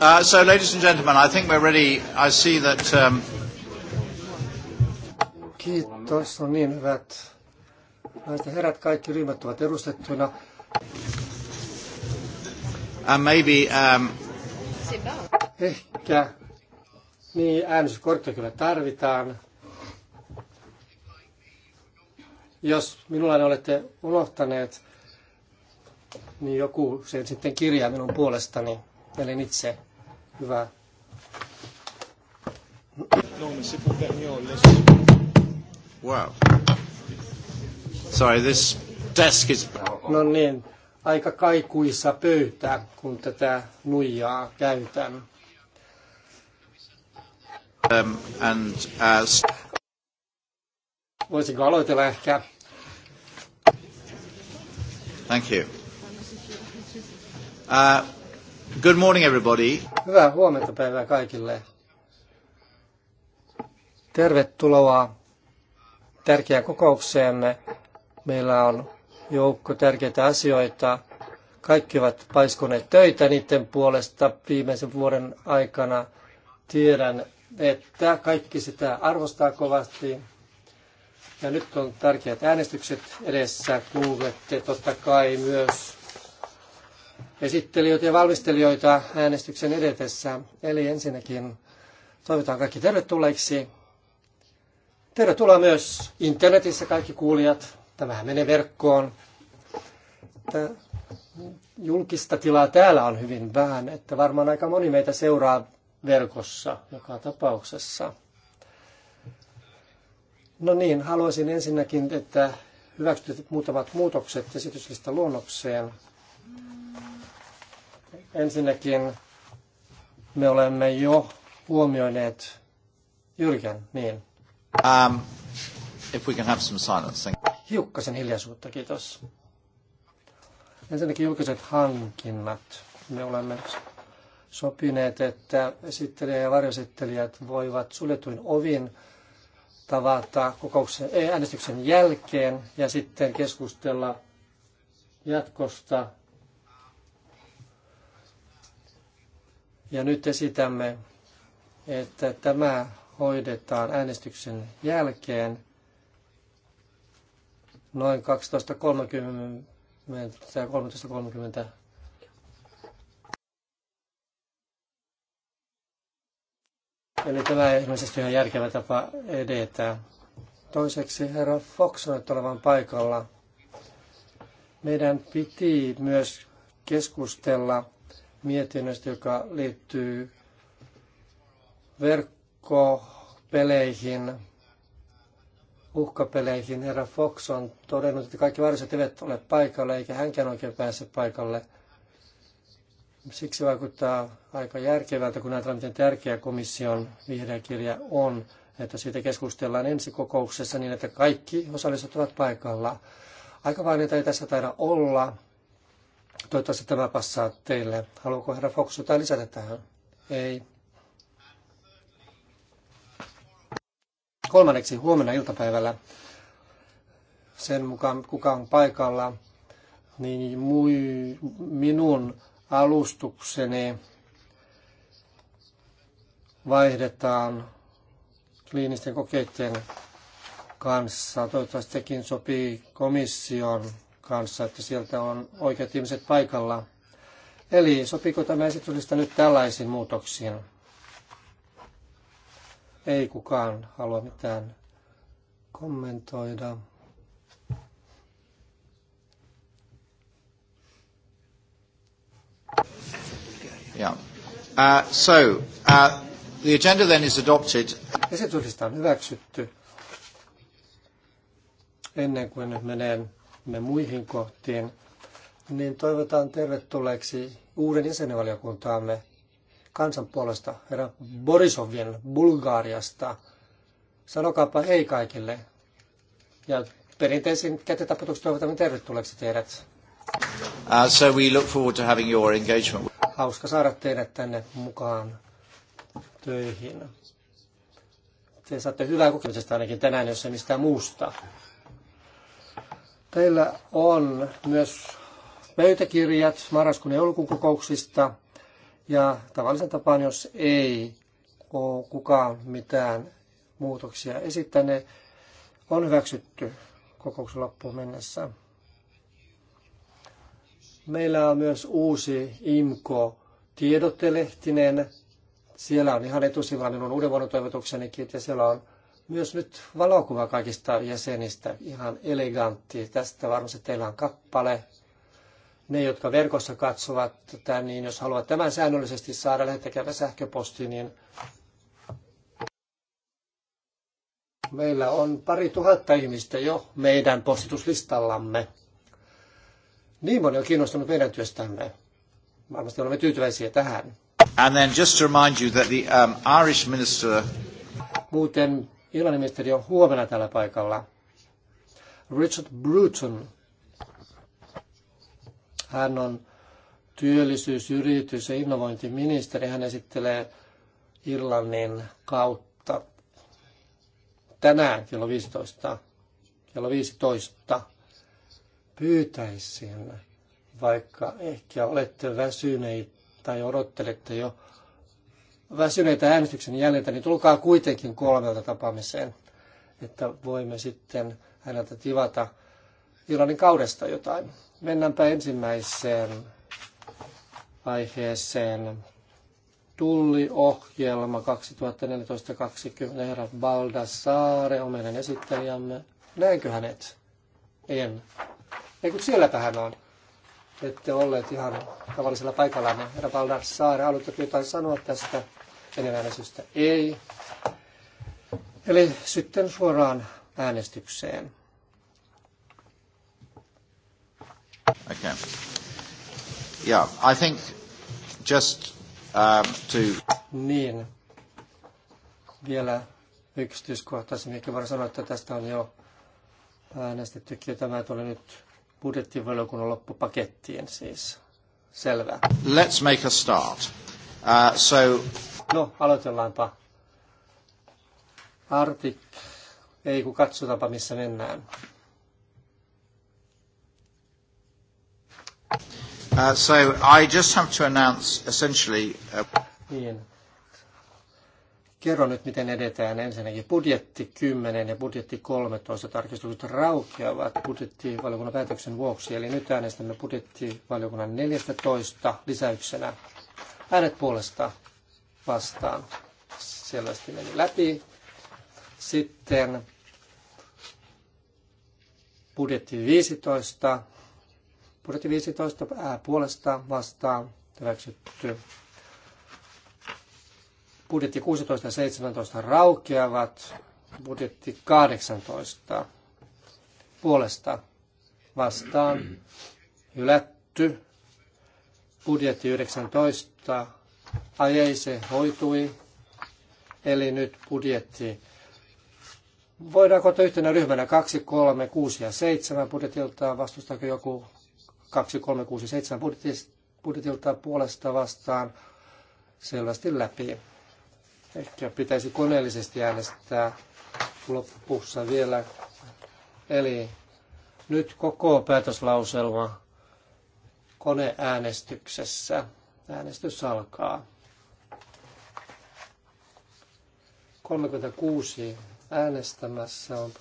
Uh, so, ladies and gentlemen, I think we're ready. I see that... Um... Kiitos, on no niin hyvät. Näistä herät kaikki ryhmät ovat edustettuina. And maybe... Um... Ehkä niin, äänestyskortti kyllä tarvitaan. Jos minulla ne olette unohtaneet, niin joku sen sitten kirjaa minun puolestani. Ajattelen itse, hyvä. No, wow. Sorry, this desk is... No niin, aika kaikuisa pöytä, kun tätä nuijaa käytän. Um, and as... Voisinko aloitella ehkä? Thank you. Uh, Good morning everybody. Hyvää huomenta päivää kaikille. Tervetuloa tärkeään kokoukseemme. Meillä on joukko tärkeitä asioita. Kaikki ovat paiskoneet töitä niiden puolesta viimeisen vuoden aikana. Tiedän, että kaikki sitä arvostaa kovasti. Ja nyt on tärkeät äänestykset edessä. Kuulette totta kai myös esittelijöitä ja valmistelijoita äänestyksen edetessä. Eli ensinnäkin toivotan kaikki tervetulleiksi. Tervetuloa myös internetissä kaikki kuulijat. Tämähän menee verkkoon. Tää julkista tilaa täällä on hyvin vähän, että varmaan aika moni meitä seuraa verkossa joka tapauksessa. No niin, haluaisin ensinnäkin, että hyväksytyt muutamat muutokset esityslistan luonnokseen. Ensinnäkin me olemme jo huomioineet Jyrkän, niin. Um, if we can have some silence, thank Hiukkasen hiljaisuutta, kiitos. Ensinnäkin julkiset hankinnat. Me olemme sopineet, että esittelijä ja varjoesittelijät voivat suljetuin ovin tavata kokouksen, eh, äänestyksen jälkeen ja sitten keskustella jatkosta Ja nyt esitämme, että tämä hoidetaan äänestyksen jälkeen noin 12.30 Eli tämä ei ilmeisesti ihan järkevä tapa edetä. Toiseksi herra Fox on olevan paikalla. Meidän piti myös keskustella mietinnöstä, joka liittyy verkkopeleihin, uhkapeleihin. Herra Fox on todennut, että kaikki vaaralliset eivät ole paikalla, eikä hänkään oikein pääse paikalle. Siksi vaikuttaa aika järkevältä, kun ajatellaan, miten tärkeä komission vihreä kirja on, että siitä keskustellaan ensi kokouksessa niin, että kaikki osalliset ovat paikalla. että ei tässä taida olla, Toivottavasti tämä passaa teille. Haluaako herra Fox jotain lisätä tähän? Ei. Kolmanneksi huomenna iltapäivällä sen mukaan kuka on paikalla, niin mui, minun alustukseni vaihdetaan kliinisten kokeiden kanssa. Toivottavasti sekin sopii komission kanssa, että sieltä on oikeat ihmiset paikalla. Eli sopiiko tämä esityslista nyt tällaisiin muutoksiin? Ei kukaan halua mitään kommentoida. Yeah. Uh, so, uh, the agenda then is adopted. Esityslista on hyväksytty. Ennen kuin nyt menen me muihin kohtiin, niin toivotan tervetulleeksi uuden jäsenvaliokuntaamme kansan puolesta, herra Borisovien Bulgaariasta. Sanokaapa hei kaikille. Ja perinteisin kätetapotuksen toivotamme tervetulleeksi teidät. Uh, so we look forward to having your engagement. Hauska saada teidät tänne mukaan töihin. Te saatte hyvää kokemusta ainakin tänään, jos ei mistään muusta. Teillä on myös pöytäkirjat marraskuun ja joulukuun kokouksista. Ja tavallisen tapaan, jos ei ole kukaan mitään muutoksia esittäneet, on hyväksytty kokouksen loppuun mennessä. Meillä on myös uusi IMKO tiedottelehtinen. Siellä on ihan etusivulla minun uuden vuoden toivotuksenikin, ja siellä on myös nyt valokuva kaikista jäsenistä ihan elegantti. Tästä varmasti teillä on kappale. Ne, jotka verkossa katsovat tätä, niin jos haluat tämän säännöllisesti saada, lähettäkää sähköposti, niin meillä on pari tuhatta ihmistä jo meidän postituslistallamme. Niin moni on kiinnostunut meidän työstämme. Varmasti olemme tyytyväisiä tähän. And then just to remind you that the um, Irish minister Muuten Irlannin ministeri on huomenna tällä paikalla. Richard Bruton, hän on työllisyys-, yritys- ja innovointiministeri. Hän esittelee Irlannin kautta tänään kello 15. Kello 15 pyytäisin, vaikka ehkä olette väsyneitä tai odottelette jo väsyneitä äänestyksen jäljiltä, niin tulkaa kuitenkin kolmelta tapaamiseen, että voimme sitten häneltä tivata Irlannin kaudesta jotain. Mennäänpä ensimmäiseen aiheeseen. Tulliohjelma 2014-2020, herra Baldassare on meidän esittelijämme. Näinkö hänet? En. Eikö sielläpä hän on? Ette olleet ihan tavallisella paikallaan. Niin herra Baldassare, haluatteko jotain sanoa tästä? Menevää ei. Eli sitten suoraan äänestykseen. Okay. Yeah, I think just um, to... Niin. Vielä yksityiskohtaisemmin. Ehkä voin sanoa, että tästä on jo äänestettykin. Ja tämä tuli nyt budjettivaliokunnan loppupakettiin siis. Selvä. Let's make a start. Uh, so... No, aloitellaanpa. Artik, ei kun katsotaanpa missä mennään. Uh, so I just have to announce essentially... Uh... Niin. Kerro nyt, miten edetään ensinnäkin. Budjetti 10 ja budjetti 13 tarkistukset raukeavat budjettivaliokunnan päätöksen vuoksi. Eli nyt äänestämme budjettivaliokunnan 14 lisäyksenä hänet puolesta vastaan selvästi meni läpi. Sitten budjetti 15. Budjetti 15 puolesta vastaan hyväksytty. Budjetti 16 ja 17 raukeavat. Budjetti 18 puolesta vastaan hylätty budjetti 19, tai se hoitui, eli nyt budjetti. Voidaanko ottaa yhtenä ryhmänä 2, 3, 6 ja 7 budjetilta, vastustaako joku 2, 3, 6 7 budjetilta puolesta vastaan selvästi läpi. Ehkä pitäisi koneellisesti äänestää loppussa vielä. Eli nyt koko päätöslauselma koneäänestyksessä. Äänestys alkaa. 36 äänestämässä on,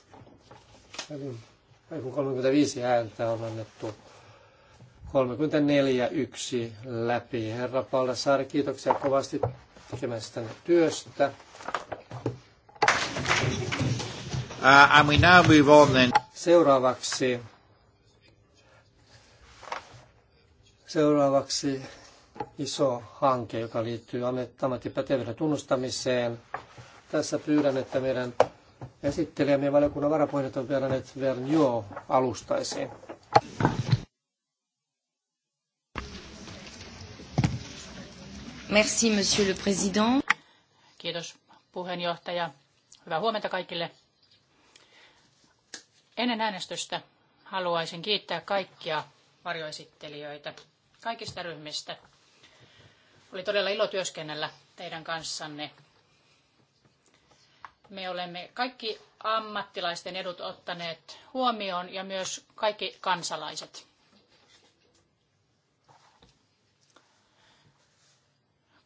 ei 35 ääntä on annettu 34 yksi läpi. Herra Paldasaari, kiitoksia kovasti tekemästänne työstä. Uh, and we now move on then. Seuraavaksi Seuraavaksi iso hanke, joka liittyy ammattipätevyyden tunnustamiseen. Tässä pyydän, että meidän esittelijämme valiokunnan varapuheenjohtaja Bernadette Vernio alustaisi. Merci, monsieur le président. Kiitos puheenjohtaja. Hyvää huomenta kaikille. Ennen äänestystä haluaisin kiittää kaikkia varjoesittelijöitä kaikista ryhmistä. Oli todella ilo työskennellä teidän kanssanne. Me olemme kaikki ammattilaisten edut ottaneet huomioon ja myös kaikki kansalaiset.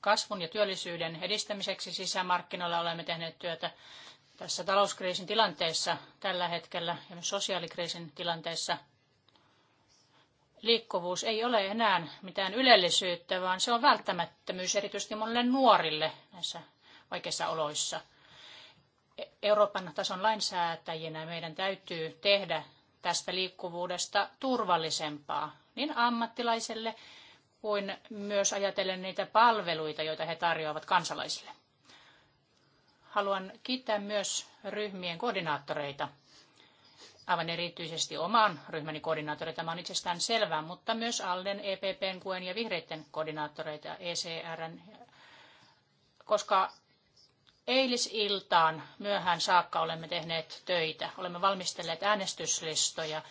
Kasvun ja työllisyyden edistämiseksi sisämarkkinoilla olemme tehneet työtä tässä talouskriisin tilanteessa tällä hetkellä ja myös sosiaalikriisin tilanteessa – liikkuvuus ei ole enää mitään ylellisyyttä, vaan se on välttämättömyys erityisesti monille nuorille näissä vaikeissa oloissa. Euroopan tason lainsäätäjinä meidän täytyy tehdä tästä liikkuvuudesta turvallisempaa niin ammattilaiselle kuin myös ajatellen niitä palveluita, joita he tarjoavat kansalaisille. Haluan kiittää myös ryhmien koordinaattoreita aivan erityisesti oman ryhmäni koordinaattoreita, Tämä on itsestään selvää, mutta myös Alden, EPPn, QN ja vihreiden koordinaattoreita, ECRn, koska eilisiltaan myöhään saakka olemme tehneet töitä. Olemme valmistelleet äänestyslistoja,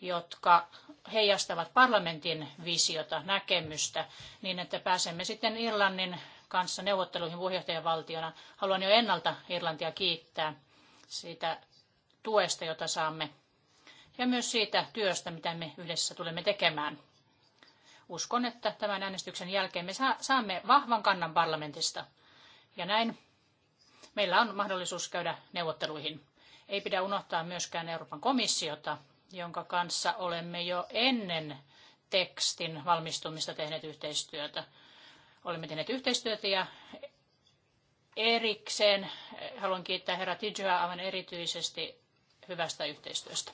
jotka heijastavat parlamentin visiota, näkemystä, niin että pääsemme sitten Irlannin kanssa neuvotteluihin puheenjohtajavaltiona. Haluan jo ennalta Irlantia kiittää siitä tuesta, jota saamme, ja myös siitä työstä, mitä me yhdessä tulemme tekemään. Uskon, että tämän äänestyksen jälkeen me saamme vahvan kannan parlamentista. Ja näin meillä on mahdollisuus käydä neuvotteluihin. Ei pidä unohtaa myöskään Euroopan komissiota, jonka kanssa olemme jo ennen tekstin valmistumista tehneet yhteistyötä. Olemme tehneet yhteistyötä ja erikseen haluan kiittää herra Tidjoa aivan erityisesti hyvästä yhteistyöstä.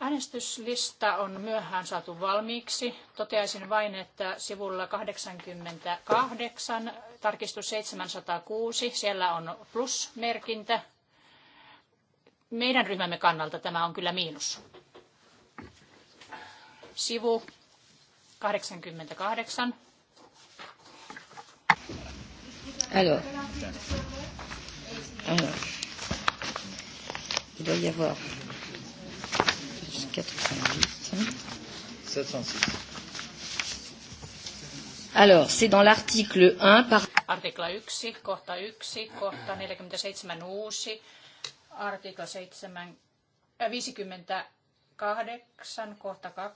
Äänestyslista on myöhään saatu valmiiksi. Toteaisin vain, että sivulla 88, tarkistus 706, siellä on plusmerkintä. Meidän ryhmämme kannalta tämä on kyllä miinus. Sivu 88. Alors. Alors. Il doit y avoir 90. 706. Alors, c'est dans l'article 1 par... article 1, kohta 1, kohta 47 uusi, article 7, 58, kohta 2.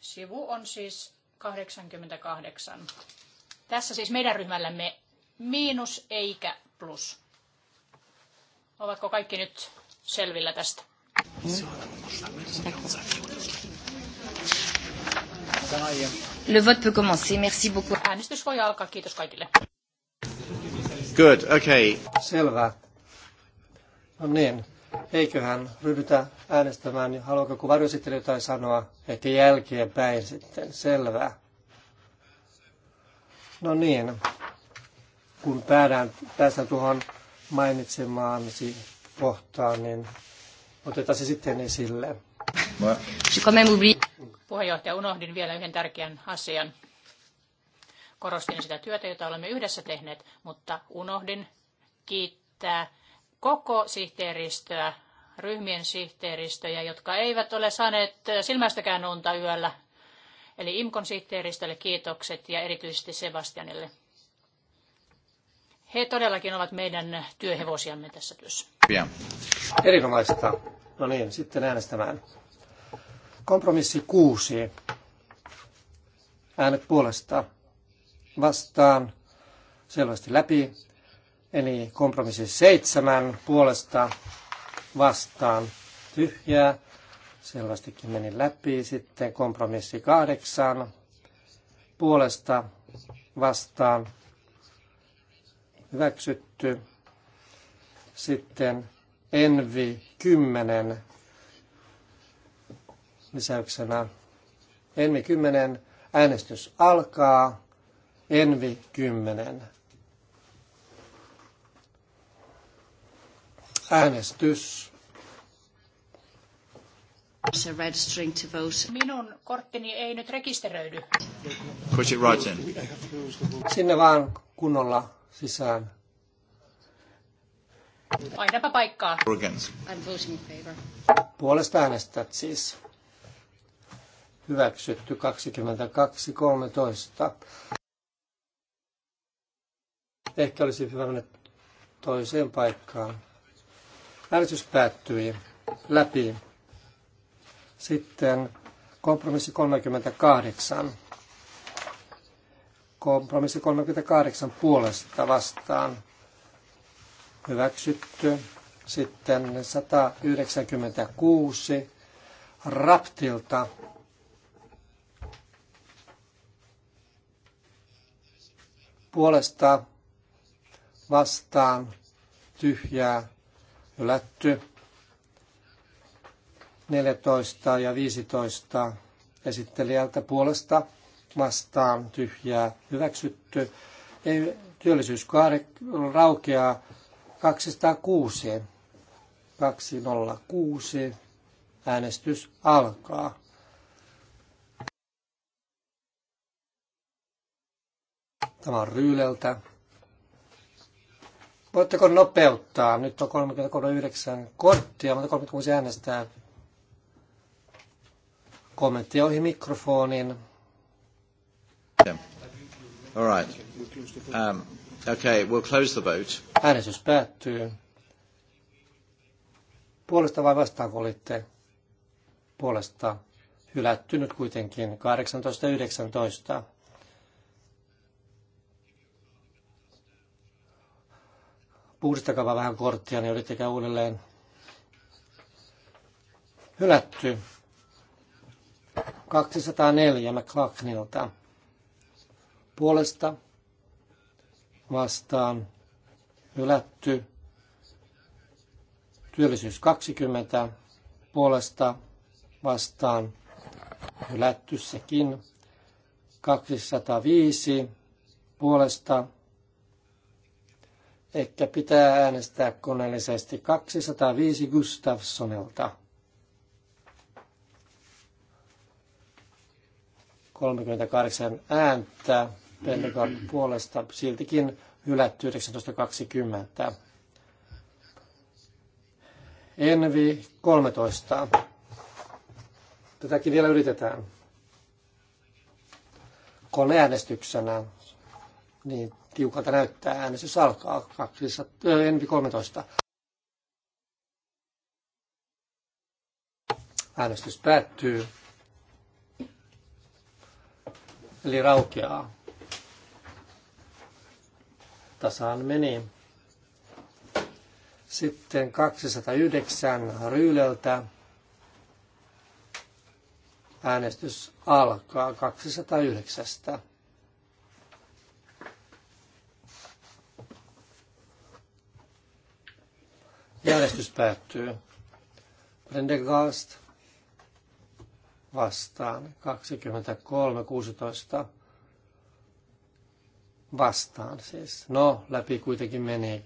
Sivu on siis 88. Tässä siis meidän ryhmällämme miinus eikä plus. Ovatko kaikki nyt selvillä tästä? Le vote peut commencer. Merci beaucoup. Äänestys voi alkaa. Kiitos kaikille. Good, okay. Selvä. No niin, eiköhän ryhdytä äänestämään, Haluatko haluaako kun varjosittely jotain sanoa, ehkä jälkeenpäin sitten, selvä. No niin, kun päästään tuohon mainitsemaansi kohtaan, niin otetaan se sitten esille. Puheenjohtaja, unohdin vielä yhden tärkeän asian. Korostin sitä työtä, jota olemme yhdessä tehneet, mutta unohdin kiittää koko sihteeristöä, ryhmien sihteeristöjä, jotka eivät ole saaneet silmästäkään unta yöllä. Eli IMKON sihteeristölle kiitokset ja erityisesti Sebastianille. He todellakin ovat meidän työhevosiamme tässä työssä. Pian. Erinomaista. No niin, sitten äänestämään. Kompromissi kuusi. Äänet puolesta vastaan selvästi läpi. Eli kompromissi seitsemän puolesta vastaan tyhjää. Selvästikin meni läpi. Sitten kompromissi kahdeksan puolesta vastaan hyväksytty. Sitten Envi 10 lisäyksenä. Envi 10, äänestys alkaa. Envi 10. Äänestys. Minun korttini ei nyt rekisteröidy. Sinne vaan kunnolla sisään. Vaihdapa paikkaa. I'm voting in favor. Puolesta äänestät siis. Hyväksytty 22.13. Ehkä olisi hyvä mennä toiseen paikkaan. Äänestys päättyi läpi. Sitten kompromissi 38 Kompromissi 38 puolesta vastaan hyväksytty. Sitten 196 Raptilta puolesta vastaan tyhjää hylätty. 14 ja 15 esittelijältä puolesta vastaan tyhjää hyväksytty. Työllisyyskaari raukeaa 206. 206. Äänestys alkaa. Tämä on Ryyleltä. Voitteko nopeuttaa? Nyt on 39 korttia, mutta 36 äänestää. Kommentti ohi mikrofonin sitten. All right. Um, okay, we'll close the vote. Äänestys päättyy. Puolesta vai vastaan, olitte puolesta hylättynyt kuitenkin 18-19. vähän korttia, niin yrittäkää uudelleen. Hylätty. 204 McLaughlinilta puolesta vastaan hylätty. Työllisyys 20 puolesta vastaan hylätty sekin. 205 puolesta. Ehkä pitää äänestää koneellisesti 205 Gustafssonilta. 38 ääntä. Pendergaard puolesta siltikin hylätty 1920. Envi 13. Tätäkin vielä yritetään. Koneäänestyksenä. Niin tiukalta näyttää. Äänestys alkaa äh, Envi 13. Äänestys päättyy. Eli raukeaa tasaan meni. Sitten 209 Ryyleltä äänestys alkaa 209. Järjestys päättyy. Prendergast vastaan 23.16 vastaan siis. No, läpi kuitenkin meni.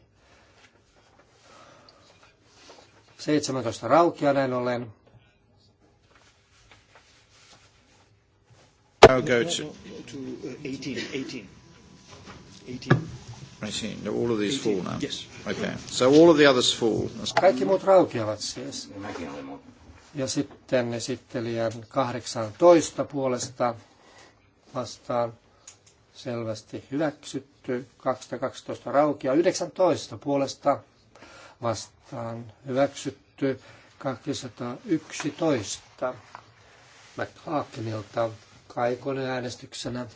17 raukia näin ollen. Now go to, 18, 18. 18. I see. No, all of these fall now. Yes. Okay. So all of the others fall. Kaikki muut raukeavat siis. Ja sitten esittelijän 18 puolesta vastaan selvästi hyväksytty. 212 raukia 19 puolesta vastaan hyväksytty. 211 McHaakenilta Kaikonen äänestyksenä.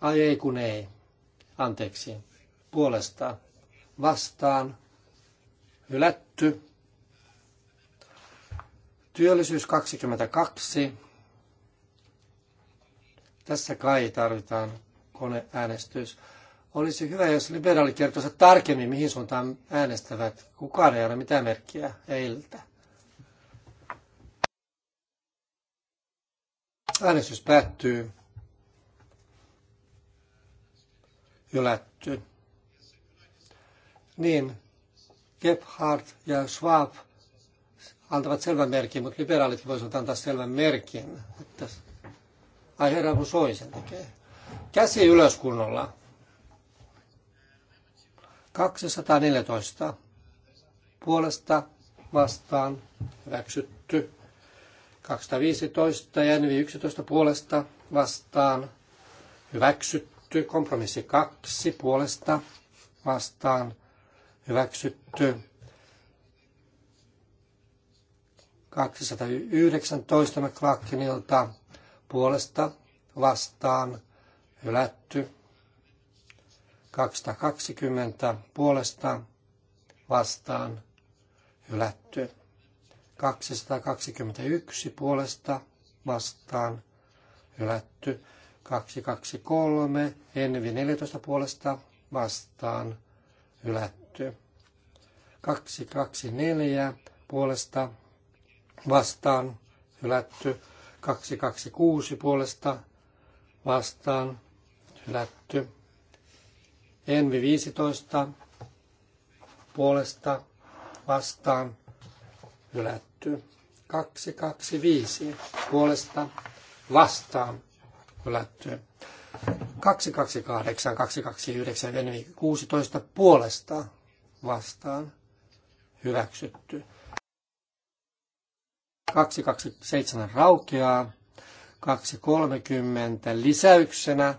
Ai ei kun ei. Anteeksi. Puolesta vastaan hylätty. Työllisyys 22 tässä kai tarvitaan koneäänestys. Olisi hyvä, jos liberaalit kertoisivat tarkemmin, mihin suuntaan äänestävät. Kukaan ei anna mitään merkkiä heiltä. Äänestys päättyy. Hylätty. Niin, Gebhardt ja Schwab antavat selvän merkin, mutta liberaalit voisivat antaa selvän merkin. Että Ai herra, kun soi sen tekee. Käsi ylös kunnolla. 214. Puolesta vastaan hyväksytty. 215 ja 11 puolesta vastaan hyväksytty. Kompromissi 2 puolesta vastaan hyväksytty. 219 McClarkinilta puolesta vastaan hylätty. 220 puolesta vastaan hylätty. 221 puolesta vastaan hylätty. 223 Envi 14 puolesta vastaan hylätty. 224 puolesta vastaan hylätty. 226 puolesta vastaan hylätty. Envi 15 puolesta vastaan hylätty. 225 puolesta vastaan hylätty. 228, 229, Envi 16 puolesta vastaan hyväksytty. 227 raukeaa 230 lisäyksenä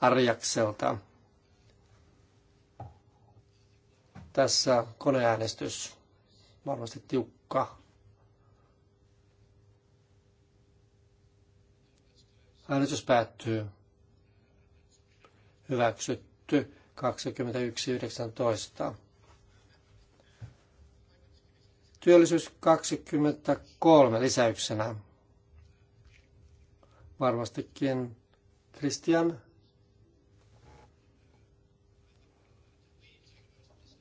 Arjakselta. Tässä koneäänestys varmasti tiukka. Äänestys päättyy. Hyväksytty 21.19. Työllisyys 23 lisäyksenä. Varmastikin Christian.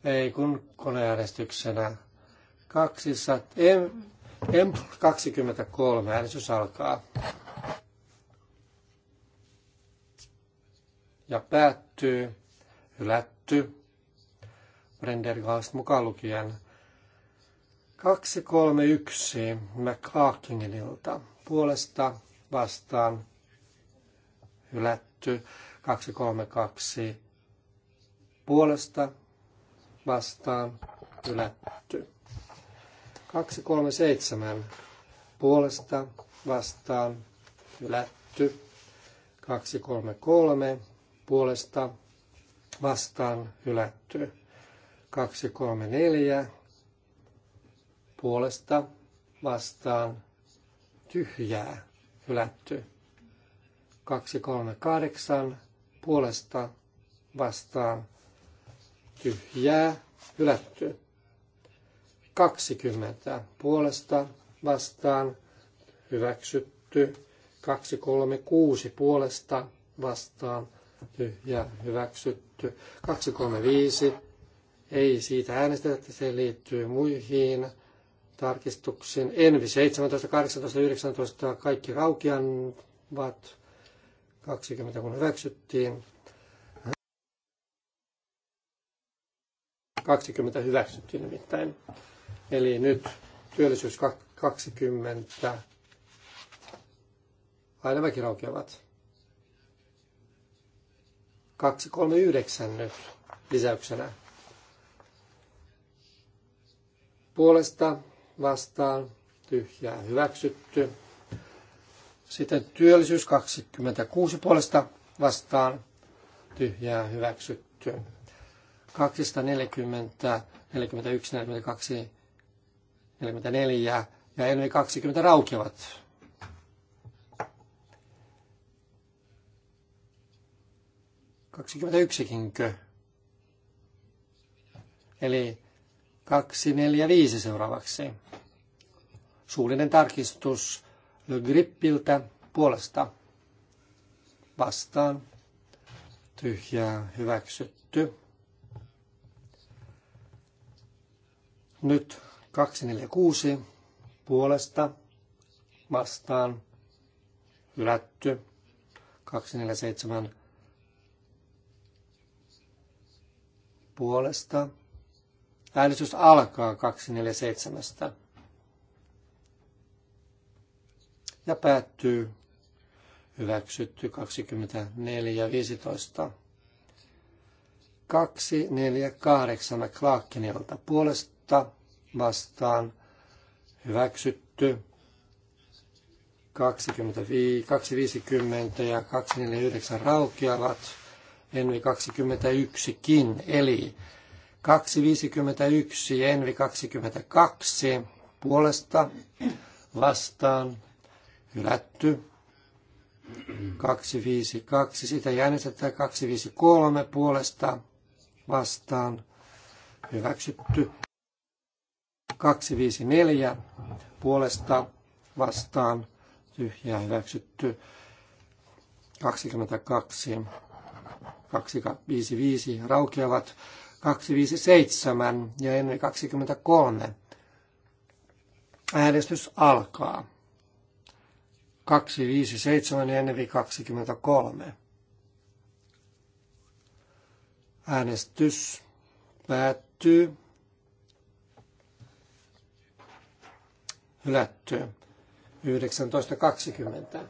Ei kun koneäänestyksenä. 200, em, 23 äänestys alkaa. Ja päättyy, hylätty, Brendergast mukaan lukien 231 McClarkinilta puolesta vastaan hylätty 232 puolesta vastaan hylätty. 237 puolesta vastaan hylätty. 233 puolesta vastaan hylätty. 234 puolesta vastaan tyhjää hylätty. 238 puolesta vastaan tyhjää hylätty. 20 puolesta vastaan hyväksytty. 236 puolesta vastaan tyhjää hyväksytty. 235 ei siitä äänestetä, että se liittyy muihin tarkistuksen Envi 17, 18, 19, kaikki raukianvat 20 kun hyväksyttiin. 20 hyväksyttiin nimittäin. Eli nyt työllisyys 20. Aina väki raukeavat. 239 nyt lisäyksenä. Puolesta vastaan tyhjää hyväksytty. Sitten työllisyys 26 puolesta vastaan tyhjää hyväksytty. 240, 41, 42, 44 ja Elmi 20 raukeavat. Kaksikymmentä yksikinkö? Eli kaksi neljä viisi seuraavaksi. Suullinen tarkistus Le Grippiltä puolesta vastaan. Tyhjää hyväksytty. Nyt 246 puolesta vastaan hylätty. 247 puolesta Äänestys alkaa 247. Ja päättyy hyväksytty 24.15. 248 Klaakkenilta puolesta vastaan hyväksytty 250 ja 249 raukeavat, Envi 21kin, eli 251, Envi 22 puolesta vastaan hylätty. 252, sitä jännitetään 253 puolesta vastaan hyväksytty. 254 puolesta vastaan tyhjää hyväksytty. 22, 255 raukeavat. 257 ja ennen 23. Äänestys alkaa. 257 ja ennen 23. Äänestys päättyy. Hylätty. 19.20.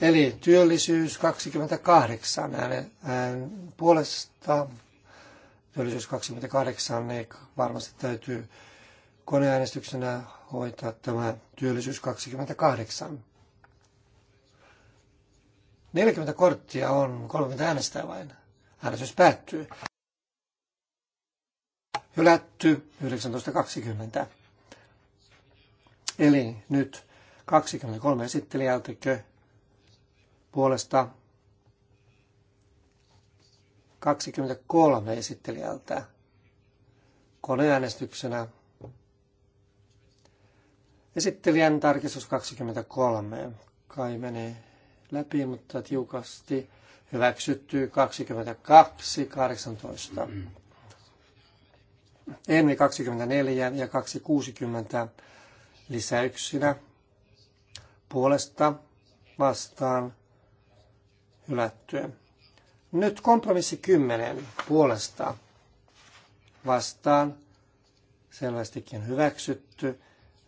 Eli työllisyys 28 äänen, puolesta. Työllisyys 28, niin varmasti täytyy koneäänestyksenä hoitaa tämä työllisyys 28. 40 korttia on 30 äänestäjä vain. Äänestys päättyy. Hylätty 1920. Eli nyt 23 esittelijältäkö puolesta 23 esittelijältä koneäänestyksenä. Esittelijän tarkistus 23 kai menee läpi, mutta tiukasti hyväksytty 22, 18. Enni 24 ja 260 lisäyksinä puolesta vastaan hylättyä. Nyt kompromissi 10 puolesta vastaan selvästikin hyväksytty.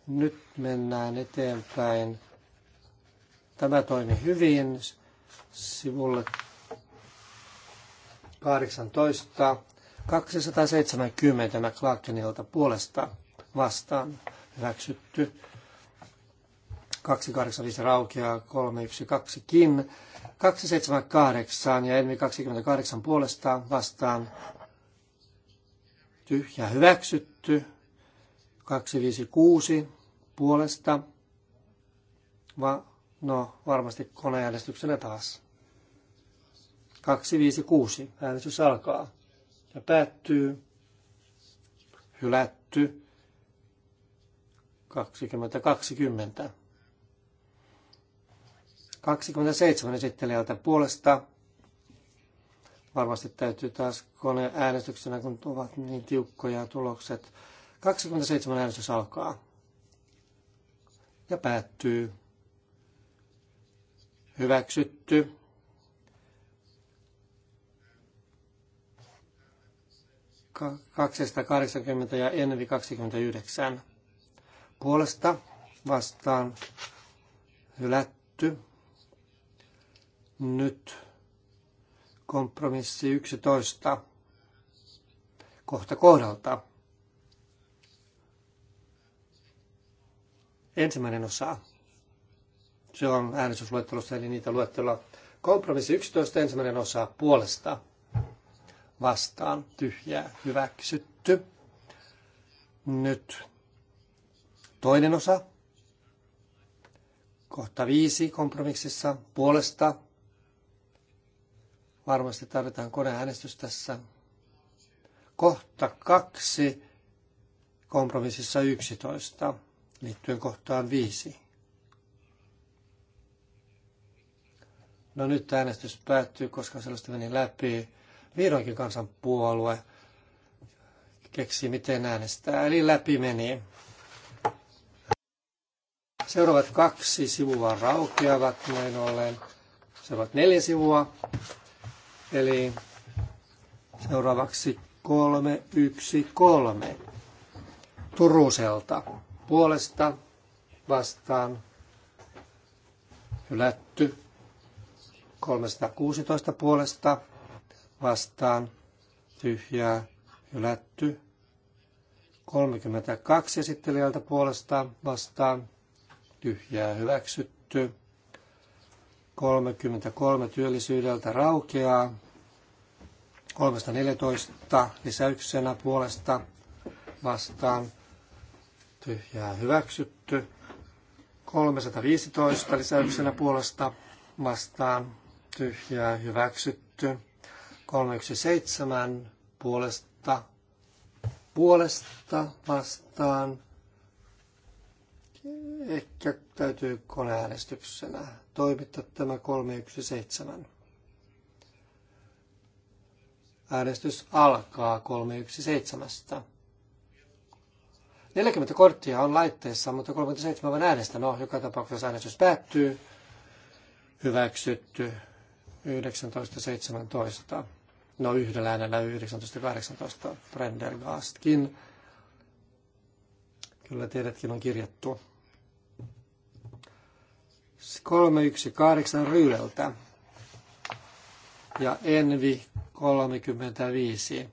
Nyt mennään eteenpäin. Tämä toimi hyvin sivulle 18. 270 McLaughlinilta puolesta vastaan hyväksytty. 285 raukeaa 312kin. 278 ja Elmi 28 puolestaan vastaan tyhjä hyväksytty. 256 puolesta. Va, no, varmasti koneäänestyksenä taas. 256. Äänestys alkaa ja päättyy. Hylätty. 2020. 27 esittelijältä puolesta. Varmasti täytyy taas kone äänestyksenä, kun ovat niin tiukkoja tulokset. 27 äänestys alkaa ja päättyy. Hyväksytty. K- 280 ja Envi 29. Puolesta vastaan hylätty. Nyt kompromissi 11 kohta kohdalta. Ensimmäinen osa. Se on äänestysluettelossa, eli niitä luetteloa. Kompromissi 11, ensimmäinen osa puolesta vastaan, tyhjää, hyväksytty. Nyt toinen osa, kohta viisi kompromississa, puolesta, Varmasti tarvitaan koneäänestys tässä. Kohta kaksi kompromississa 11 liittyen kohtaan 5. No nyt äänestys päättyy, koska sellaista meni läpi. Vihdoinkin kansanpuolue keksi, miten äänestää. Eli läpi meni. Seuraavat kaksi sivua raukeavat näin ollen. Seuraavat neljä sivua. Eli seuraavaksi 313 Turuselta puolesta vastaan hylätty. 316 puolesta vastaan tyhjää hylätty. 32 esittelijältä puolesta vastaan tyhjää hyväksytty. 33 työllisyydeltä raukeaa. 314 lisäyksenä puolesta vastaan tyhjää hyväksytty. 315 lisäyksenä puolesta vastaan tyhjää hyväksytty. 317 puolesta puolesta vastaan ehkä täytyy koneäänestyksenä toimittaa tämä 317. Äänestys alkaa 317. 40 korttia on laitteessa, mutta 37 vain äänestä. No, joka tapauksessa äänestys päättyy. Hyväksytty 1917. No yhdellä äänellä 1918 Prendergastkin. Kyllä tiedätkin on kirjattu. 318 Ryyleltä ja Envi 35.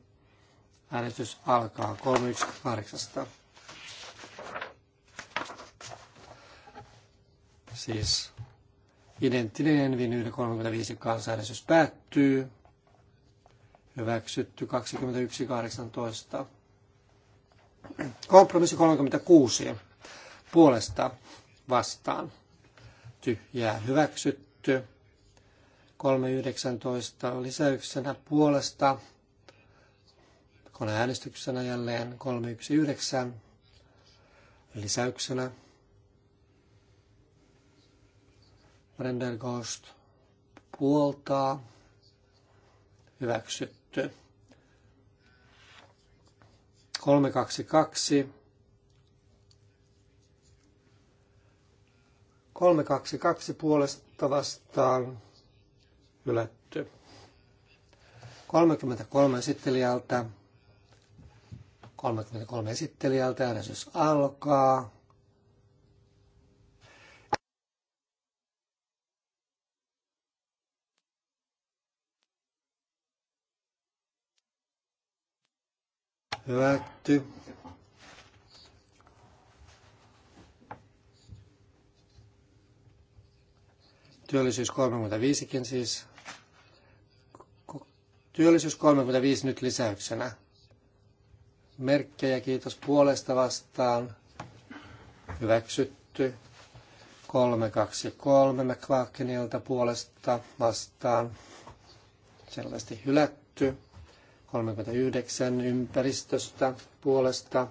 Äänestys alkaa 318. Siis identtinen Envi 35 kansanäänestys päättyy. Hyväksytty 21.18. Kompromissi 36. Puolesta vastaan tyhjää hyväksytty. 3.19 lisäyksenä puolesta äänestyksenä jälleen 3.19 lisäyksenä. Renderghost puoltaa hyväksytty. 322 322 puolesta vastaan hylätty. 33 esittelijältä. 33 esittelijältä äänestys alkaa. Hylätty. Työllisyys 35kin siis. Työllisyys 35 nyt lisäyksenä. Merkkejä kiitos puolesta vastaan. Hyväksytty. 323 McQuackenilta puolesta vastaan. Selvästi hylätty. 39 ympäristöstä puolesta.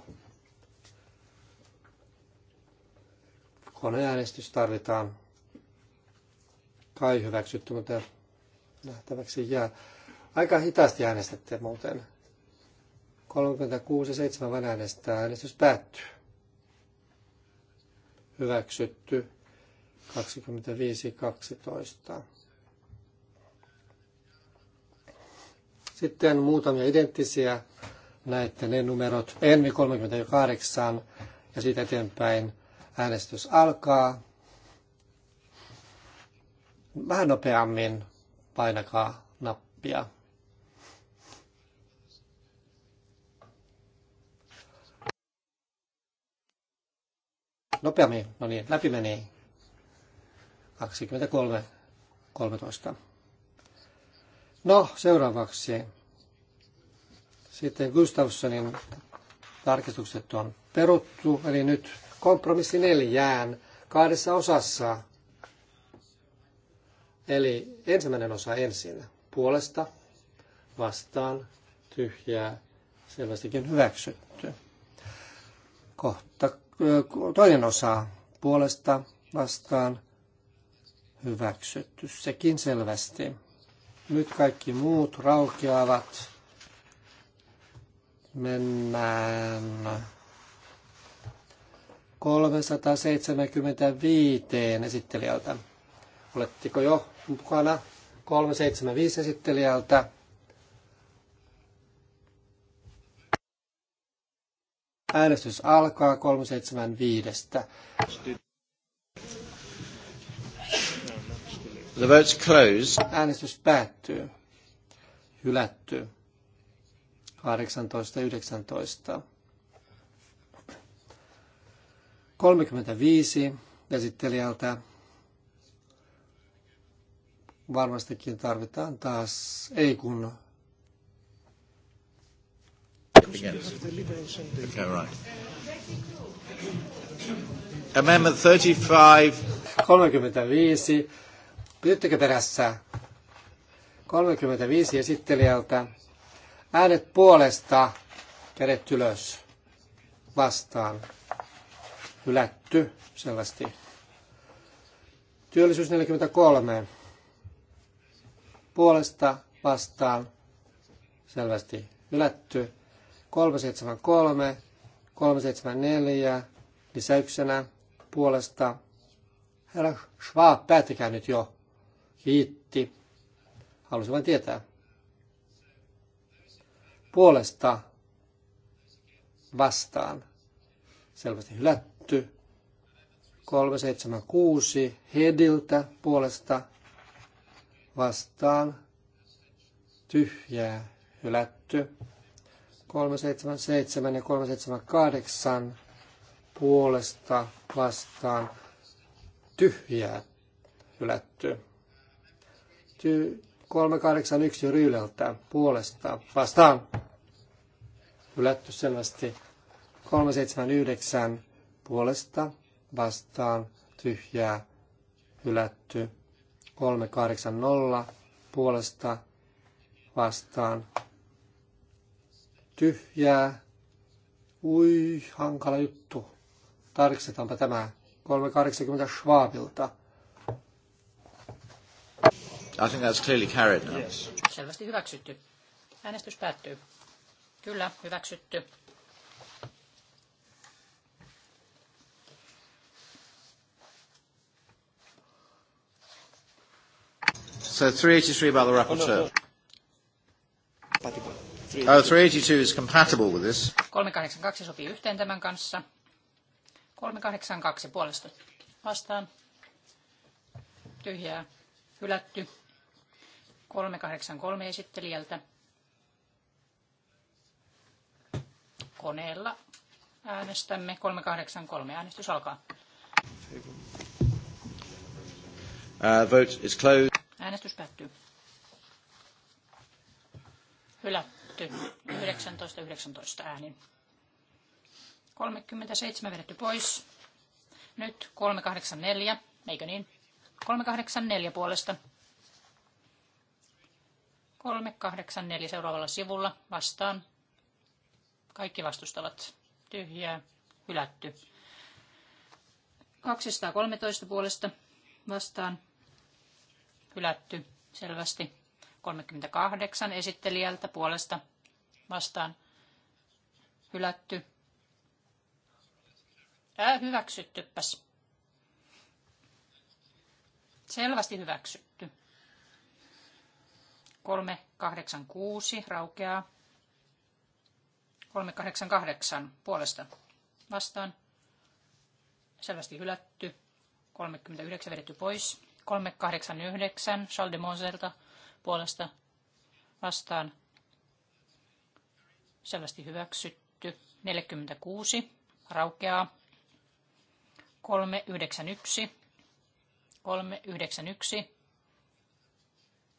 Koneäänestys tarvitaan kai hyväksytty, mutta nähtäväksi jää. Aika hitaasti äänestätte muuten. 36.7. vain äänestää. Äänestys päättyy. Hyväksytty. 25-12. Sitten muutamia identtisiä näette ne numerot. Envi 38 ja siitä eteenpäin äänestys alkaa. Vähän nopeammin painakaa nappia. Nopeammin, no niin, läpi meni. 23, 13. No, seuraavaksi sitten Gustafssonin tarkistukset on peruttu, eli nyt kompromissi neljään kahdessa osassa. Eli ensimmäinen osa ensin. Puolesta, vastaan, tyhjää, selvästikin hyväksytty. Kohta, toinen osa puolesta, vastaan, hyväksytty. Sekin selvästi. Nyt kaikki muut raukeavat. Mennään 375 esittelijältä. Oletteko jo mukana 375 esittelijältä. Äänestys alkaa 375. Äänestys päättyy. Hylätty. 18.19. 35 esittelijältä varmastikin tarvitaan taas, ei kun... Okay, right. Amendment 35. 35. Pyyttekö perässä? 35 esittelijältä. Äänet puolesta, kädet ylös, vastaan. Hylätty selvästi. Työllisyys 43 puolesta vastaan selvästi hylätty. 373, 374 lisäyksenä puolesta. Herra Schwab, päättäkää nyt jo. Kiitti. Halusin vain tietää. Puolesta vastaan. Selvästi hylätty. 376 Hediltä puolesta vastaan tyhjää hylätty. 377 ja 378 puolesta vastaan tyhjää hylätty. Ty 381 Ryyleltä puolesta vastaan hylätty selvästi. 379 puolesta vastaan tyhjää hylätty. 380 puolesta vastaan. Tyhjää. Ui, hankala juttu. Tarkistetaanpa tämä. 380 Schwabilta. I think that's clearly carried now. Yes. Selvästi hyväksytty. Äänestys päättyy. Kyllä, hyväksytty. So 383 by the oh, no, rapporteur. Oh, no. uh, 382 is compatible with this. 382 sopii yhteen tämän kanssa. 382 puolesta vastaan. Tyhjää hylätty. 383 esittelijältä. Koneella äänestämme. 383 äänestys alkaa. Uh, vote is closed. Äänestys päättyy. Hylätty. 19, 19 äänin. 37 vedetty pois. Nyt 384, eikö niin? 384 puolesta. 384 seuraavalla sivulla vastaan. Kaikki vastustavat. Tyhjää, hylätty. 213 puolesta vastaan hylätty selvästi. 38 esittelijältä puolesta vastaan hylätty. Ää, hyväksyttypäs. Selvästi hyväksytty. 386 raukeaa. 388 puolesta vastaan. Selvästi hylätty. 39 vedetty pois. 389 Charles de Moselta puolesta vastaan selvästi hyväksytty. 46 raukeaa. 391. 391.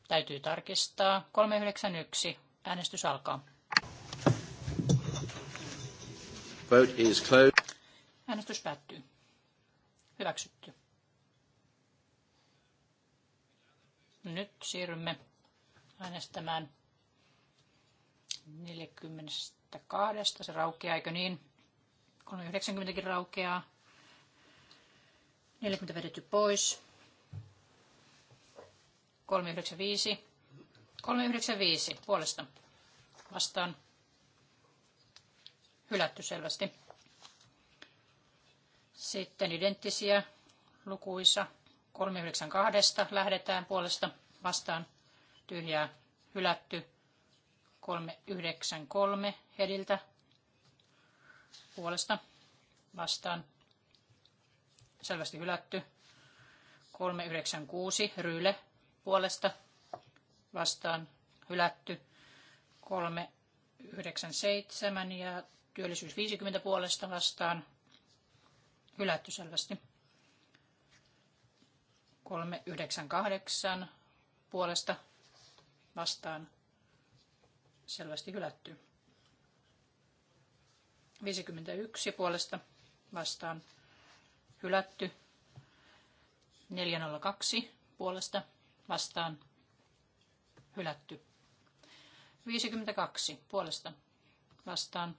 Täytyy tarkistaa. 391. Äänestys alkaa. Vote is closed. Äänestys päättyy. Hyväksytty. Nyt siirrymme äänestämään 42. Se raukeaa, eikö niin? 390kin raukeaa. 40 vedetty pois. 395. 395 puolesta vastaan. Hylätty selvästi. Sitten identtisiä lukuissa. 392 lähdetään puolesta vastaan tyhjää hylätty 393 Hediltä puolesta vastaan selvästi hylätty 396 ryyle puolesta vastaan hylätty 397 ja työllisyys 50 puolesta vastaan hylätty selvästi 398 puolesta vastaan selvästi hylätty. 51 puolesta vastaan hylätty. 402 puolesta vastaan hylätty. 52 puolesta vastaan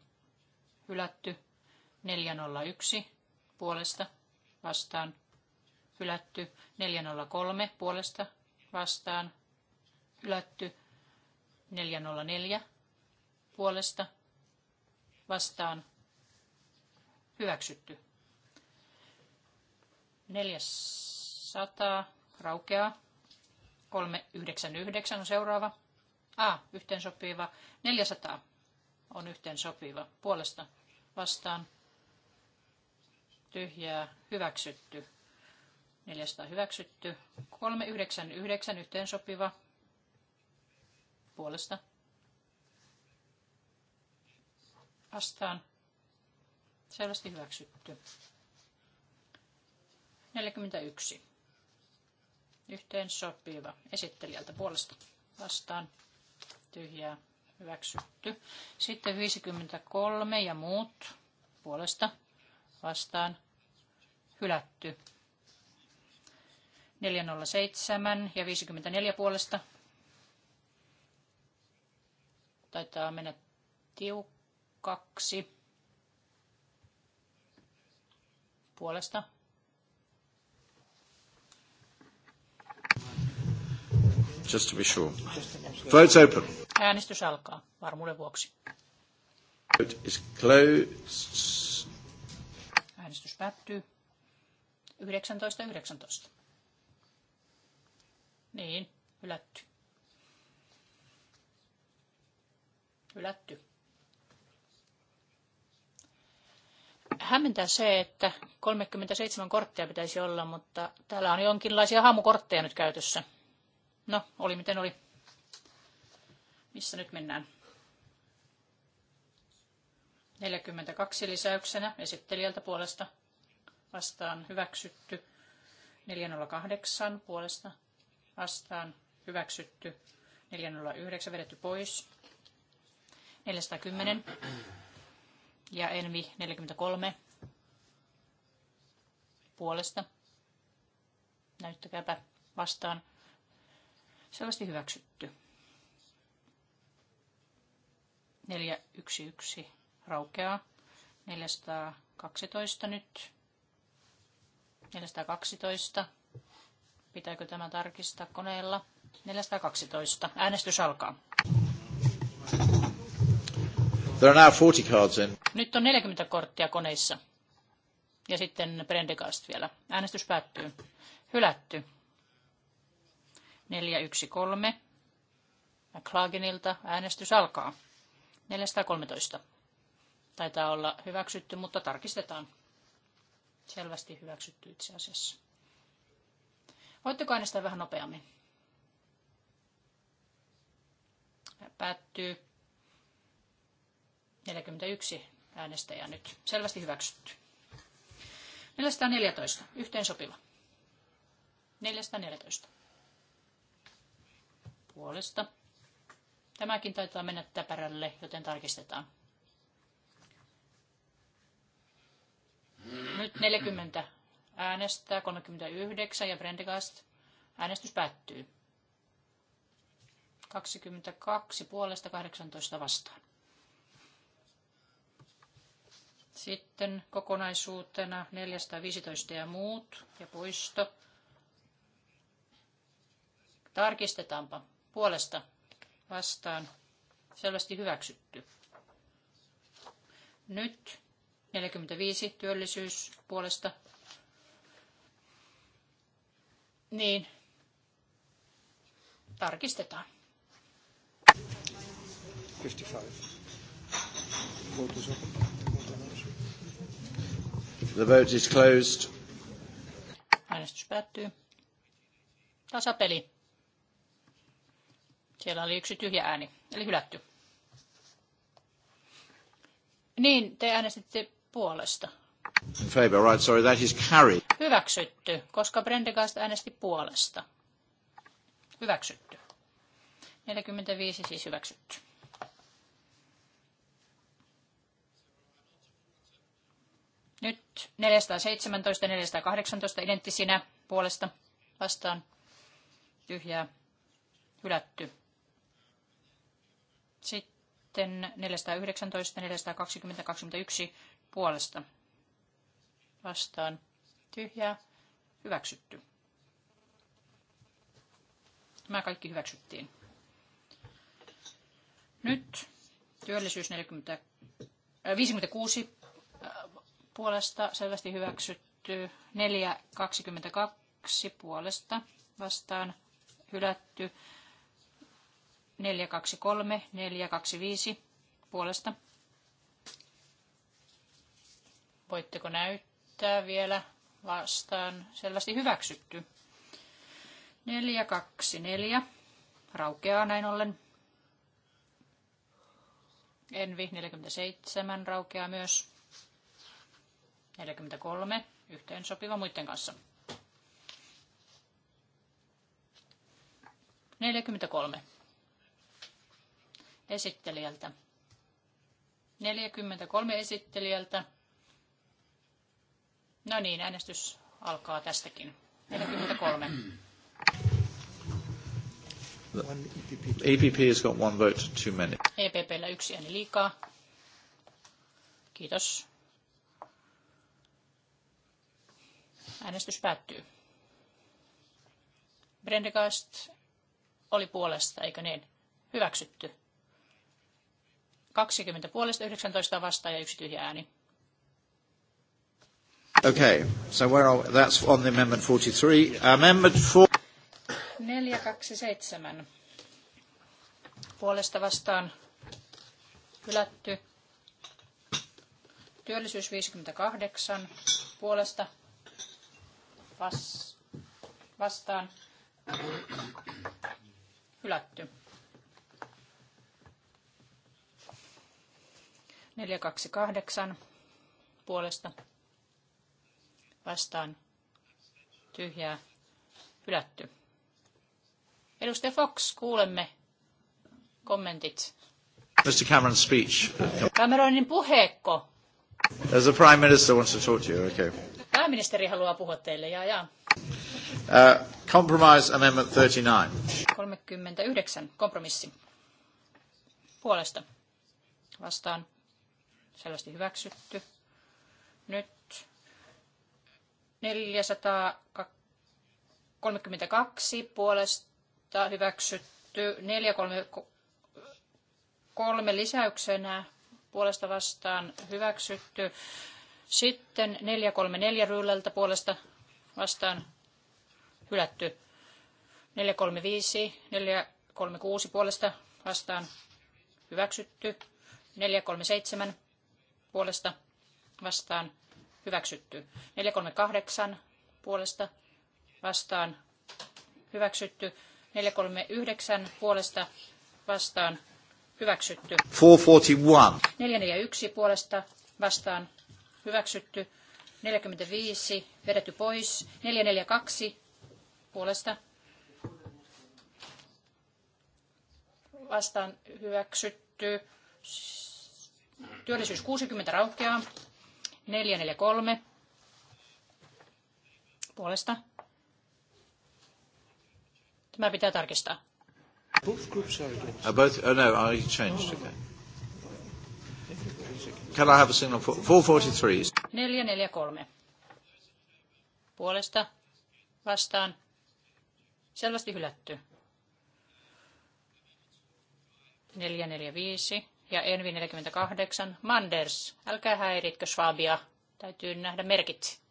hylätty. 401 puolesta vastaan hylätty. 403 puolesta vastaan hylätty. 404 puolesta vastaan hyväksytty. 400 raukeaa. 399 on seuraava. A, yhteen sopiva 400 on yhteen sopiva Puolesta vastaan tyhjää hyväksytty. 400 hyväksytty. 399 yhteensopiva puolesta. Vastaan selvästi hyväksytty. 41. Yhteen sopiva esittelijältä puolesta vastaan tyhjää hyväksytty. Sitten 53 ja muut puolesta vastaan hylätty. 407 ja 54 puolesta. Taitaa mennä tiukaksi. Puolesta. Just to be sure. Vote's open. Äänestys alkaa varmuuden vuoksi. Vote is closed. Äänestys päättyy. 19.19. 19. Niin, hylätty. Hylätty. Hämmentää se, että 37 korttia pitäisi olla, mutta täällä on jonkinlaisia haamukortteja nyt käytössä. No, oli miten oli. Missä nyt mennään? 42 lisäyksenä esittelijältä puolesta vastaan hyväksytty. 408 puolesta vastaan hyväksytty. 409 vedetty pois. 410 ja Envi 43 puolesta. Näyttäkääpä vastaan. Selvästi hyväksytty. 411 raukeaa. 412 nyt. 412 Pitääkö tämä tarkistaa koneella? 412. Äänestys alkaa. There are now 40 cards in. Nyt on 40 korttia koneissa. Ja sitten Prendegast vielä. Äänestys päättyy. Hylätty. 413. McLaginilta äänestys alkaa. 413. Taitaa olla hyväksytty, mutta tarkistetaan. Selvästi hyväksytty itse asiassa. Voitteko äänestää vähän nopeammin? Päättyy 41 äänestäjää nyt. Selvästi hyväksytty. 414. yhteensopiva. 414. Puolesta. Tämäkin taitaa mennä täpärälle, joten tarkistetaan. Nyt 40 äänestää 39 ja Brendegast Äänestys päättyy. 22 puolesta 18 vastaan. Sitten kokonaisuutena 415 ja muut ja poisto. Tarkistetaanpa puolesta vastaan. Selvästi hyväksytty. Nyt 45 työllisyys puolesta niin tarkistetaan. 55. The vote is closed. Äänestys päättyy. Tasapeli. Siellä oli yksi tyhjä ääni, eli hylätty. Niin, te äänestitte puolesta. In favor, right, sorry, that is carried. Hyväksytty, koska Brendegast äänesti puolesta. Hyväksytty. 45 siis hyväksytty. Nyt 417 ja 418 identtisinä puolesta vastaan tyhjää hylätty. Sitten 419, 420, 21 puolesta vastaan tyhjää, hyväksytty. Nämä kaikki hyväksyttiin. Nyt työllisyys 40, 56 äh, äh, puolesta selvästi hyväksytty, 422 puolesta vastaan hylätty, 423, 425 puolesta. Voitteko näyttää vielä vastaan selvästi hyväksytty. 424 raukeaa näin ollen. Envi 47 raukeaa myös. 43 yhteen sopiva muiden kanssa. 43 esittelijältä. 43 esittelijältä No niin, äänestys alkaa tästäkin. 43. EPP has got one vote too many. EPPllä yksi ääni liikaa. Kiitos. Äänestys päättyy. Brendegast oli puolesta, eikö niin? Hyväksytty. 20 puolesta, 19 vastaan ja yksi tyhjä ääni. Okay, so where are we? That's on the amendment 43. Amendment 4... 427. Puolesta vastaan hylätty. Työllisyys 58. Puolesta vas, vastaan hylätty. 428 puolesta vastaan tyhjää hylätty. Edustaja Fox, kuulemme kommentit. Mr. Cameron's speech. Cameronin puheekko. As the Prime Minister wants to talk to you, okay. Pääministeri haluaa puhua teille, jaa jaa. Uh, compromise Amendment 39. 39, kompromissi. Puolesta. Vastaan. Selvästi hyväksytty. Nyt 432 puolesta hyväksytty 433 lisäyksenä puolesta vastaan hyväksytty. Sitten 434 ryylältä puolesta vastaan hylätty. 435, 436 puolesta vastaan hyväksytty. 437 puolesta vastaan hyväksytty. 438 puolesta vastaan hyväksytty. 439 puolesta vastaan hyväksytty. 441. 441 puolesta vastaan hyväksytty. 45 vedetty pois. 442 puolesta vastaan hyväksytty. Työllisyys 60 raukeaa. 443 puolesta. Tämä pitää tarkistaa. Uh, both, oh no, I changed again. Can I have a signal for 443? 443. Puolesta vastaan. Selvästi hylätty. 445 ja Envi 48. Manders, älkää häiritkö Schwabia. Täytyy nähdä merkit.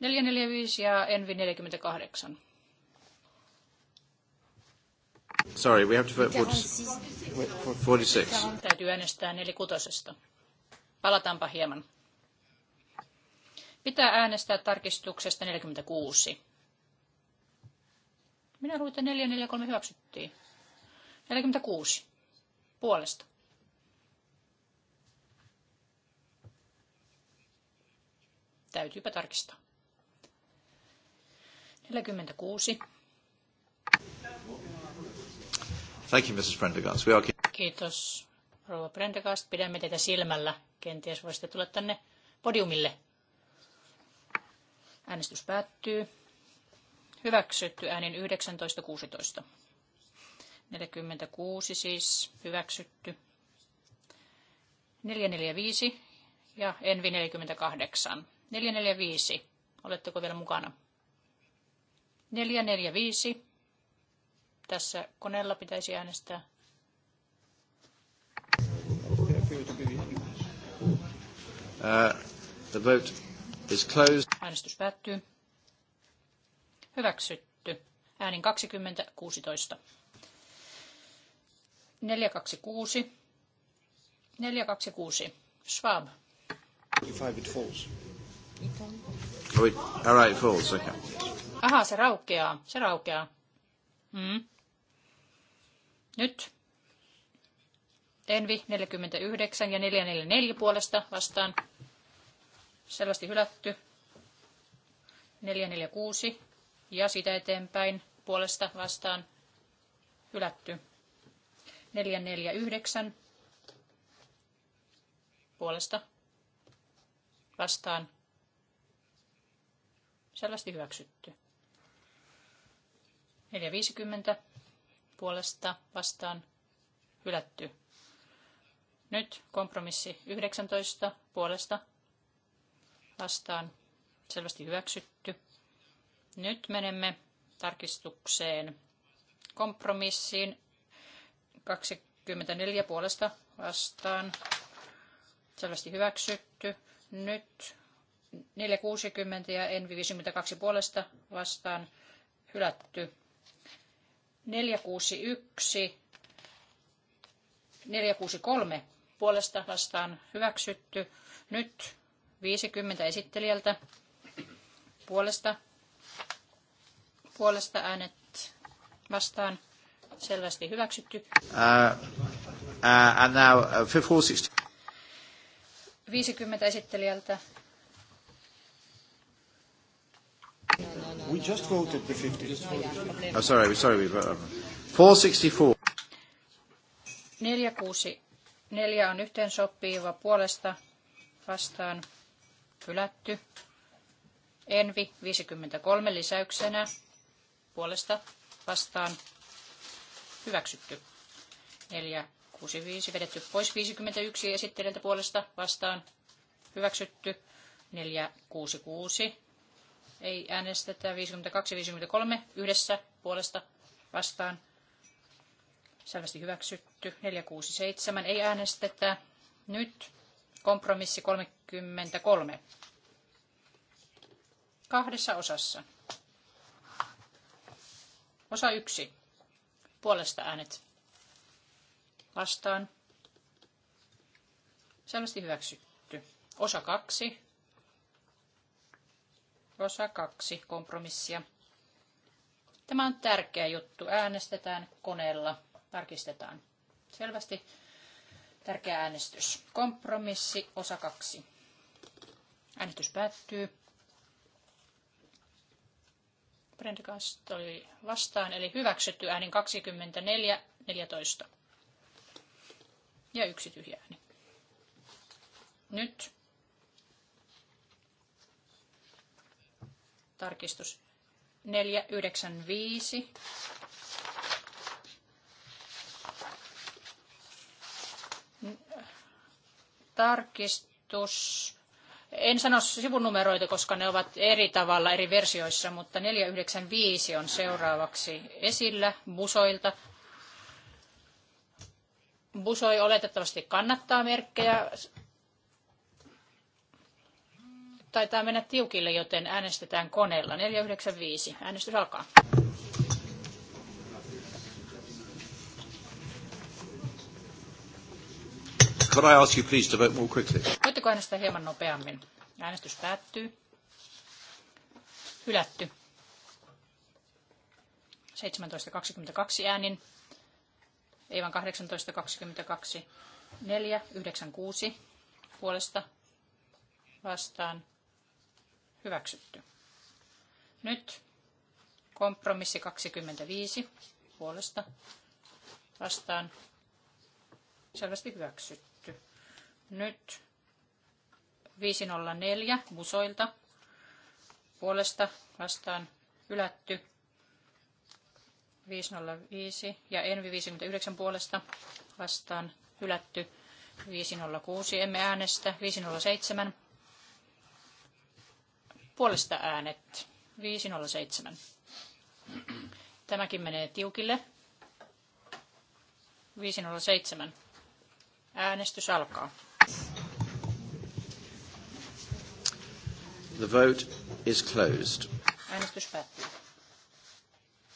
445 ja Envi 48. Sorry, we have to vote 46. Täytyy äänestää 46. Palataanpa hieman. Pitää äänestää tarkistuksesta 46. Minä luulin, että 443 hyväksyttiin. 46 puolesta. Täytyypä tarkistaa. 46. Thank you, Mrs. Prendergast. We are... Kiitos, rouva Prendergast. Pidämme teitä silmällä. Kenties voisitte tulla tänne podiumille. Äänestys päättyy. Hyväksytty äänin 19.16. 46 siis hyväksytty. 445 ja Envi 48. 445. Oletteko vielä mukana? 445. Tässä koneella pitäisi äänestää. Uh, the vote is closed. Äänestys päättyy. Hyväksytty. Äänin 20, 16. 426. 426. Schwab. Five it falls. Oh, it, all right, falls, okay. Aha, se raukeaa, se raukeaa. Mm. Nyt. Envi 49 ja 444 puolesta vastaan. Selvästi hylätty. 446 ja sitä eteenpäin puolesta vastaan hylätty. 449 puolesta vastaan selvästi hyväksytty. 450 puolesta vastaan hylätty. Nyt kompromissi 19 puolesta vastaan selvästi hyväksytty. Nyt menemme tarkistukseen kompromissiin 24 puolesta vastaan. Selvästi hyväksytty. Nyt 460 ja Envi 52 puolesta vastaan hylätty. 461, 463 puolesta vastaan hyväksytty. Nyt 50 esittelijältä puolesta, puolesta äänet vastaan selvästi hyväksytty. Uh, uh, and now, uh, 50, 50 esittelijältä. We just voted the 50. Oh, sorry, sorry, we voted. 464. 464 on yhteensopiva puolesta vastaan hylätty. Envi 53 lisäyksenä puolesta vastaan Hyväksytty. 4, 6, 5 vedetty pois. 51 esittelijältä puolesta vastaan. Hyväksytty. 4, 6, 6. Ei äänestetä. 52, 53 yhdessä puolesta vastaan. Selvästi hyväksytty. 4, 6, 7. Ei äänestetä. Nyt kompromissi 33. Kahdessa osassa. Osa yksi Puolesta äänet. Vastaan. Selvästi hyväksytty. Osa kaksi. Osa kaksi kompromissia. Tämä on tärkeä juttu. Äänestetään koneella. Tarkistetaan. Selvästi tärkeä äänestys. Kompromissi osa kaksi. Äänestys päättyy. Prendergast oli vastaan, eli hyväksytty äänin 24, 14 ja yksi tyhjä ääni. Nyt tarkistus 495. Tarkistus en sano sivunumeroita, koska ne ovat eri tavalla eri versioissa, mutta 495 on seuraavaksi esillä Busoilta. Busoi oletettavasti kannattaa merkkejä. Taitaa mennä tiukille, joten äänestetään koneella. 495. Äänestys alkaa. Could I ask you please to vote more quickly? Voitteko äänestää hieman nopeammin? Äänestys päättyy. Hylätty. 17.22 äänin. Ei vaan 18.22. 4, 9, 6 puolesta vastaan hyväksytty. Nyt kompromissi 25 puolesta vastaan selvästi hyväksytty. Nyt 504 musoilta puolesta vastaan ylätty 505 ja Envi 59 puolesta vastaan ylätty 506 emme äänestä. 507 puolesta äänet. 507. Tämäkin menee tiukille. 507. Äänestys alkaa. The vote is closed. Äänestys päättyy.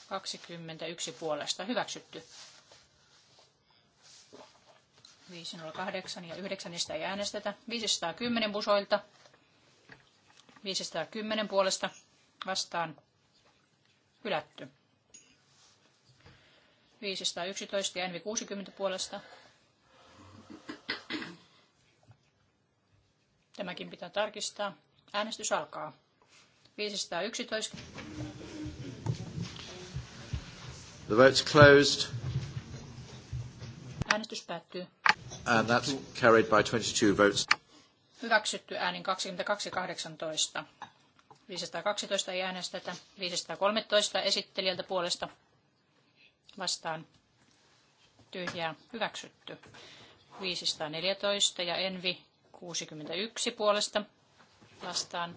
21 puolesta. Hyväksytty. 508 ja 9 niistä ei äänestetä. 510 busoilta. 510 puolesta vastaan hylätty. 511 ja Envi 60 puolesta. Tämäkin pitää tarkistaa. Äänestys alkaa. 511. The vote's closed. Äänestys päättyy. And that's carried by 22 votes. Hyväksytty äänin 22.18. 512 ei äänestetä. 513 esittelijältä puolesta vastaan tyhjää hyväksytty. 514 ja Envi 61 puolesta vastaan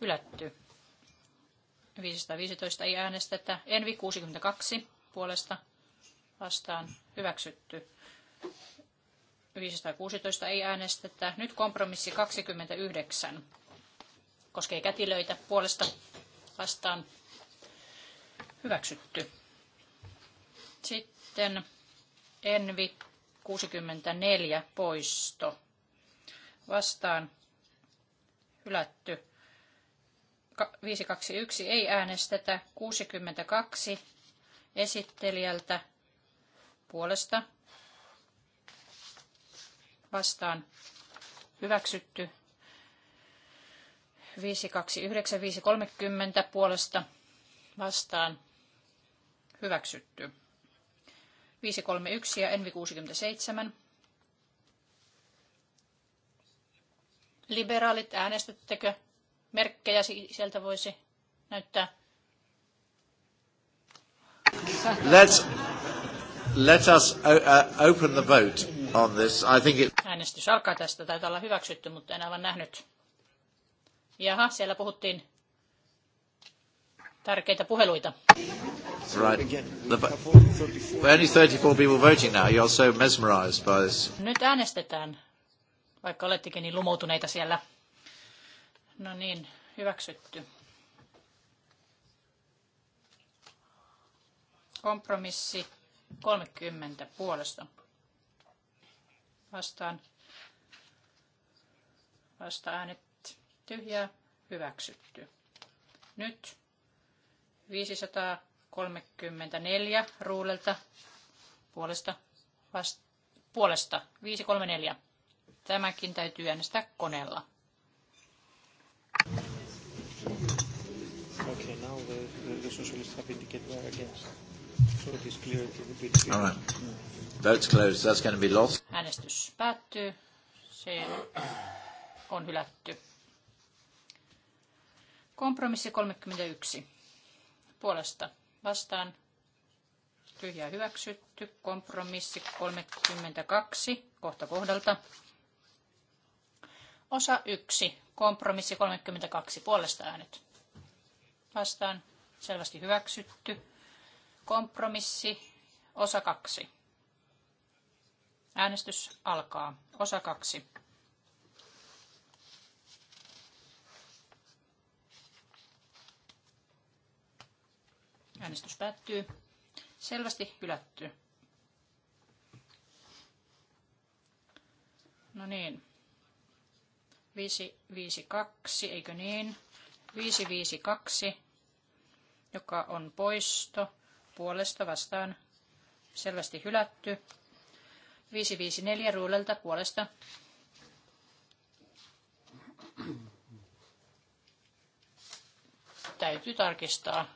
hylätty. 515 ei äänestetä. Envi 62 puolesta vastaan hyväksytty. 516 ei äänestetä. Nyt kompromissi 29 koskee kätilöitä puolesta vastaan hyväksytty. Sitten Envi 64 poisto vastaan hylätty. 521 ei äänestetä. 62 esittelijältä puolesta vastaan hyväksytty. 529 530 puolesta vastaan hyväksytty. 531 ja Envi 67 Liberaalit, äänestättekö? Merkkejä sieltä voisi näyttää. Let's, let us open the vote on this. I think it... Äänestys alkaa tästä. Taitaa olla hyväksytty, mutta en aivan nähnyt. Jaha, siellä puhuttiin tärkeitä puheluita. Right. The, only 34 people voting now. You're so mesmerized by this. Nyt äänestetään vaikka olettekin niin lumoutuneita siellä. No niin, hyväksytty. Kompromissi 30 puolesta. Vastaan. Vasta äänet tyhjää. Hyväksytty. Nyt 534 ruulelta puolesta. Vast, puolesta. 534 Tämäkin täytyy äänestää koneella. Okay, now the, the, the socialists have indicated they against. So it is clear it would be All right. Vote's closed. That's going to be lost. Äänestys päättyy. Se on hylätty. Kompromissi 31. Puolesta vastaan. Tyhjä hyväksytty. Kompromissi 32. Kohta kohdalta. Osa 1. Kompromissi 32. Puolesta äänet. Vastaan. Selvästi hyväksytty. Kompromissi. Osa 2. Äänestys alkaa. Osa 2. Äänestys päättyy. Selvästi hylätty. No niin. 552, eikö niin? 552, joka on poisto puolesta vastaan selvästi hylätty. 554 ruudelta puolesta. Täytyy tarkistaa.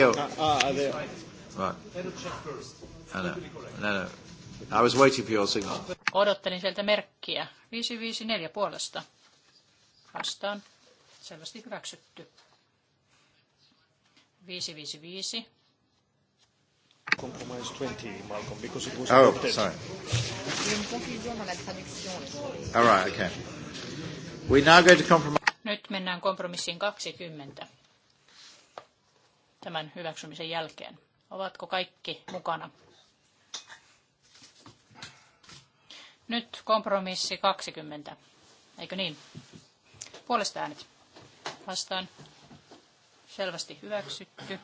Joo. Ah, ah, No, no. I was waiting for your signal. Odottelin sieltä merkkiä. 554 puolesta. Vastaan. Selvästi hyväksytty. 555. Compromise 20, Malcolm, because it was Oh, sorry. All right, okay. We now go to compromise. Nyt mennään kompromissiin 20 tämän hyväksymisen jälkeen. Ovatko kaikki mukana? Nyt kompromissi 20. Eikö niin? Puolesta äänet. Vastaan. Selvästi hyväksytty.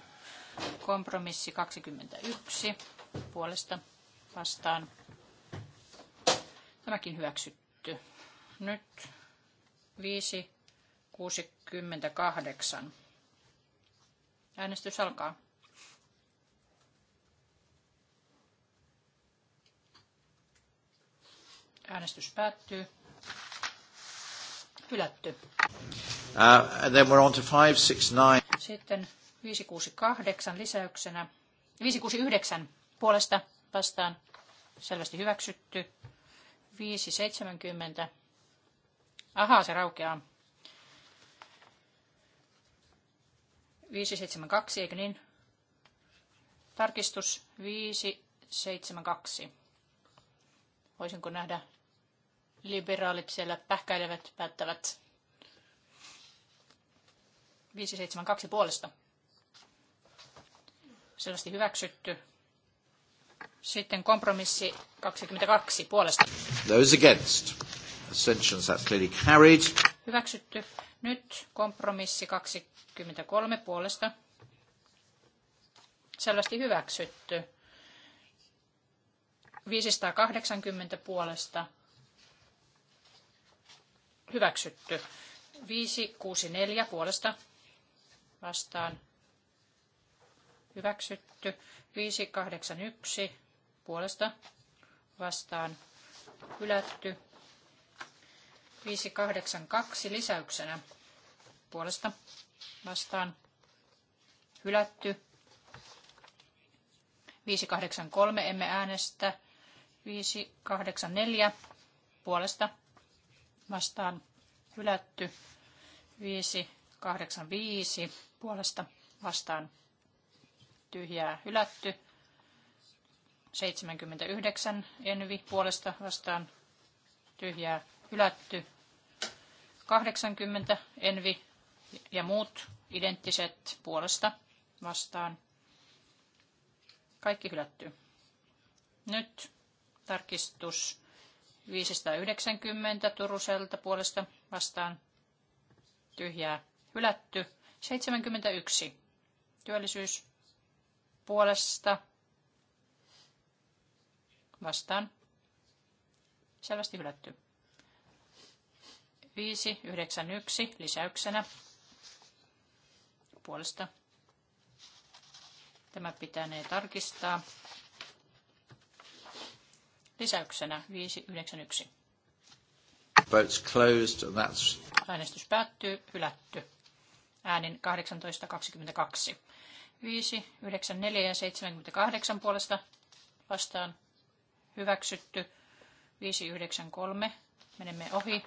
Kompromissi 21. Puolesta vastaan. Tämäkin hyväksytty. Nyt 568. Äänestys alkaa. Äänestys päättyy. Hylätty. Uh, and then we're on to 569. Sitten 568 lisäyksenä. 569 puolesta vastaan selvästi hyväksytty. 570. Ahaa, se raukeaa. 572, eikö niin? Tarkistus 572. Voisinko nähdä liberaalit siellä pähkäilevät, päättävät 572 puolesta. Selvästi hyväksytty. Sitten kompromissi 22 puolesta. Those against. Abstentions, that's clearly carried. Hyväksytty. Nyt kompromissi 23 puolesta. Selvästi hyväksytty. 580 puolesta Hyväksytty. 564 puolesta vastaan. Hyväksytty. 581 puolesta vastaan. Hylätty. 582 lisäyksenä puolesta vastaan. Hylätty. 583 emme äänestä. 584 puolesta vastaan hylätty. 585 puolesta vastaan tyhjää hylätty. 79 envi puolesta vastaan tyhjää hylätty. 80 envi ja muut identtiset puolesta vastaan. Kaikki hylätty. Nyt tarkistus 590 Turuselta puolesta vastaan tyhjää hylätty. 71 työllisyys puolesta vastaan selvästi hylätty. 591 lisäyksenä puolesta. Tämä pitänee tarkistaa lisäyksenä 591. closed that's... Äänestys päättyy, hylätty. Äänin 18.22. 5, 4 ja 78 puolesta vastaan hyväksytty. 593. Menemme ohi.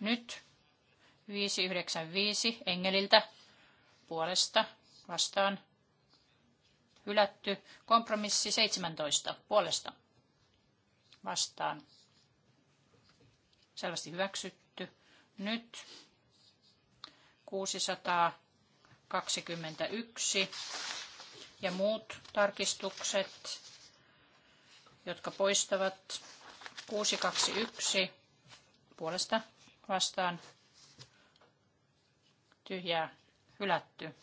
Nyt 595 Engeliltä puolesta vastaan hylätty. Kompromissi 17 puolesta vastaan. Selvästi hyväksytty. Nyt 621 ja muut tarkistukset, jotka poistavat 621 puolesta vastaan tyhjää hylätty.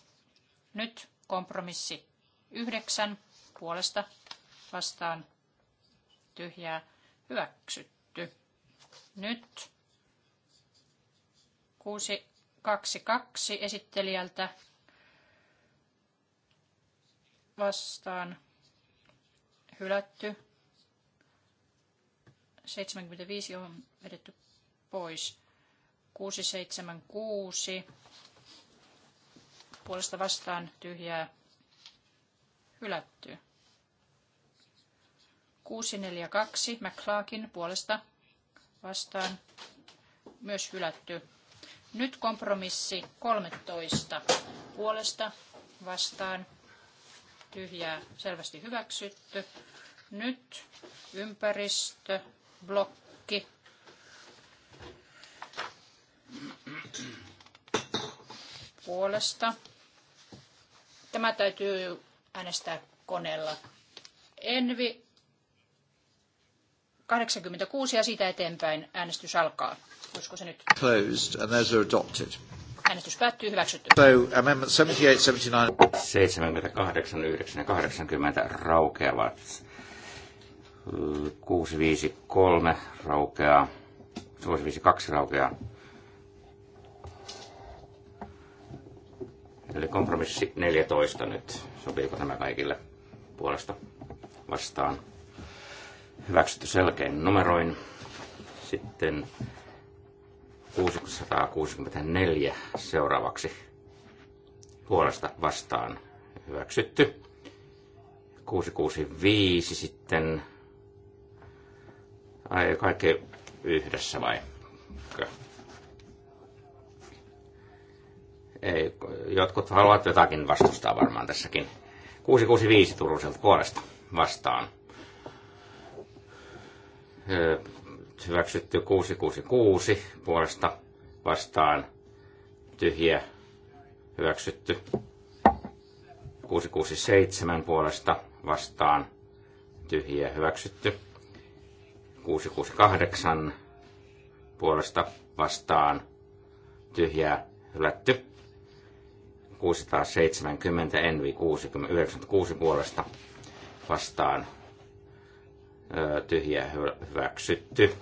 Nyt kompromissi 9 puolesta vastaan tyhjää hyväksytty. Nyt 622 esittelijältä vastaan hylätty. 75 on vedetty pois. 676 puolesta vastaan tyhjää hylätty. 642 McClarkin puolesta vastaan myös hylätty. Nyt kompromissi 13 puolesta vastaan tyhjää selvästi hyväksytty. Nyt ympäristö, blokki. Puolesta. Tämä täytyy äänestää koneella. Envi 86 ja siitä eteenpäin äänestys alkaa. Olisiko se nyt? Closed and those are adopted. Äänestys päättyy, hyväksytty. So, amendment 78, 79... 78, 9 ja 80 raukeavat. 653 raukeaa. 652 raukeaa. Eli kompromissi 14 nyt. Sopiiko tämä kaikille puolesta vastaan? hyväksytty selkein numeroin. Sitten 664 seuraavaksi puolesta vastaan hyväksytty. 665 sitten. Ai, kaikki yhdessä vai? Ei, jotkut haluavat jotakin vastustaa varmaan tässäkin. 665 Turuselta puolesta vastaan hyväksytty 666 puolesta vastaan tyhjä hyväksytty 667 puolesta vastaan tyhjä hyväksytty 668 puolesta vastaan tyhjää hylätty 670 Envi 696 puolesta vastaan tyhjä hyväksytty.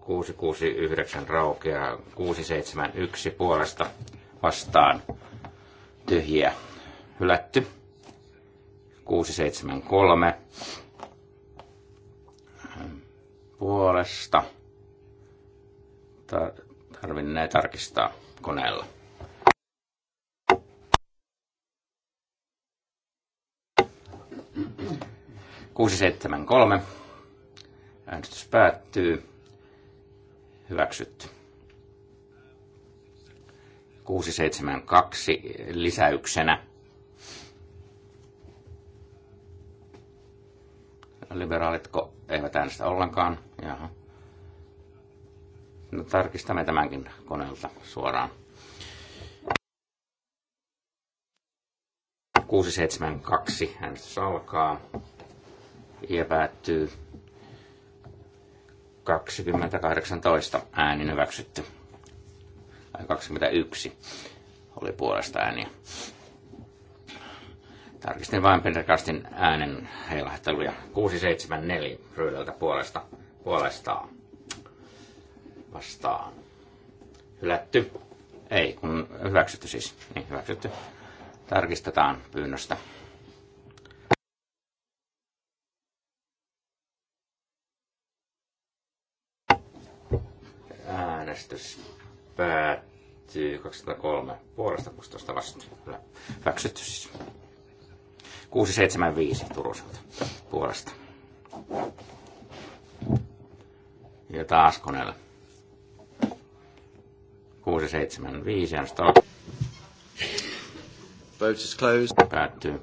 669 raukeaa 671 puolesta vastaan tyhjä hylätty. 673 puolesta. Tarvin näin tarkistaa koneella. 673. Äänestys päättyy. Hyväksytty. 672 lisäyksenä. Liberaalitko eivät äänestä ollenkaan? Jaha. No, tarkistamme tämänkin koneelta suoraan. 672 äänestys alkaa ja päättyy 2018 äänin hyväksytty. 21 oli puolesta ääniä. Tarkistin vain Pendergastin äänen heilahteluja. 674 Ryylältä puolesta, puolestaan vastaan. Hylätty. Ei, kun hyväksytty siis. Niin, hyväksytty. Tarkistetaan pyynnöstä. Äänestys päättyy 203 puolesta 16 vastaan. Hyväksytty siis. 675 Turuselta puolesta. Ja taas koneella. 675 on stop. Vote is closed. Päättyy.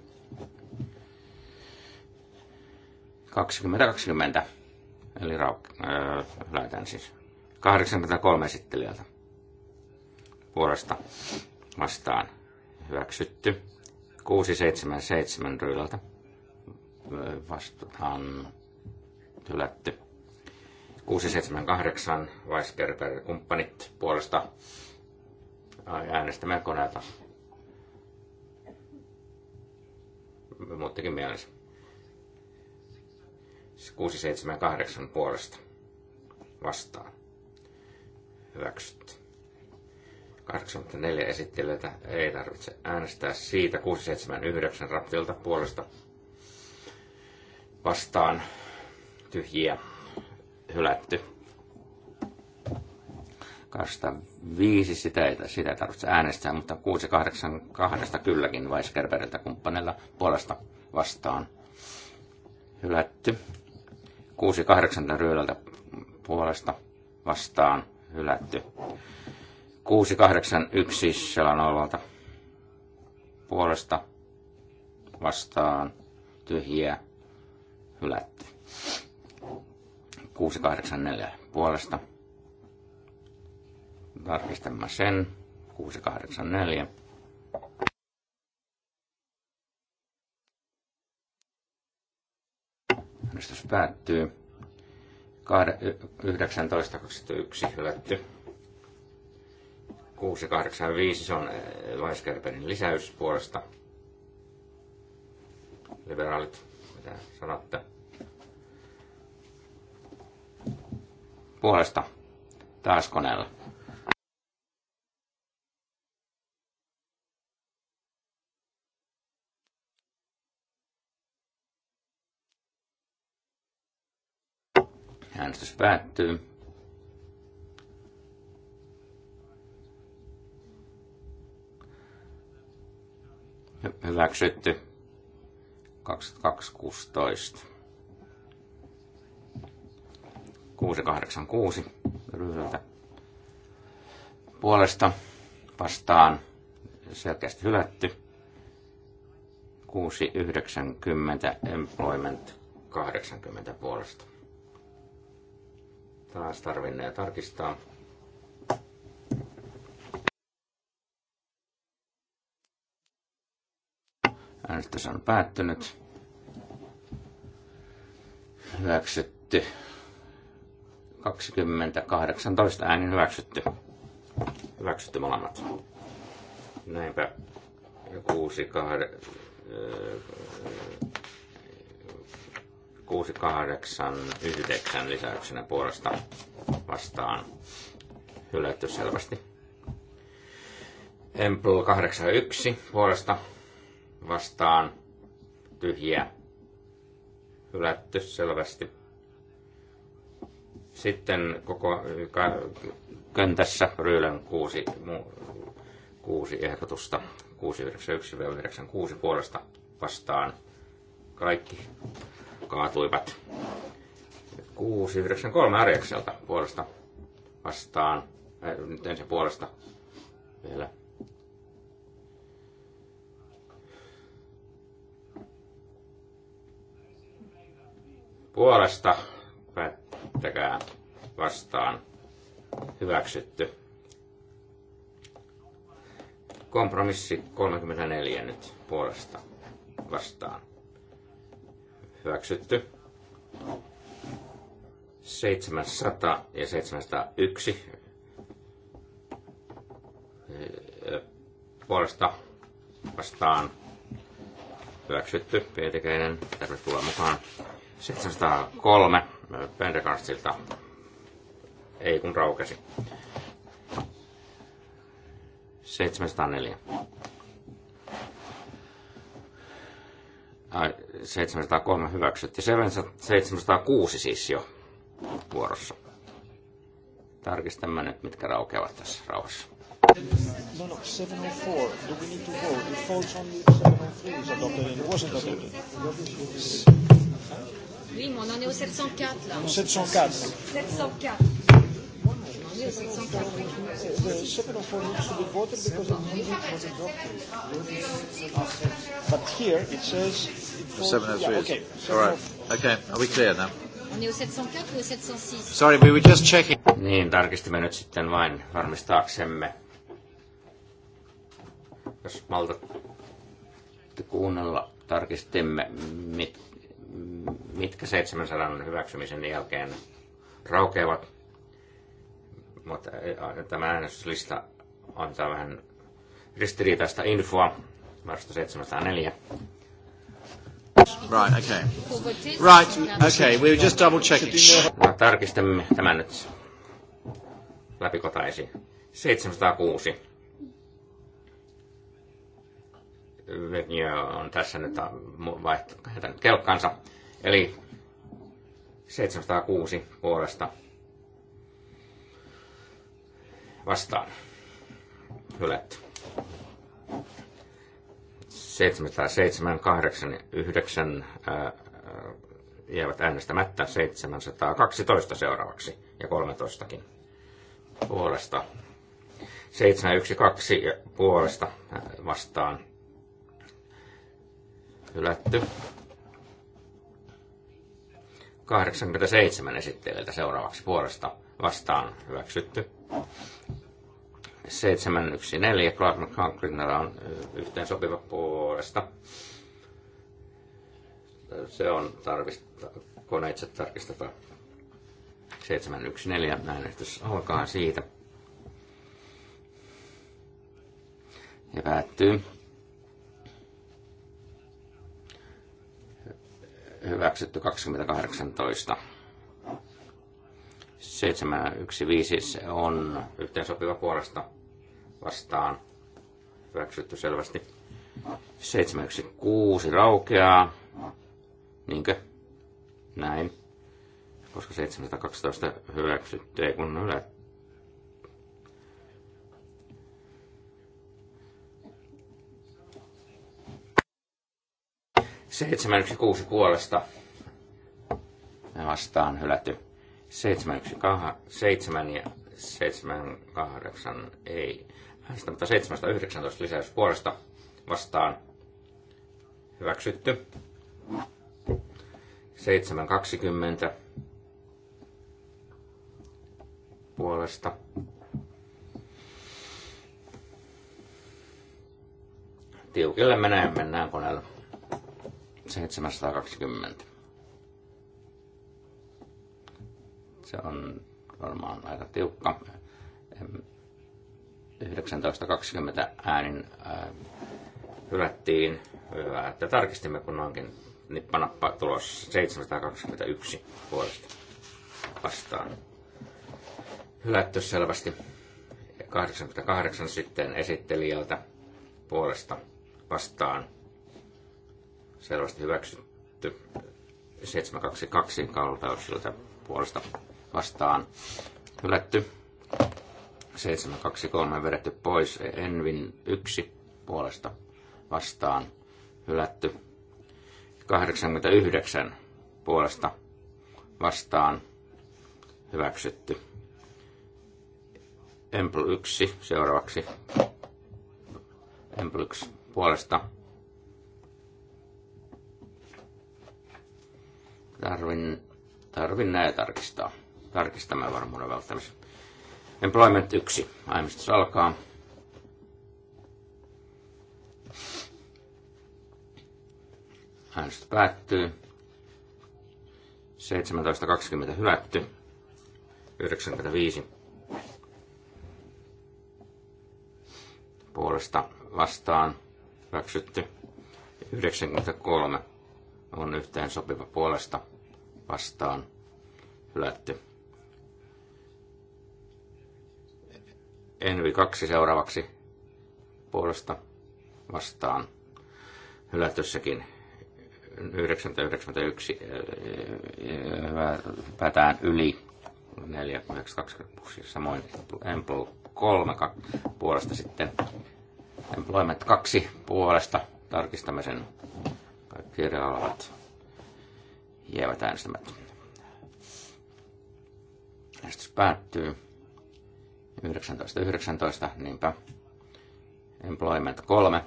2020. Eli rauk... Öö, äh, lähetän siis. 83 esittelijältä puolesta vastaan hyväksytty. 677 ryylältä äh, vastaan hylätty. 678 Weisgerber kumppanit puolesta äh, äänestämään koneelta. Muuttikin mielessä. 678 puolesta vastaan hyväksytty. 84 esittelijöitä ei tarvitse äänestää siitä. 679 raptilta puolesta vastaan tyhjiä hylätty. 205, sitä ei, sitä ei tarvitse äänestää, mutta 682 kylläkin Weisgerberiltä kumppanilla puolesta vastaan hylätty. 68 ryölältä puolesta vastaan hylätty. 681 selän alvalta puolesta vastaan tyhjiä hylätty. 6-8-4 puolesta. Tarkistamme sen. 684. Äänestys päättyy. 19.21 hylätty. 685, se on äh, Weisgerberin lisäys puolesta. Liberaalit, mitä sanotte? Puolesta, taas koneella. Äänestys päättyy. Hyväksytty 2216. 686 ryhmältä puolesta vastaan selkeästi hylätty. 690 employment 80 puolesta taas tarvinnee tarkistaa. Äänestys on päättynyt. Hyväksytty. 2018 äänin hyväksytty. Hyväksytty molemmat. Näinpä. 6, 8, 6, 8, 9 lisäyksenä puolesta vastaan hylätty selvästi. Empl 81 puolesta vastaan tyhjiä hylätty selvästi. Sitten koko köntässä Ryylän kuusi, kuusi ehdotusta 691-96 puolesta vastaan kaikki kaatuivat 6-9-3 Arjakselta puolesta vastaan. Äh, nyt ensin puolesta vielä. Puolesta päättäkää vastaan hyväksytty. Kompromissi 34 nyt puolesta vastaan hyväksytty. 700 ja 701 puolesta vastaan hyväksytty. Pietikäinen, tervetuloa mukaan. 703 Pentecorstilta ei kun raukesi. 704. Ai, 703 hyväksytty. 706 siis jo vuorossa. Tarkistamme nyt, mitkä raukeavat tässä rauhassa. No, no, 704. Do we need to vote? It falls on 703 is adopted and wasn't adopted. Oui, mais on en est au 704 là. 704. 704. But here it says... It goes, 703. Yeah, okay. All right. Okay, are we clear now? Sorry, we were just checking. Niin, tarkistimme nyt sitten vain varmistaaksemme. Jos malta kuunnella, tarkistimme, mit, mitkä 700 hyväksymisen jälkeen raukeavat mutta tämä äänestyslista antaa vähän ristiriitaista infoa. Marsta 704. Right, okay. Right, okay, we were just double checking. No, tarkistamme tämän nyt läpikotaisin. 706. Virginia on tässä nyt vaihtanut kelkkansa. Eli 706 puolesta vastaan. Hylätty. 707, 8, 9 ää, jäävät äänestämättä 712 seuraavaksi ja 13kin puolesta. 712 puolesta äh, vastaan hylätty. 87 esittelijältä seuraavaksi puolesta vastaan hyväksytty. 714 Clark Conklinilla on yhteen sopiva puolesta. Se on tarvista, koneitse tarkistetaan. 714 äänestys alkaa siitä. Ja päättyy. Hyväksytty 2018. 715 on yhteensopiva puolesta vastaan hyväksytty selvästi. 716 raukeaa. Niinkö? Näin. Koska 712 hyväksytty, ei kun ylä. Seitsemän yksi kuusi puolesta me vastaan hylätty. Seitsemän yksi seitsemän ja seitsemän kahdeksan ei 117.19 lisäys puolesta vastaan hyväksytty. 7.20 puolesta tiukille menee, mennään koneella. 720. Se on varmaan aika tiukka. 19.20 äänin äh, hylättiin. Hyvä, että tarkistimme, kun onkin nippanappa tulos 721 puolesta vastaan. Hylätty selvästi. 88 sitten esittelijältä puolesta vastaan. Selvästi hyväksytty. 722 kaltausilta puolesta vastaan. Hylätty. 7-2-3 vedetty pois, Envin 1 puolesta vastaan hylätty, 89 puolesta vastaan hyväksytty. Empl 1 seuraavaksi. Empl 1 puolesta. Tarvin, tarvin näitä tarkistaa. Tarkistamme varmuuden välttämisen. Employment 1. Äänestys alkaa. Äänestys päättyy. 17.20 hylätty. 95 puolesta vastaan hyväksytty. 93 on yhteen sopiva puolesta vastaan hylätty. Envy 2 seuraavaksi puolesta vastaan hylätyssäkin 991 päätään yli 4926 samoin Employ 3 puolesta sitten Employment 2 puolesta tarkistamme sen kaikki olevat jäävät äänestämättä. Äänestys päättyy. 19, 19, niinpä. Employment 3.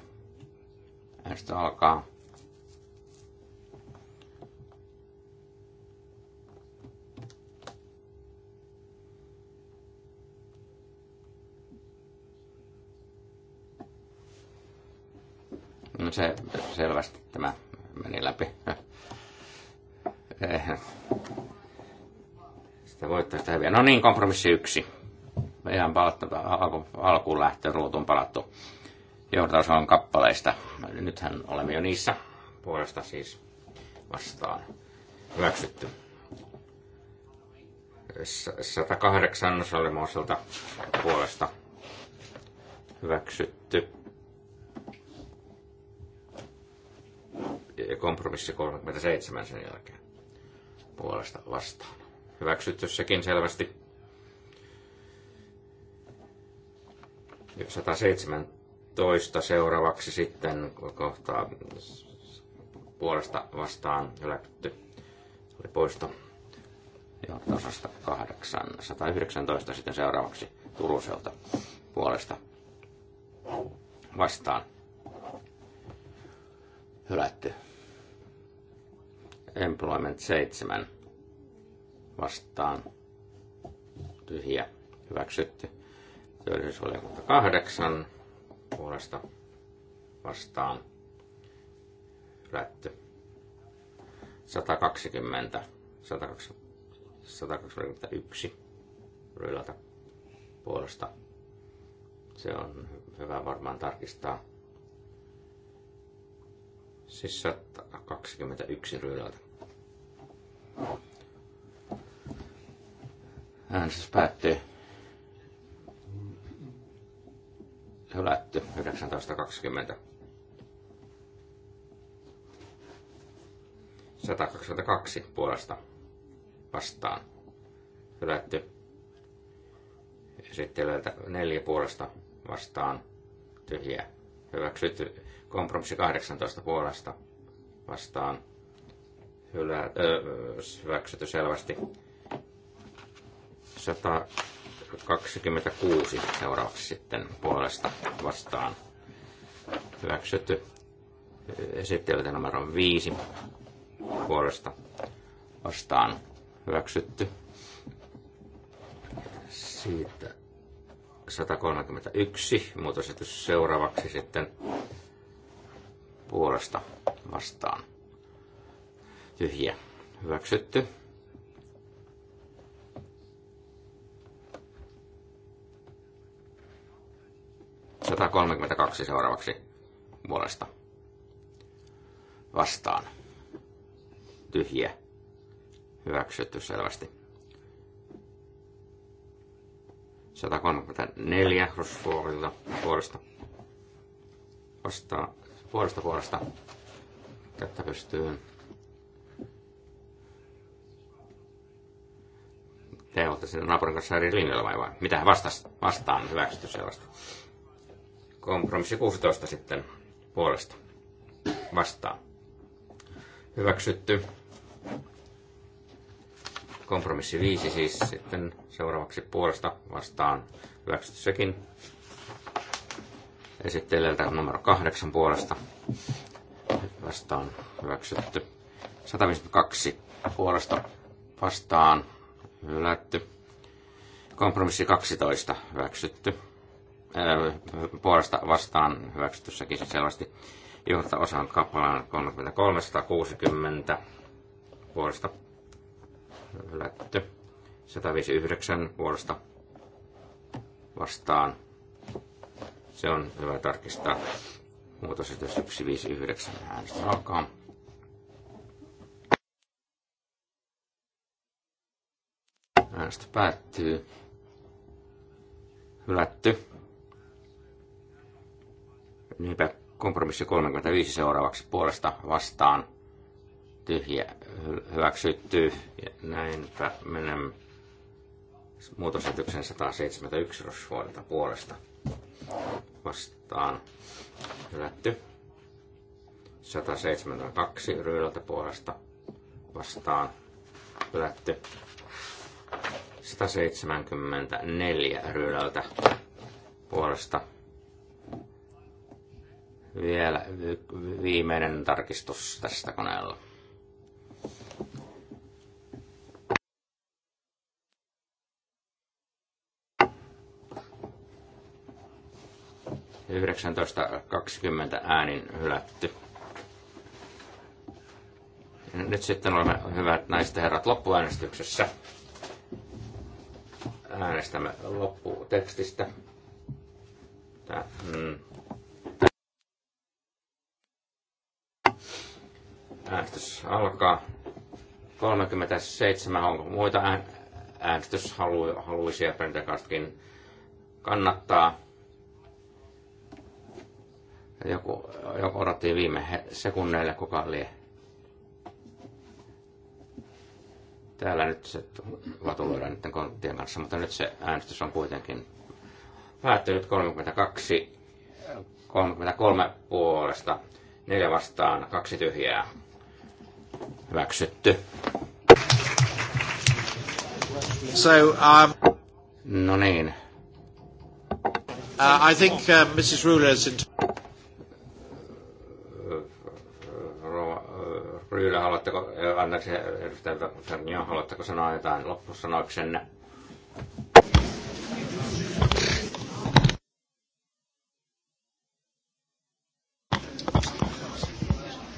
Äänestys alkaa. No se selvästi tämä meni läpi. Eh. Sitä voittaa sitä hyviä. No niin, kompromissi yksi ihan palattu, alku, alkuun lähtö, ruutuun palattu johdatusvallan kappaleista. Nythän olemme jo niissä puolesta siis vastaan hyväksytty. 108 Salemoselta puolesta hyväksytty. Kompromissi 37 sen jälkeen puolesta vastaan. Hyväksytty sekin selvästi. 117 seuraavaksi sitten kohtaa puolesta vastaan hylätty. Oli poisto ja tasasta 8. 119 sitten seuraavaksi Turuselta puolesta vastaan hylätty. Employment 7 vastaan tyhjä hyväksytty työllisyysvaliokunta kahdeksan puolesta vastaan hylätty. 120, 121 ryllätä puolesta. Se on hyvä varmaan tarkistaa. Siis 121 ryllätä. Äänestys päättyy. hylätty 1920. 122 puolesta vastaan hylätty. Esittelijältä neljä puolesta vastaan tyhjä. Hyväksytty kompromissi 18 puolesta vastaan hylä, ö, hyväksytty selvästi. 100 26 seuraavaksi sitten puolesta vastaan hyväksytty. Esittelytä numero 5 puolesta vastaan hyväksytty. Siitä 131 muutosetys seuraavaksi sitten puolesta vastaan tyhjä hyväksytty. 132 seuraavaksi vuodesta Vastaan. Tyhjiä. Hyväksytty selvästi. 134 rosvuorilta vuodesta Vastaan. Vuodesta vuodesta. Kättä pystyyn. Te olette sinne naapurin kanssa eri linjoilla vai vai? Mitä Vastaan hyväksytty selvästi. Kompromissi 16 sitten puolesta vastaan. Hyväksytty. Kompromissi 5 siis sitten seuraavaksi puolesta vastaan. Hyväksytty sekin. Esittelijältä numero 8 puolesta vastaan. Hyväksytty. 152 puolesta vastaan. Hylätty. Kompromissi 12 hyväksytty. Äh, puolesta vastaan hyväksytyssäkin siis selvästi johtaa osan kappalaan 3360 puolesta hylätty, 159 puolesta vastaan. Se on hyvä tarkistaa. Muutosesitys 159 äänestys alkaa. Äänestys päättyy. Hylätty. Niinpä kompromissi 35 seuraavaksi puolesta vastaan tyhjä hyväksytty. Ja näinpä menen muutosetyksen 171 Rosvuodelta puolesta vastaan hylätty. 172 Ryylältä puolesta vastaan hylätty. 174 Ryylältä puolesta vielä viimeinen tarkistus tästä koneella. Yhdeksäntoista kaksikymmentä äänin hylätty. Nyt sitten olemme hyvät naiset ja herrat loppuäänestyksessä. Äänestämme lopputekstistä. Tää, mm. Äänestys alkaa. 37. Onko muita äänestyshaluisia? Pentecostkin kannattaa. Joku, joku odotti viime sekunneille, kuka lie. Täällä nyt se vatuloidaan niiden konttien kanssa, mutta nyt se äänestys on kuitenkin päättynyt 32, 33 puolesta, 4 vastaan, kaksi tyhjää. Hyväksytty. So, um, no niin. Uh, I think uh, Mrs. Ruler's in... Ryylä, uh, haluatteko, eh, anteeksi edustaja Fernion, haluatteko sanoa jotain loppusanoiksenne?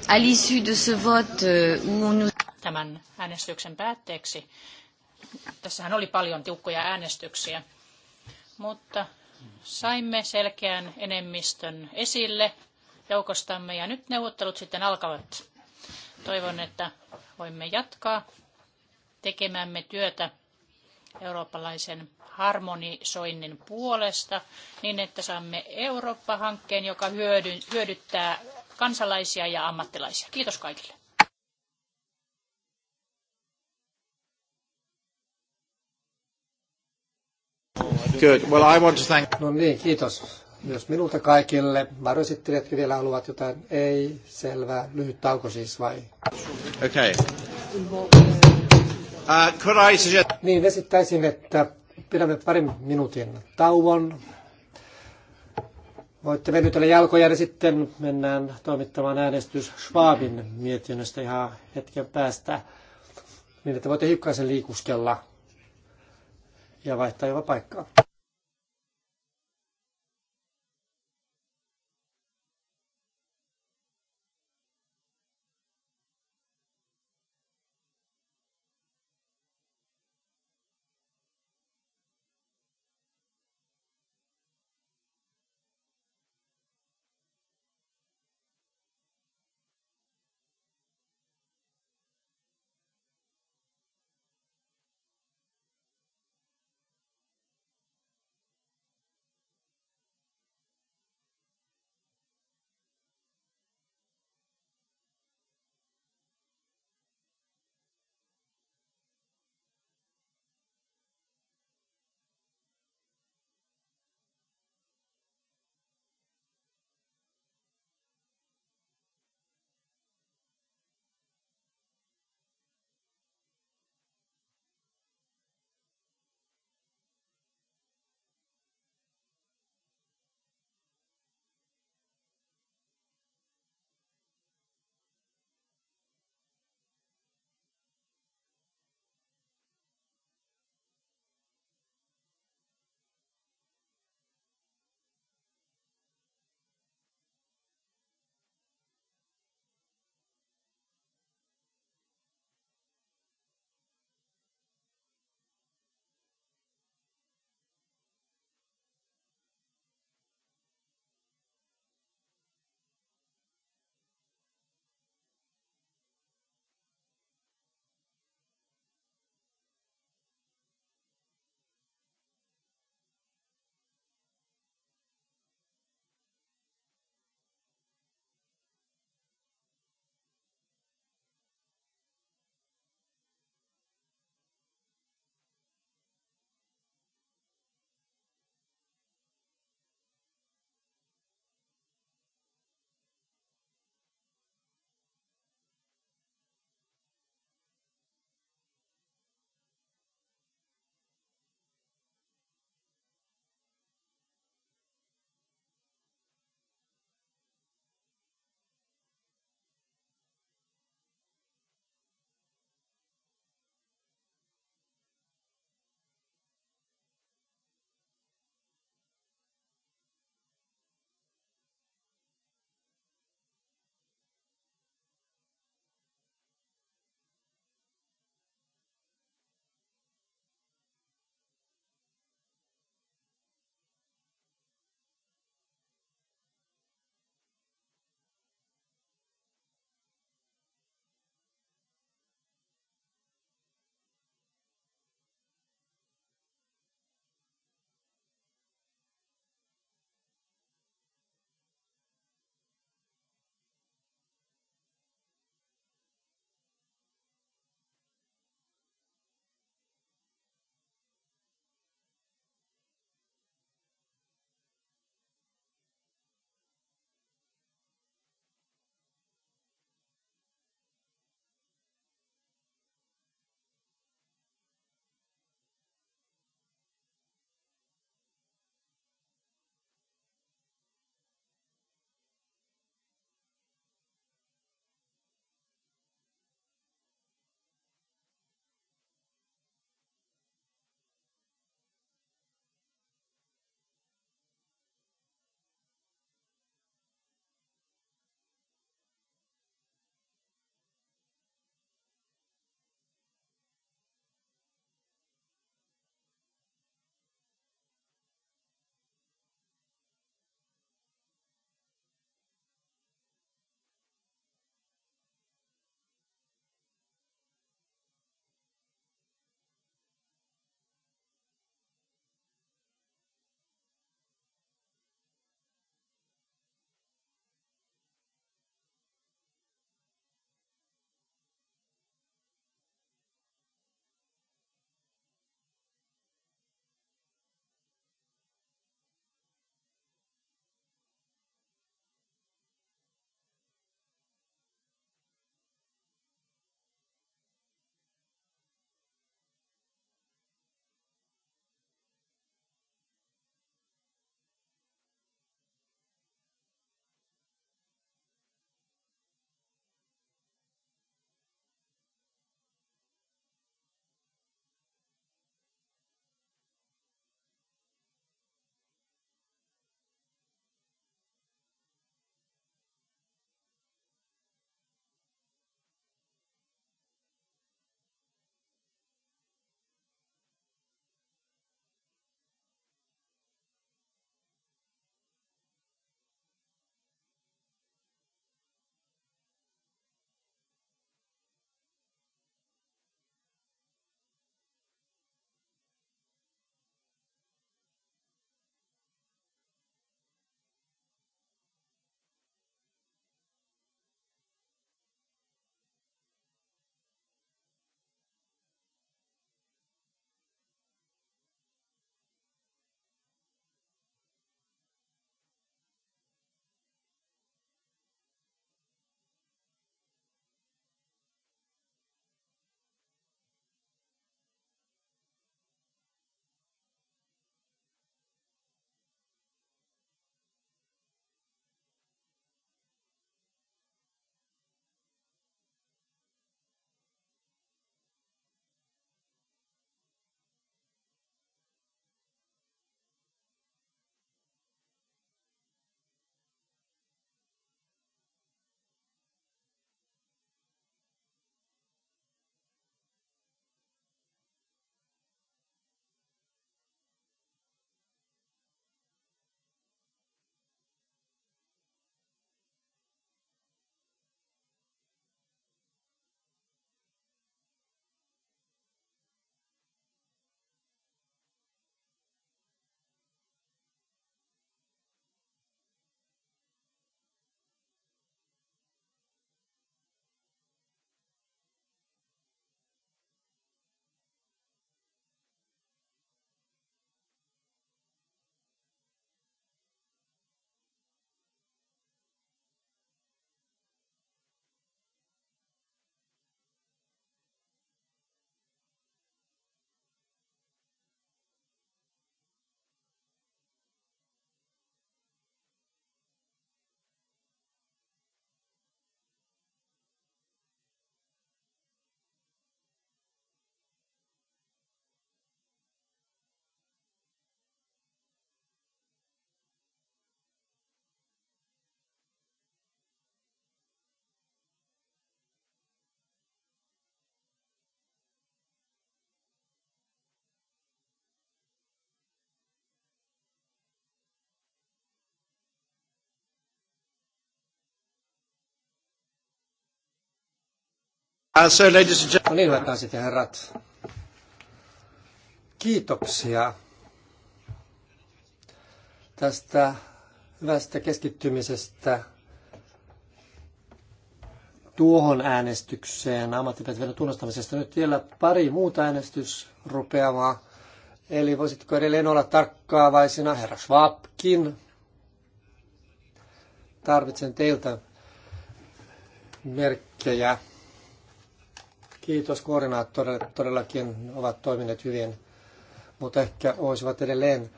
à l'issue de ce vote euh, où nous... Tämän äänestyksen päätteeksi. Tässähän oli paljon tiukkoja äänestyksiä, mutta saimme selkeän enemmistön esille joukostamme ja nyt neuvottelut sitten alkavat. Toivon, että voimme jatkaa tekemämme työtä eurooppalaisen harmonisoinnin puolesta niin, että saamme Eurooppa-hankkeen, joka hyödyttää kansalaisia ja ammattilaisia. Kiitos kaikille. Good. Well, I want to thank... No niin, kiitos myös minulta kaikille. Varoisittelijatkin vielä haluavat jotain? Ei, selvä. Lyhyt tauko siis vai? Okay. Uh, could I suggest... Niin, esittäisin, että pidämme parin minuutin tauon. Voitte venytellä jalkoja ja niin sitten mennään toimittamaan äänestys Schwabin mietinnöstä ihan hetken päästä, niin että voitte hiukkaisen liikuskella ja vaihtaa jopa paikkaa. Uh, ladies and gentlemen. No niin, hyvät naiset ja herrat. Kiitoksia tästä hyvästä keskittymisestä tuohon äänestykseen ammattipätevyyden tunnustamisesta. Nyt vielä pari muuta äänestysrupeamaa. Eli voisitko edelleen olla tarkkaavaisina, herra Schwabkin? Tarvitsen teiltä merkkejä. Kiitos koordinaattorille. todellakin ovat toimineet hyvin, mutta ehkä olisivat edelleen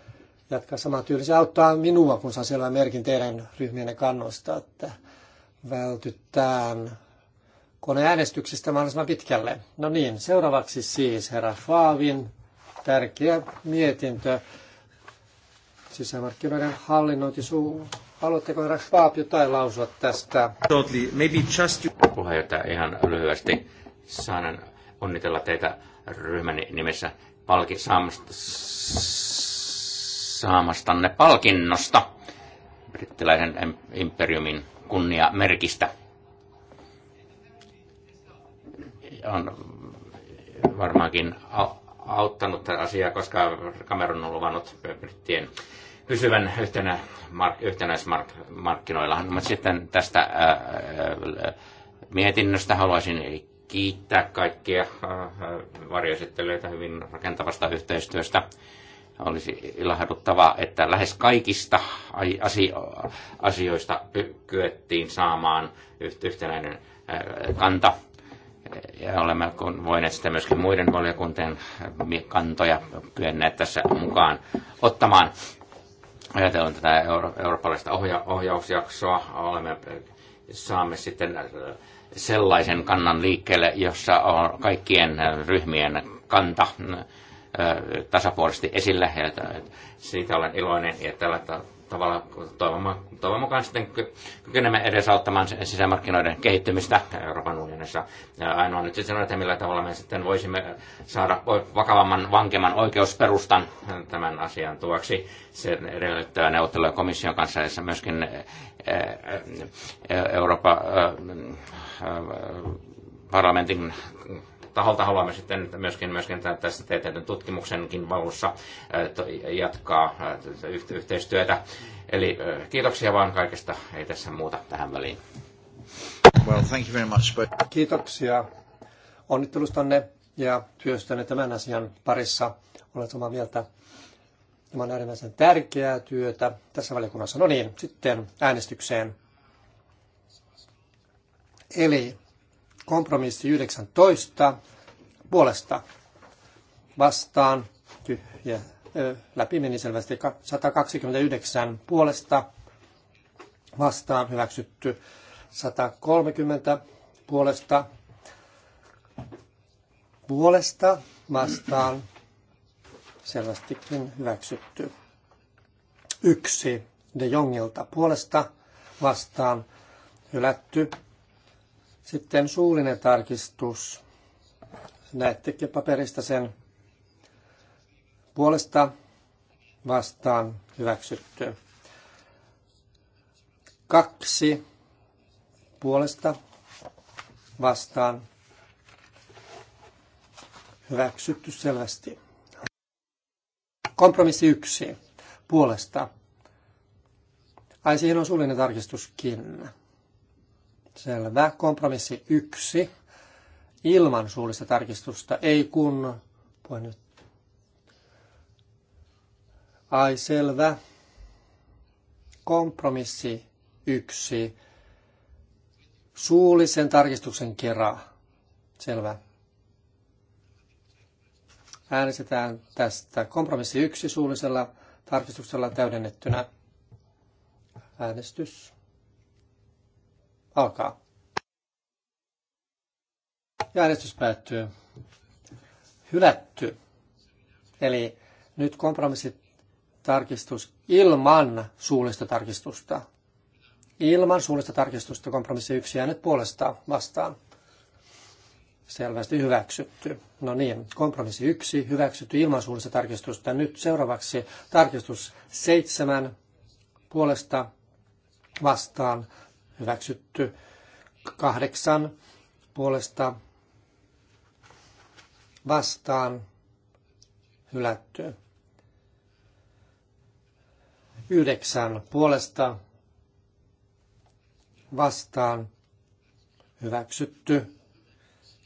jatkaa samaa tyyliä. Se auttaa minua, kun saa selvä merkin teidän ryhmienne kannosta, että vältytään koneäänestyksestä mahdollisimman pitkälle. No niin, seuraavaksi siis herra Faavin tärkeä mietintö sisämarkkinoiden hallinnointi. Suu. Haluatteko herra Faab jotain lausua tästä? Totally. Maybe just you... Puheenjohtaja ihan lyhyesti saan onnitella teitä ryhmäni nimessä palki, saamasta, saamastanne palkinnosta, brittiläisen imperiumin kunniamerkistä. On varmaankin auttanut tätä asiaa, koska Cameron on luvannut brittien pysyvän yhtenä, mark, yhtenäismarkkinoilla. Mutta sitten tästä ää, mietinnöstä haluaisin kiittää kaikkia äh, äh, varjoesittelyitä hyvin rakentavasta yhteistyöstä. Olisi ilahduttavaa, että lähes kaikista asioista kyettiin saamaan yhtenäinen äh, kanta. Ja olemme voineet sitten myöskin muiden valiokuntien kantoja kyenneet tässä mukaan ottamaan. Ajatellaan tätä euro- eurooppalaista ohja- ohjausjaksoa. Olemme, saamme sitten sellaisen kannan liikkeelle, jossa on kaikkien ryhmien kanta tasapuolisesti esillä. Ja siitä olen iloinen ja tällä tavalla toivon mukaan sitten kykenemme edesauttamaan sisämarkkinoiden kehittymistä Euroopan unionissa. Ainoa nyt sitten on, että millä tavalla me sitten voisimme saada vakavamman, vankemman oikeusperustan tämän asian tuoksi. Se edellyttää neuvotteluja komission kanssa jossa myöskin Euroopan parlamentin taholta haluamme sitten myöskin, myöskin tässä teetetyn tutkimuksenkin valossa jatkaa yhteistyötä. Eli kiitoksia vaan kaikesta, ei tässä muuta tähän väliin. Well, thank you very much. Kiitoksia onnittelustanne ja työstänne tämän asian parissa. Olet samaa mieltä. Tämä on äärimmäisen tärkeää työtä tässä valiokunnassa. No niin, sitten äänestykseen. Eli kompromissi 19 puolesta vastaan tyhjä, läpi meni selvästi 129 puolesta vastaan hyväksytty 130 puolesta puolesta vastaan selvästikin hyväksytty. Yksi De Jongelta puolesta vastaan hylätty. Sitten suullinen tarkistus. Näettekin paperista sen puolesta vastaan hyväksytty. Kaksi puolesta vastaan hyväksytty selvästi. Kompromissi yksi puolesta. Ai siihen on suullinen tarkistuskin. Selvä. Kompromissi yksi. Ilman suullista tarkistusta. Ei kun... Voi nyt. Ai selvä. Kompromissi yksi. Suullisen tarkistuksen kerran. Selvä. Äänestetään tästä kompromissi yksi suullisella tarkistuksella täydennettynä. Äänestys alkaa. Ja äänestys päättyy. Hylätty. Eli nyt kompromissitarkistus ilman suullista tarkistusta. Ilman suullista tarkistusta kompromissi yksi nyt puolesta vastaan selvästi hyväksytty. No niin, kompromissi yksi, hyväksytty ilman suullista tarkistusta. Nyt seuraavaksi tarkistus seitsemän puolesta vastaan, hyväksytty kahdeksan puolesta vastaan, hylätty. Yhdeksän puolesta vastaan, hyväksytty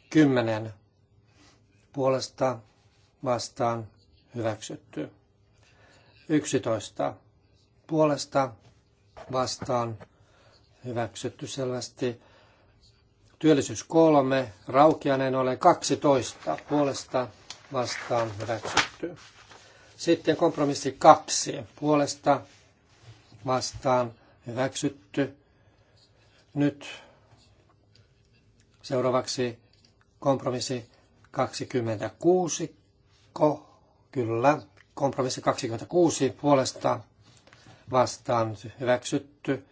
10 puolesta vastaan hyväksytty. 11 puolesta vastaan hyväksytty selvästi. Työllisyys 3, Raukianen ole 12 puolesta vastaan hyväksytty. Sitten kompromissi 2 puolesta vastaan hyväksytty. Nyt seuraavaksi Kompromissi 26, ko, kyllä, kompromissi 26 puolesta vastaan hyväksytty.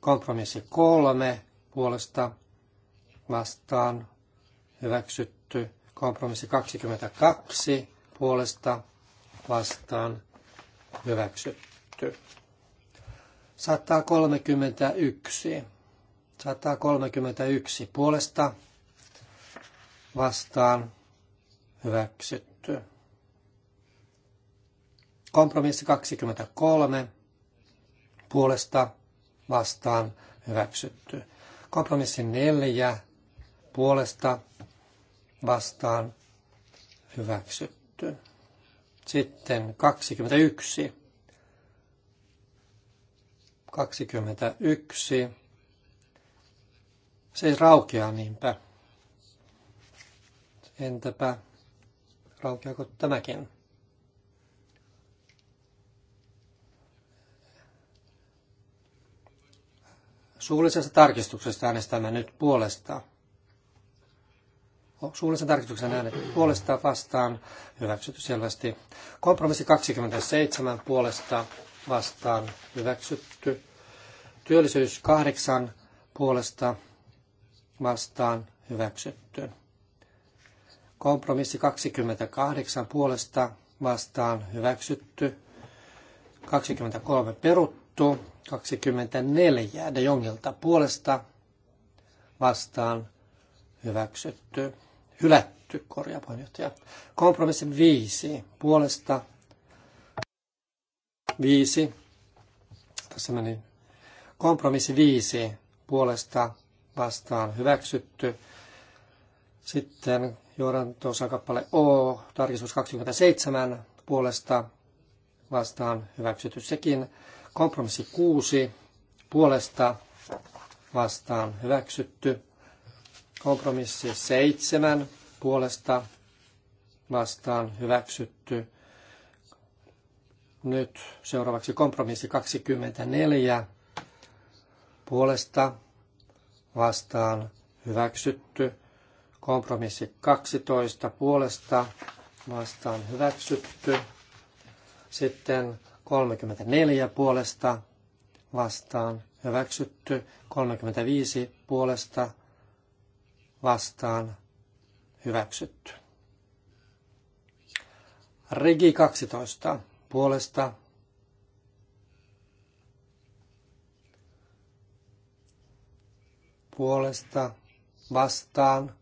Kompromissi 3 puolesta vastaan hyväksytty. Kompromissi 22 puolesta vastaan hyväksytty. 131. 131 puolesta vastaan hyväksytty. Kompromissi 23 puolesta vastaan hyväksytty. Kompromissi 4 puolesta vastaan hyväksytty. Sitten 21. 21. Se ei raukea niinpä. Entäpä raukeako tämäkin? Suullisesta tarkistuksesta äänestämme nyt puolesta. Suullisen tarkistuksen äänet puolesta vastaan hyväksytty selvästi. Kompromissi 27 puolesta vastaan hyväksytty. Työllisyys 8 puolesta vastaan hyväksytty. Kompromissi 28 puolesta vastaan hyväksytty. 23 peruttu. 24 De Jongilta puolesta vastaan hyväksytty. Hylätty, korjapuheenjohtaja. Kompromissi 5 puolesta 5. Tässä meni kompromissi 5 puolesta vastaan hyväksytty. Sitten Jorantosan kappale O, tarkistus 27 puolesta vastaan hyväksytty sekin. Kompromissi 6 puolesta vastaan hyväksytty. Kompromissi 7 puolesta vastaan hyväksytty. Nyt seuraavaksi kompromissi 24 puolesta vastaan hyväksytty Kompromissi 12 puolesta vastaan hyväksytty. Sitten 34 puolesta vastaan hyväksytty. 35 puolesta vastaan hyväksytty. Regi 12 puolesta puolesta vastaan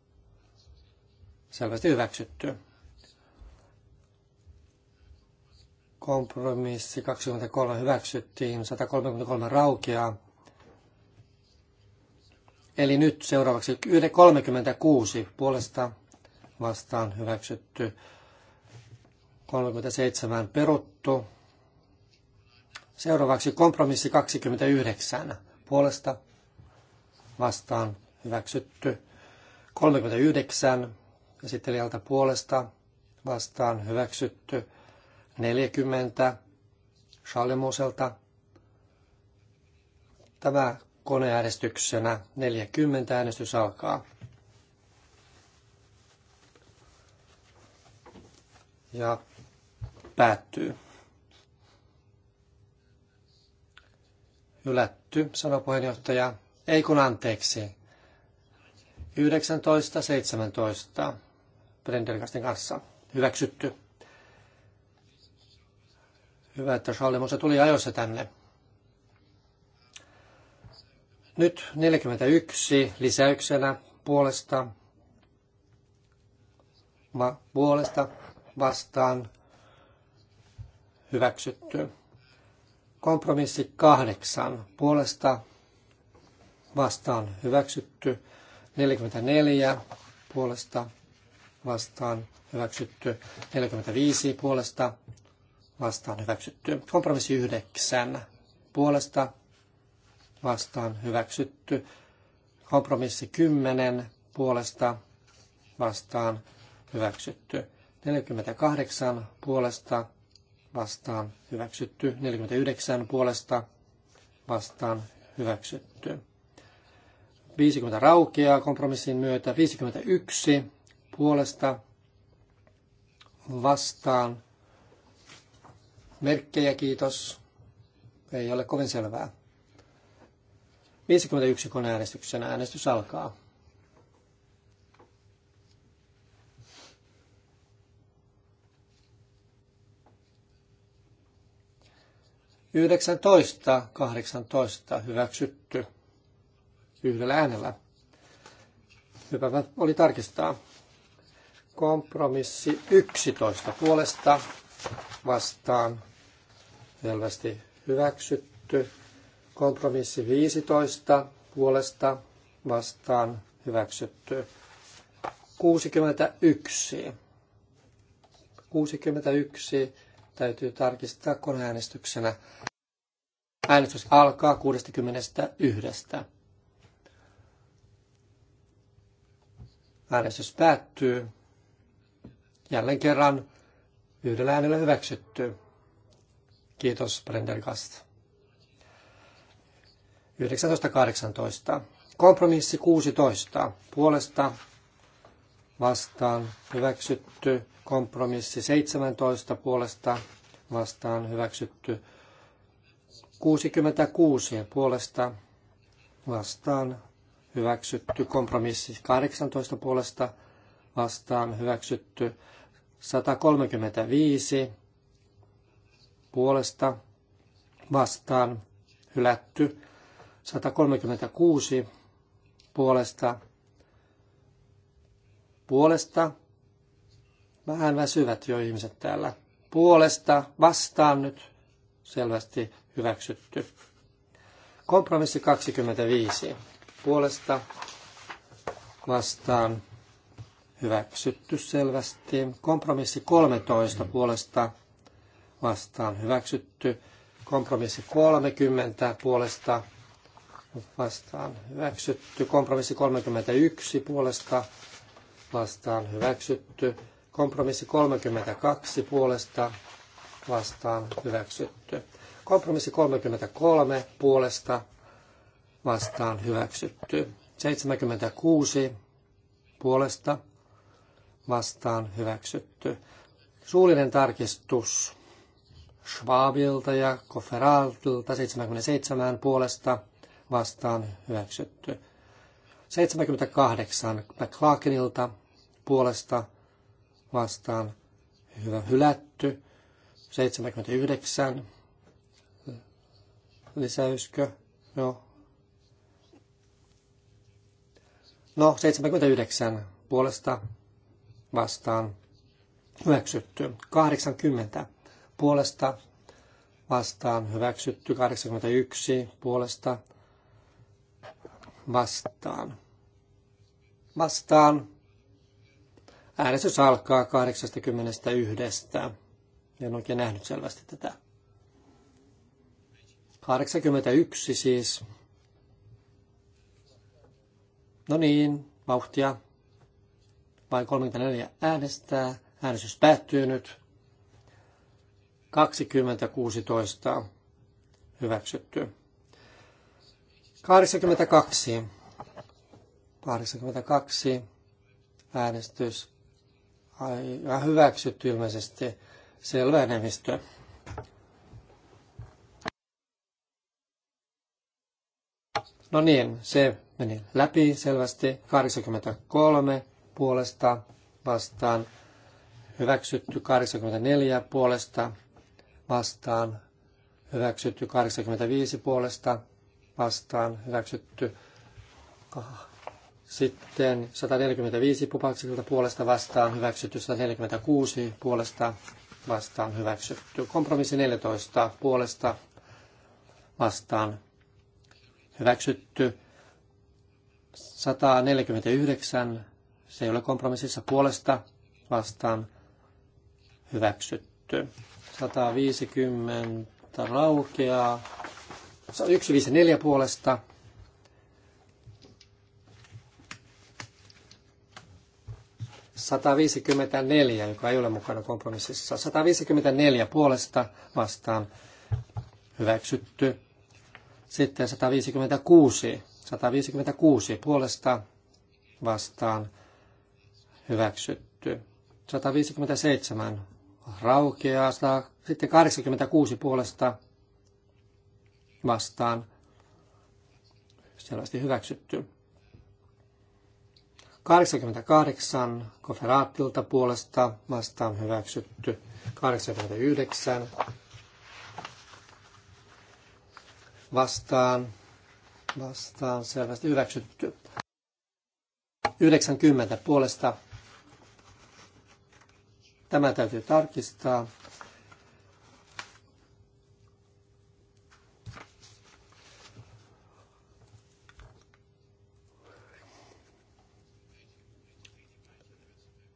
selvästi hyväksytty. Kompromissi 23 hyväksyttiin, 133 raukeaa. Eli nyt seuraavaksi 36 puolesta vastaan hyväksytty, 37 peruttu. Seuraavaksi kompromissi 29 puolesta vastaan hyväksytty, 39 käsittelijältä puolesta vastaan hyväksytty 40 Charlemoselta. Tämä koneäänestyksenä 40 äänestys alkaa. Ja päättyy. Hylätty, sanoi puheenjohtaja. Ei kun anteeksi. 19.17. Prendergasten kanssa. Hyväksytty. Hyvä, että Charles tuli ajoissa tänne. Nyt 41 lisäyksenä puolesta, va, puolesta vastaan hyväksytty. Kompromissi kahdeksan puolesta vastaan hyväksytty. 44 puolesta vastaan hyväksytty. 45 puolesta vastaan hyväksytty. Kompromissi 9 puolesta vastaan hyväksytty. Kompromissi 10 puolesta vastaan hyväksytty. 48 puolesta vastaan hyväksytty. 49 puolesta vastaan hyväksytty. 50 raukeaa kompromissin myötä. 51 puolesta vastaan. Merkkejä kiitos. Ei ole kovin selvää. 51 kun äänestyksen äänestys alkaa. Yhdeksäntoista, kahdeksantoista hyväksytty yhdellä äänellä. Hyvä oli tarkistaa. Kompromissi 11 puolesta vastaan selvästi hyväksytty. Kompromissi 15 puolesta vastaan hyväksytty. 61. 61 täytyy tarkistaa koneäänestyksenä. Äänestys alkaa 61. Äänestys päättyy jälleen kerran yhdellä äänellä hyväksytty. Kiitos Prendergast. 19.18. Kompromissi 16. Puolesta vastaan hyväksytty. Kompromissi 17. Puolesta vastaan hyväksytty. 66. Puolesta vastaan hyväksytty. Kompromissi 18. Puolesta vastaan hyväksytty. 135 puolesta vastaan hylätty. 136 puolesta puolesta. Vähän väsyvät jo ihmiset täällä. Puolesta vastaan nyt selvästi hyväksytty. Kompromissi 25. Puolesta vastaan hyväksytty selvästi. Kompromissi 13 puolesta vastaan hyväksytty. Kompromissi 30 puolesta vastaan hyväksytty. Kompromissi 31 puolesta vastaan hyväksytty. Kompromissi 32 puolesta vastaan hyväksytty. Kompromissi 33 puolesta vastaan hyväksytty. 76 puolesta vastaan hyväksytty. Suullinen tarkistus Schwabilta ja Kofferaltilta 77 puolesta vastaan hyväksytty. 78 McLaughlinilta puolesta vastaan hyvä hylätty. 79 lisäyskö? Joo. No, 79 no, puolesta vastaan hyväksytty. 80 puolesta vastaan hyväksytty. 81 puolesta vastaan. Vastaan. Äänestys alkaa 81. En oikein nähnyt selvästi tätä. 81 siis. No niin, vauhtia vain 34 äänestää. Äänestys päättyy nyt. 2016 hyväksytty. 82. 82 äänestys Ai, hyväksytty ilmeisesti selvä enemmistö. No niin, se meni läpi selvästi. 83 puolesta vastaan hyväksytty 84 puolesta vastaan hyväksytty 85 puolesta vastaan hyväksytty sitten 145 pupaksilta puolesta vastaan hyväksytty, 146 puolesta vastaan hyväksytty. Kompromissi 14 puolesta vastaan hyväksytty, 149 se ei ole kompromississa puolesta vastaan hyväksytty. 150 raukeaa. 154 puolesta 154, joka ei ole mukana kompromississa. 154 puolesta vastaan hyväksytty. Sitten 156. 156 puolesta vastaan hyväksytty. 157 raukeaa, sitten 86 puolesta vastaan selvästi hyväksytty. 88 koferaattilta puolesta vastaan hyväksytty. 89 vastaan, vastaan selvästi hyväksytty. 90 puolesta Tämä täytyy tarkistaa.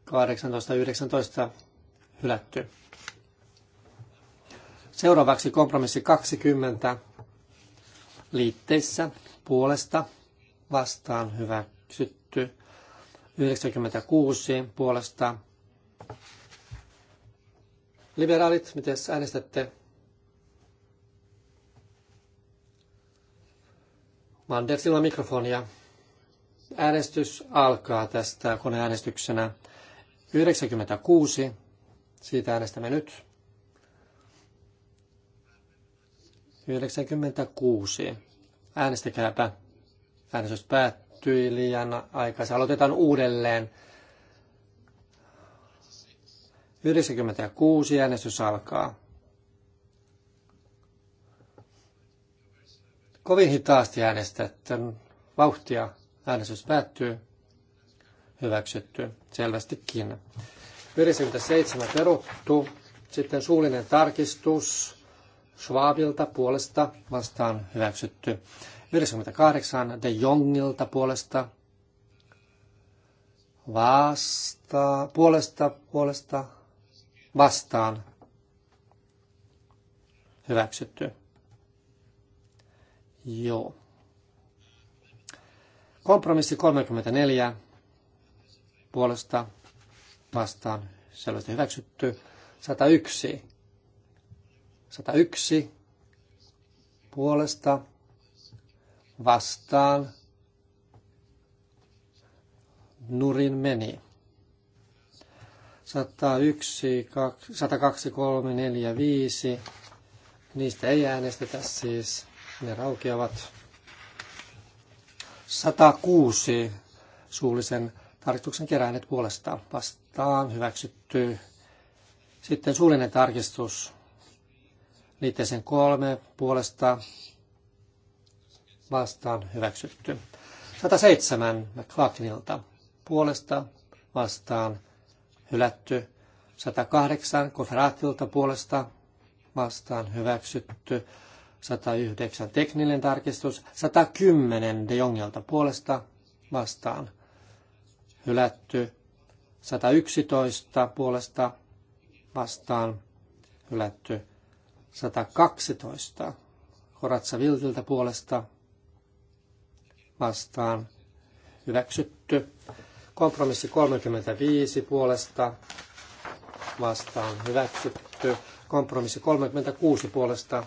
Kahdeksantoista, yhdeksäntoista hylätty. Seuraavaksi kompromissi 20 liitteissä puolesta vastaan hyväksytty. 96 puolesta Liberaalit, miten äänestätte? Mandersilla mikrofonia. Äänestys alkaa tästä koneäänestyksenä 96. Siitä äänestämme nyt. 96. Äänestäkääpä. Äänestys päättyi liian aikaisin. Aloitetaan uudelleen. 96 äänestys alkaa. Kovin hitaasti äänestätte. Vauhtia äänestys päättyy. Hyväksytty. Selvästikin. 97 peruttu. Sitten suullinen tarkistus. Schwabilta puolesta vastaan hyväksytty. 98 De Jongilta puolesta vasta, puolesta, puolesta vastaan hyväksytty. Joo. Kompromissi 34 puolesta vastaan selvästi hyväksytty. 101. 101 puolesta vastaan nurin meni. 101, 102, 3, 4, 5. Niistä ei äänestetä siis. Ne raukeavat. 106 suullisen tarkistuksen keräänet puolesta vastaan hyväksytty. Sitten suullinen tarkistus liitteeseen kolme puolesta vastaan hyväksytty. 107 McLaughlinilta puolesta vastaan hylätty. 108 konferaatilta puolesta vastaan hyväksytty. 109 tekninen tarkistus. 110 de Jongelta puolesta vastaan hylätty. 111 puolesta vastaan hylätty. 112 Horatsa Viltiltä puolesta vastaan hyväksytty. Kompromissi 35 puolesta vastaan hyväksytty. Kompromissi 36 puolesta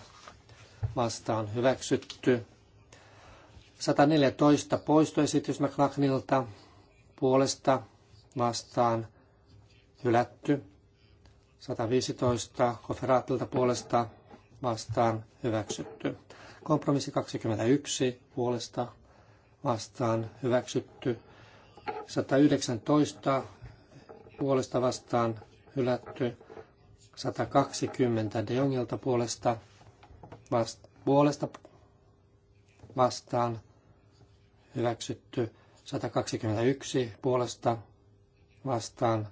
vastaan hyväksytty. 114 poistoesitys McLachnilta puolesta vastaan hylätty. 115 Koferaatilta puolesta vastaan hyväksytty. Kompromissi 21 puolesta vastaan hyväksytty. 119 puolesta vastaan hylätty. 120 De Jongilta puolesta, vasta, puolesta vastaan hyväksytty. 121 puolesta vastaan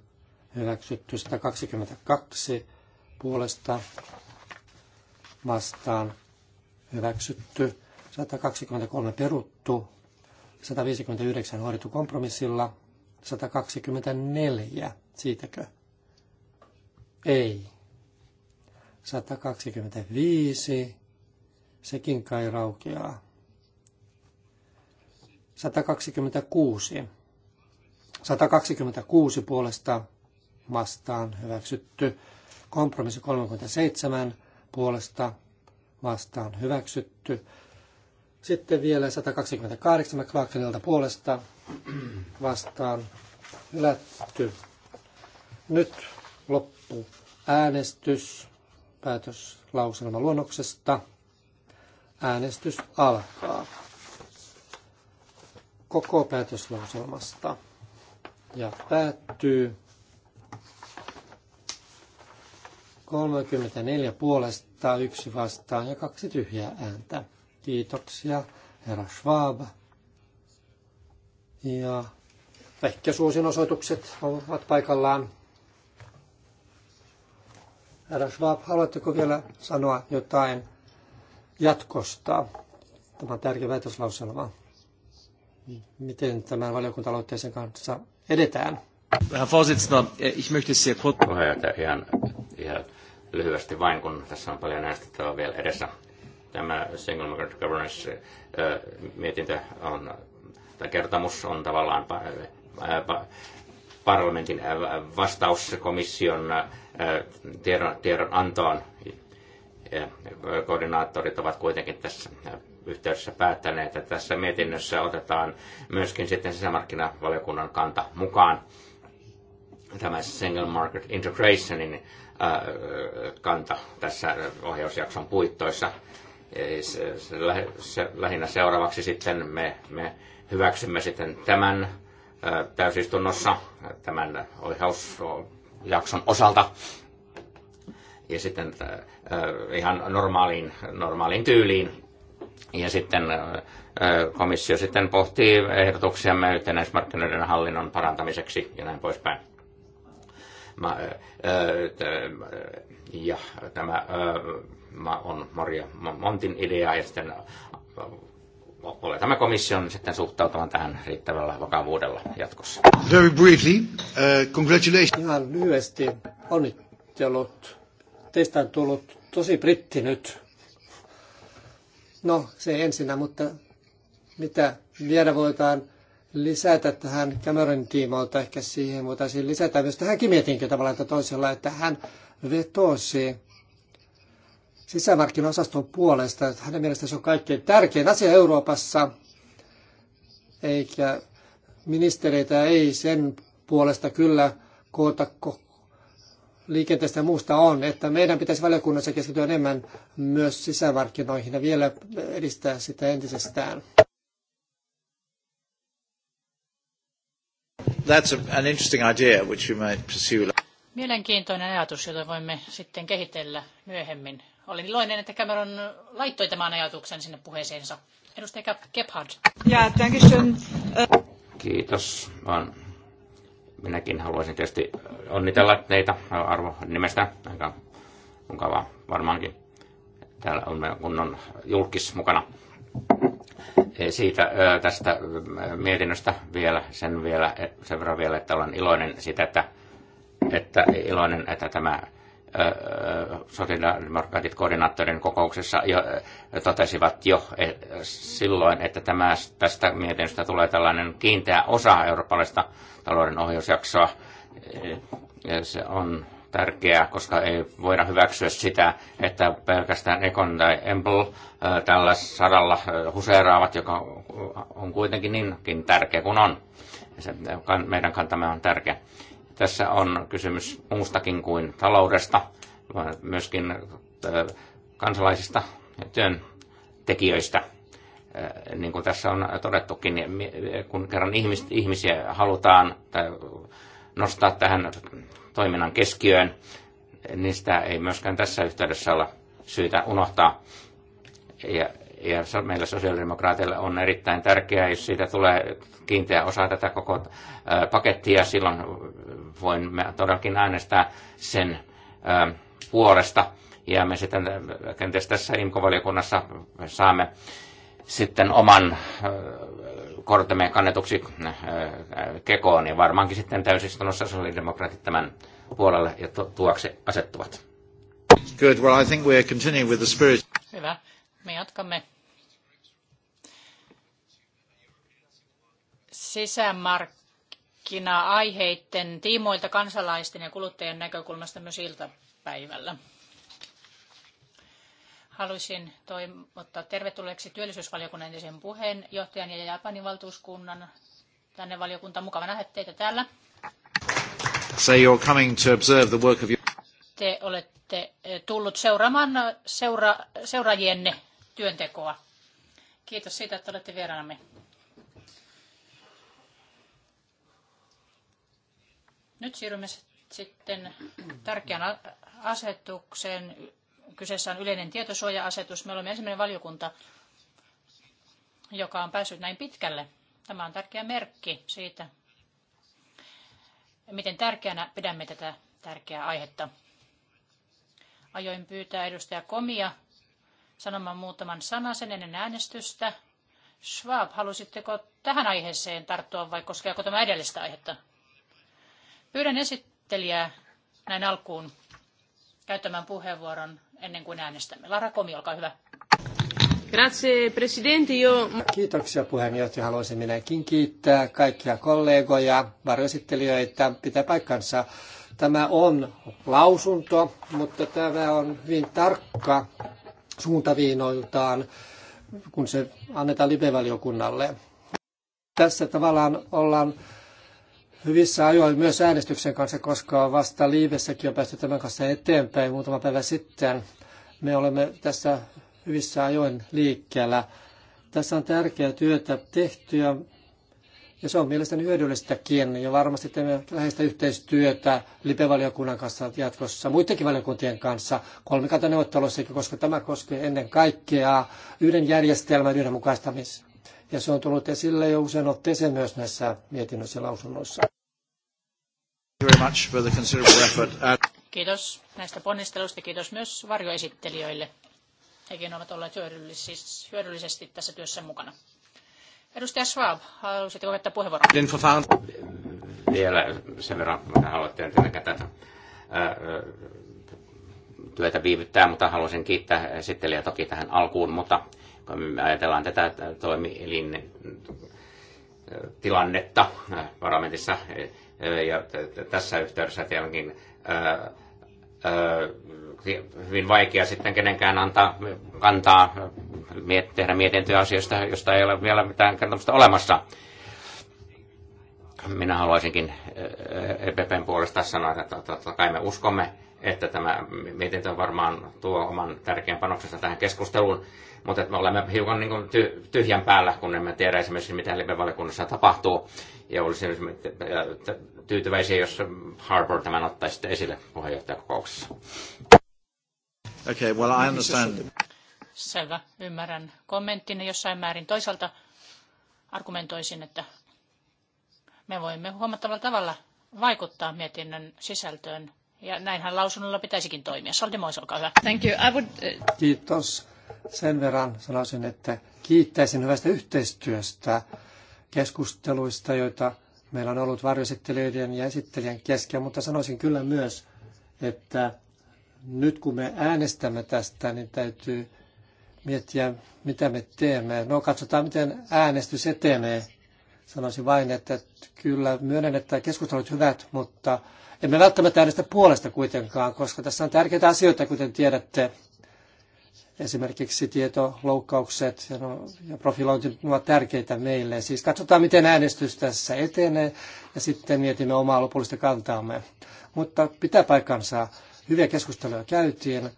hyväksytty. 122 puolesta vastaan hyväksytty. 123 peruttu. 159 hoidettu kompromissilla, 124, siitäkö? Ei. 125, sekin kai raukeaa. 126. 126 puolesta vastaan hyväksytty. Kompromissi 37 puolesta vastaan hyväksytty. Sitten vielä 128 Clarksonilta puolesta vastaan hylätty. Nyt loppu äänestys päätöslauselman luonnoksesta. Äänestys alkaa koko päätöslauselmasta ja päättyy 34 puolesta, yksi vastaan ja kaksi tyhjää ääntä. Kiitoksia, herra Schwab. Ja ehkä osoitukset ovat paikallaan. Herra Schwab, haluatteko vielä sanoa jotain jatkosta? Tämä on tärkeä väitöslauselma. Miten tämän valiokuntaloitteeseen kanssa edetään? Herra Vorsitzender, eh, ich möchte sehr kurz... Puheenjohtaja, ihan, ihan lyhyesti vain, kun tässä on paljon äänestettävää vielä edessä. Tämä Single Market Governance-mietintö äh, on, tai kertomus on tavallaan äh, parlamentin äh, vastaus komission tiedon, tiedon Koordinaattorit ovat kuitenkin tässä yhteydessä päättäneet, että tässä mietinnössä otetaan myöskin sitten sisämarkkinavaliokunnan kanta mukaan tämä Single Market Integrationin kanta tässä ohjausjakson puittoissa se, se, lähinnä seuraavaksi sitten me, me hyväksymme sitten tämän ää, täysistunnossa, tämän ohjausjakson osalta. Ja sitten ää, ihan normaaliin, normaaliin tyyliin. Ja sitten ää, komissio sitten pohtii ehdotuksiamme yhtenäismarkkinoiden hallinnon parantamiseksi ja näin poispäin. Mä, ää, t- ja tämä ää, on Maria Montin idea ja sitten äh, oletamme komission sitten suhtautumaan tähän riittävällä vakavuudella jatkossa. Very briefly, uh, congratulations. Ihan lyhyesti onnittelut. Teistä on tullut tosi britti nyt. No, se ensinnä, mutta mitä vielä voidaan lisätä tähän Cameron tiimoilta, ehkä siihen voitaisiin lisätä myös tähän Kimietinkin tavallaan että toisella, että hän vetosi sisämarkkinaosaston puolesta. Hänen mielestään se on kaikkein tärkein asia Euroopassa, eikä ministereitä ei sen puolesta kyllä koota liikenteestä ja muusta on, että meidän pitäisi valiokunnassa keskittyä enemmän myös sisämarkkinoihin ja vielä edistää sitä entisestään. That's an interesting idea which you might pursue. Mielenkiintoinen ajatus, jota voimme sitten kehitellä myöhemmin olen iloinen, että Cameron laittoi tämän ajatuksen sinne puheeseensa. Edustaja Gebhard. Ja, dankeschön. Kiitos. Vaan minäkin haluaisin tietysti onnitella teitä arvo nimestä. Aika mukavaa varmaankin. Täällä on kunnon julkis mukana e, siitä tästä mietinnöstä vielä sen, vielä e, sen verran vielä, että olen iloinen siitä, että, että iloinen, että tämä sosiaalidemokraatit koordinaattorin kokouksessa jo, totesivat jo e, silloin, että tämä, tästä mietinnöstä tulee tällainen kiinteä osa eurooppalaista talouden ohjausjaksoa. E, se on tärkeää, koska ei voida hyväksyä sitä, että pelkästään Econ tai Emple tällä saralla huseeraavat, joka on kuitenkin niinkin tärkeä kuin on. Se, meidän kantamme on tärkeä tässä on kysymys muustakin kuin taloudesta, vaan myöskin kansalaisista ja työntekijöistä. Niin kuin tässä on todettukin, niin kun kerran ihmisiä halutaan nostaa tähän toiminnan keskiöön, niin sitä ei myöskään tässä yhteydessä olla syytä unohtaa. Ja ja meillä sosiaalidemokraateilla on erittäin tärkeää, jos siitä tulee kiinteä osa tätä koko pakettia, silloin voimme todellakin äänestää sen puolesta. Ja me sitten kenties tässä IMKO-valiokunnassa saamme sitten oman kortemme kannetuksi kekoon, ja varmaankin sitten täysistunnossa sosiaalidemokraatit tämän puolelle ja tuoksi asettuvat. Good. Well, I think are continuing with the spirit. Hyvä me jatkamme sisämarkkina-aiheiden tiimoilta kansalaisten ja kuluttajien näkökulmasta myös iltapäivällä. Haluaisin toivottaa tervetulleeksi työllisyysvaliokunnan entisen puheenjohtajan ja Japanin valtuuskunnan tänne valiokuntaan. Mukava nähdä teitä täällä. So you're coming to observe the work of your... Te olette eh, tullut seuraamaan seura, seuraajienne työntekoa. Kiitos siitä, että olette vieraanamme. Nyt siirrymme sitten tärkeän asetukseen. Kyseessä on yleinen tietosuoja-asetus. Me olemme ensimmäinen valiokunta, joka on päässyt näin pitkälle. Tämä on tärkeä merkki siitä, miten tärkeänä pidämme tätä tärkeää aihetta. Ajoin pyytää edustaja Komia sanomaan muutaman sanan sen ennen äänestystä. Schwab, halusitteko tähän aiheeseen tarttua vai koskeeko tämä edellistä aihetta? Pyydän esittelijää näin alkuun käyttämään puheenvuoron ennen kuin äänestämme. Lara Komi, olkaa hyvä. Grazie, presidente. Io... Kiitoksia puheenjohtaja. Haluaisin minäkin kiittää kaikkia kollegoja, varjoesittelijöitä. Pitää paikkansa. Tämä on lausunto, mutta tämä on hyvin tarkka suuntaviinoiltaan, kun se annetaan libevaliokunnalle. Tässä tavallaan ollaan hyvissä ajoin myös äänestyksen kanssa, koska vasta liivessäkin on päästy tämän kanssa eteenpäin muutama päivä sitten. Me olemme tässä hyvissä ajoin liikkeellä. Tässä on tärkeää työtä tehty ja ja se on mielestäni hyödyllistäkin ja varmasti teemme läheistä yhteistyötä lipevaliokunnan kanssa jatkossa, muidenkin valiokuntien kanssa kolmikantaneuvotteluissa, koska tämä koskee ennen kaikkea yhden järjestelmän yhdenmukaistamista. Ja se on tullut esille jo usein otteeseen myös näissä mietinnöissä ja lausunnoissa. Uh, Kiitos näistä ponnisteluista. Kiitos myös varjoesittelijöille. Hekin ovat olleet hyödyllisesti tässä työssä mukana. Edustaja Schwab, haluaisitteko käyttää puheenvuoron? Vielä sen verran, mitä haluatte ensinnäkin tätä äh, äh, työtä viivyttää, mutta haluaisin kiittää esittelijä toki tähän alkuun, mutta kun me ajatellaan tätä toimielin äh, tilannetta parlamentissa ja tässä yhteydessä tietenkin hyvin vaikea sitten kenenkään antaa kantaa miet, tehdä mietintöjä asioista, josta ei ole vielä mitään kertomusta olemassa. Minä haluaisinkin EPPn eh, e puolesta sanoa, että totta kai me uskomme, että tämä mietintö varmaan tuo oman tärkeän panoksensa tähän keskusteluun, mutta että me olemme hiukan niin kuin tyhjän päällä, kun emme tiedä esimerkiksi, mitä live valikunnassa tapahtuu, ja olisimme siis tyytyväisiä, jos Harbour tämän ottaisi esille puheenjohtajakokouksessa. Okay, well I understand. Selvä, ymmärrän kommenttinne jossain määrin. Toisaalta argumentoisin, että me voimme huomattavalla tavalla vaikuttaa mietinnön sisältöön. Ja näinhän lausunnolla pitäisikin toimia. Saldemois, olkaa hyvä. Thank you. I would... Uh, Kiitos. Sen verran sanoisin, että kiittäisin hyvästä yhteistyöstä, keskusteluista, joita meillä on ollut varjoesittelijöiden ja esittelijän kesken, mutta sanoisin kyllä myös, että nyt kun me äänestämme tästä, niin täytyy miettiä, mitä me teemme. No katsotaan, miten äänestys etenee. Sanoisin vain, että kyllä myönnän, että keskustelut hyvät, mutta emme välttämättä äänestä puolesta kuitenkaan, koska tässä on tärkeitä asioita, kuten tiedätte. Esimerkiksi tietoloukkaukset ja, no, ja profilointi ovat tärkeitä meille. Siis katsotaan, miten äänestys tässä etenee ja sitten mietimme omaa lopullista kantaamme. Mutta pitää paikkansa Hyviä keskusteluja käytiin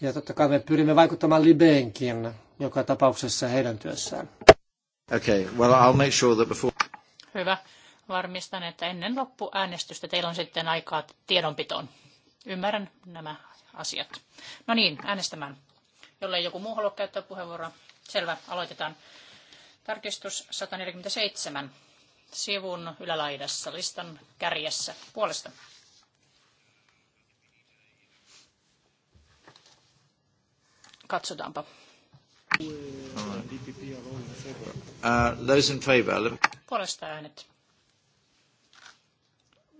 ja totta kai me pyrimme vaikuttamaan Libeenkin joka tapauksessa heidän työssään. Okay, well I'll make sure that before... Hyvä. Varmistan, että ennen loppuäänestystä teillä on sitten aikaa tiedonpitoon. Ymmärrän nämä asiat. No niin, äänestämään. Jollei joku muu halua käyttää puheenvuoroa. Selvä, aloitetaan. Tarkistus 147 sivun ylälaidassa, listan kärjessä puolesta. Katsotaanpa. Uh, those in favor. Puolesta äänet.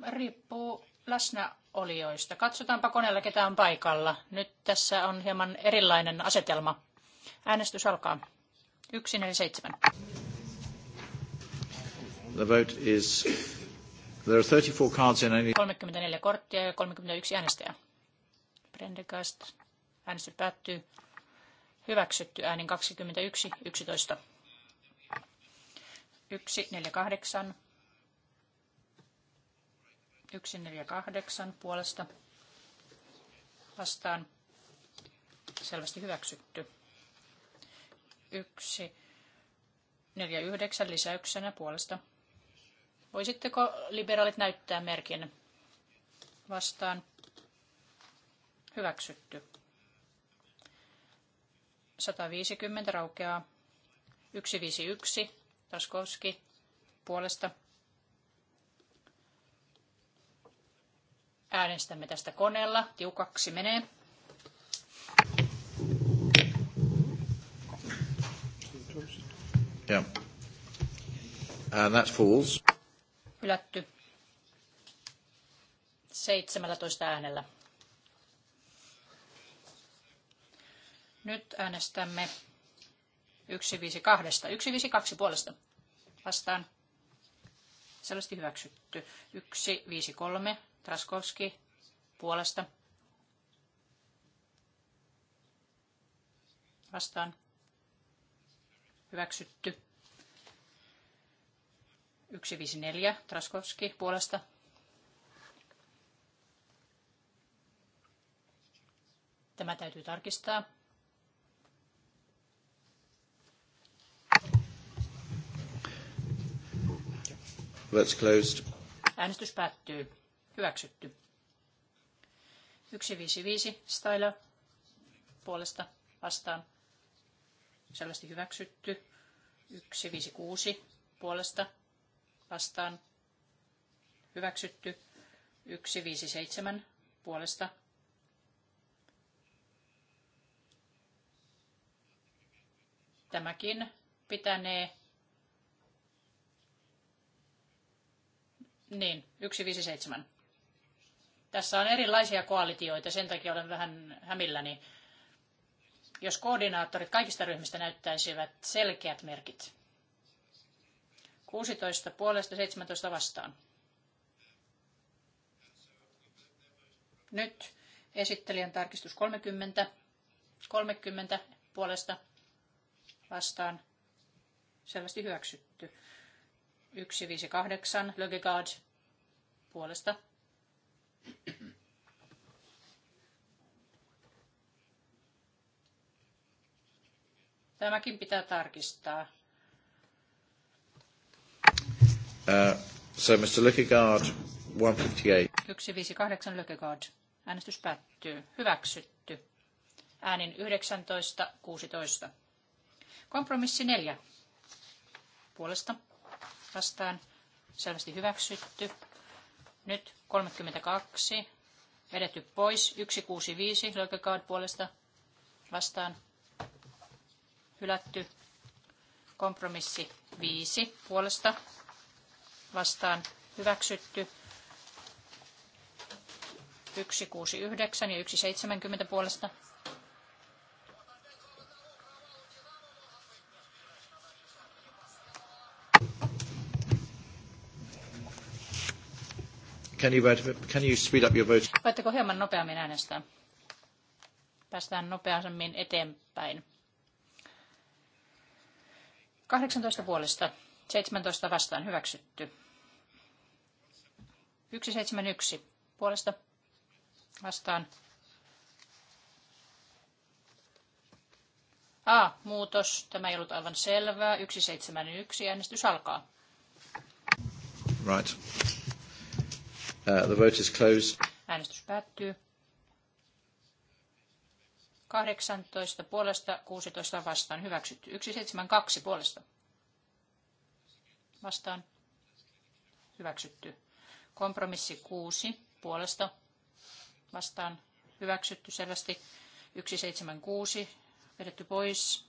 Riippuu läsnäolijoista. Katsotaanpa koneella ketään paikalla. Nyt tässä on hieman erilainen asetelma. Äänestys alkaa. 147. The vote is... There are 34 cards in any. 34 korttia ja 31 äänestäjää. Prendegast. Äänestys päättyy. Hyväksytty äänin 21, 11. 148. 148 puolesta vastaan selvästi hyväksytty. 149 lisäyksenä puolesta. Voisitteko liberaalit näyttää merkin vastaan hyväksytty? 150 raukeaa. 151 Taskowski puolesta. Äänestämme tästä koneella. Tiukaksi menee. Yeah. And that falls. Ylätty. 17 äänellä. Nyt äänestämme 152. 152 puolesta vastaan. Selvästi hyväksytty. 153 Traskowski puolesta vastaan. Hyväksytty. 154 Traskowski puolesta Tämä täytyy tarkistaa. That's closed. Äänestys päättyy. Hyväksytty. 155 Styler puolesta vastaan. Selvästi hyväksytty. 156 puolesta vastaan. Hyväksytty. 157 puolesta Tämäkin pitänee Niin, 157. Tässä on erilaisia koalitioita, sen takia olen vähän hämilläni. Jos koordinaattorit kaikista ryhmistä näyttäisivät selkeät merkit. 16 puolesta 17 vastaan. Nyt esittelijän tarkistus 30. 30 puolesta vastaan. Selvästi hyväksytty. 158 Lögegaard puolesta. Tämäkin pitää tarkistaa. Uh, so Mr. Lökegaard, 158. 158 Lökegaard. Äänestys päättyy. Hyväksytty. Äänin 19, 16. Kompromissi 4. Puolesta vastaan selvästi hyväksytty. Nyt 32 vedetty pois. 165 Lökekaard puolesta vastaan hylätty. Kompromissi 5 puolesta vastaan hyväksytty. 169 ja 170 puolesta Can you, can you speed up your vote? Voitteko hieman nopeammin äänestää? Päästään nopeammin eteenpäin. 18 puolesta, 17 vastaan hyväksytty. 171 puolesta vastaan. A, muutos. Tämä ei ollut aivan selvää. 171 äänestys alkaa. Right. Uh, the vote is closed. Äänestys päättyy. 18 puolesta, 16 vastaan hyväksytty. 172 puolesta. Vastaan hyväksytty. Kompromissi 6 puolesta vastaan hyväksytty selvästi. 176 vedetty pois.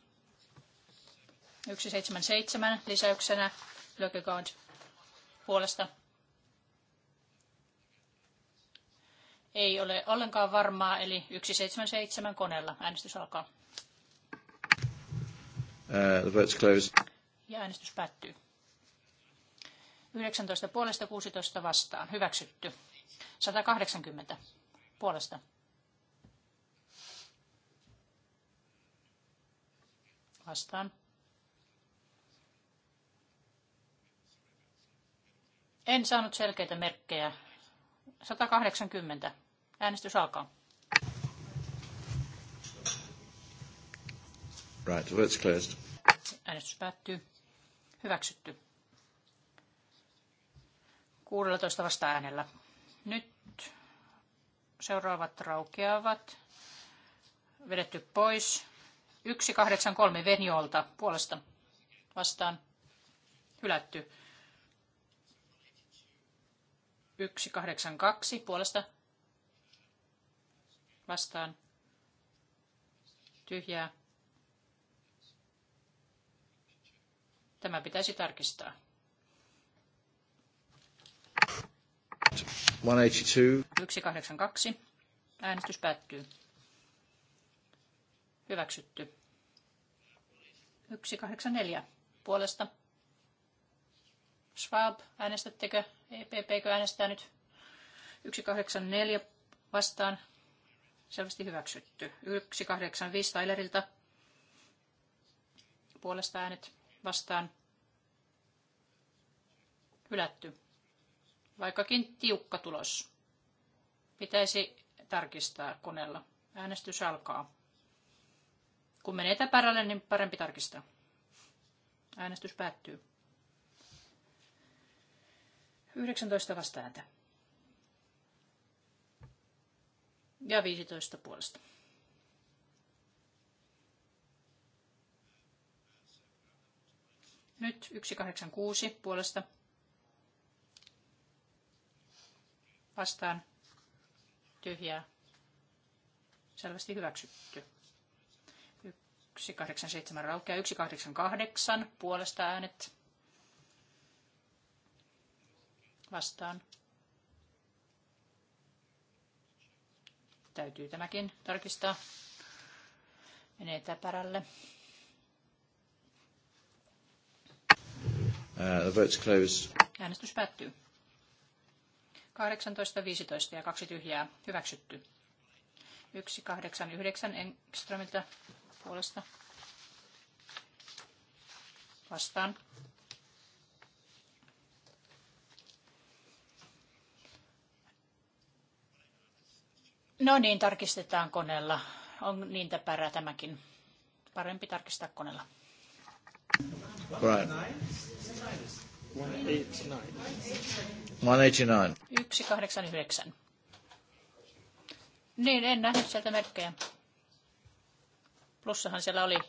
177 lisäyksenä Lökegaard puolesta ei ole ollenkaan varmaa, eli 177 koneella. Äänestys alkaa. Uh, the vote's closed. Ja äänestys päättyy. 19 puolesta 16 vastaan. Hyväksytty. 180 puolesta. Vastaan. En saanut selkeitä merkkejä. 180 Äänestys alkaa. Right, it's closed. Äänestys päättyy. Hyväksytty. 16 vasta äänellä. Nyt seuraavat raukeavat. Vedetty pois. 183 Venjolta puolesta vastaan hylätty. 182 puolesta vastaan tyhjää. Tämä pitäisi tarkistaa. 182. Äänestys päättyy. Hyväksytty. 184. Puolesta. Schwab, äänestättekö? EPPkö äänestää nyt? 184 vastaan selvästi hyväksytty. 185 Tylerilta puolesta äänet vastaan hylätty. Vaikkakin tiukka tulos. Pitäisi tarkistaa koneella. Äänestys alkaa. Kun menee epäpärälle, niin parempi tarkistaa. Äänestys päättyy. 19 vastaääntä. ja 15 puolesta. Nyt 186 puolesta. Vastaan tyhjää. Selvästi hyväksytty. 187 raukeaa. 188 puolesta äänet. Vastaan Täytyy tämäkin tarkistaa. Menee täpärälle. Uh, the vote's closed. Äänestys päättyy. 18, 15 ja kaksi tyhjää. Hyväksytty. 9 Engströmiltä puolesta. Vastaan. No niin, tarkistetaan koneella. On niin täpärää tämäkin. Parempi tarkistaa koneella. Right. 189. 189. Niin, en nähnyt sieltä merkkejä. Plussahan siellä oli.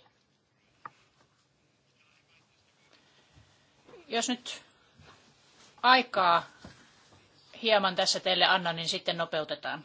Jos nyt aikaa hieman tässä teille annan, niin sitten nopeutetaan.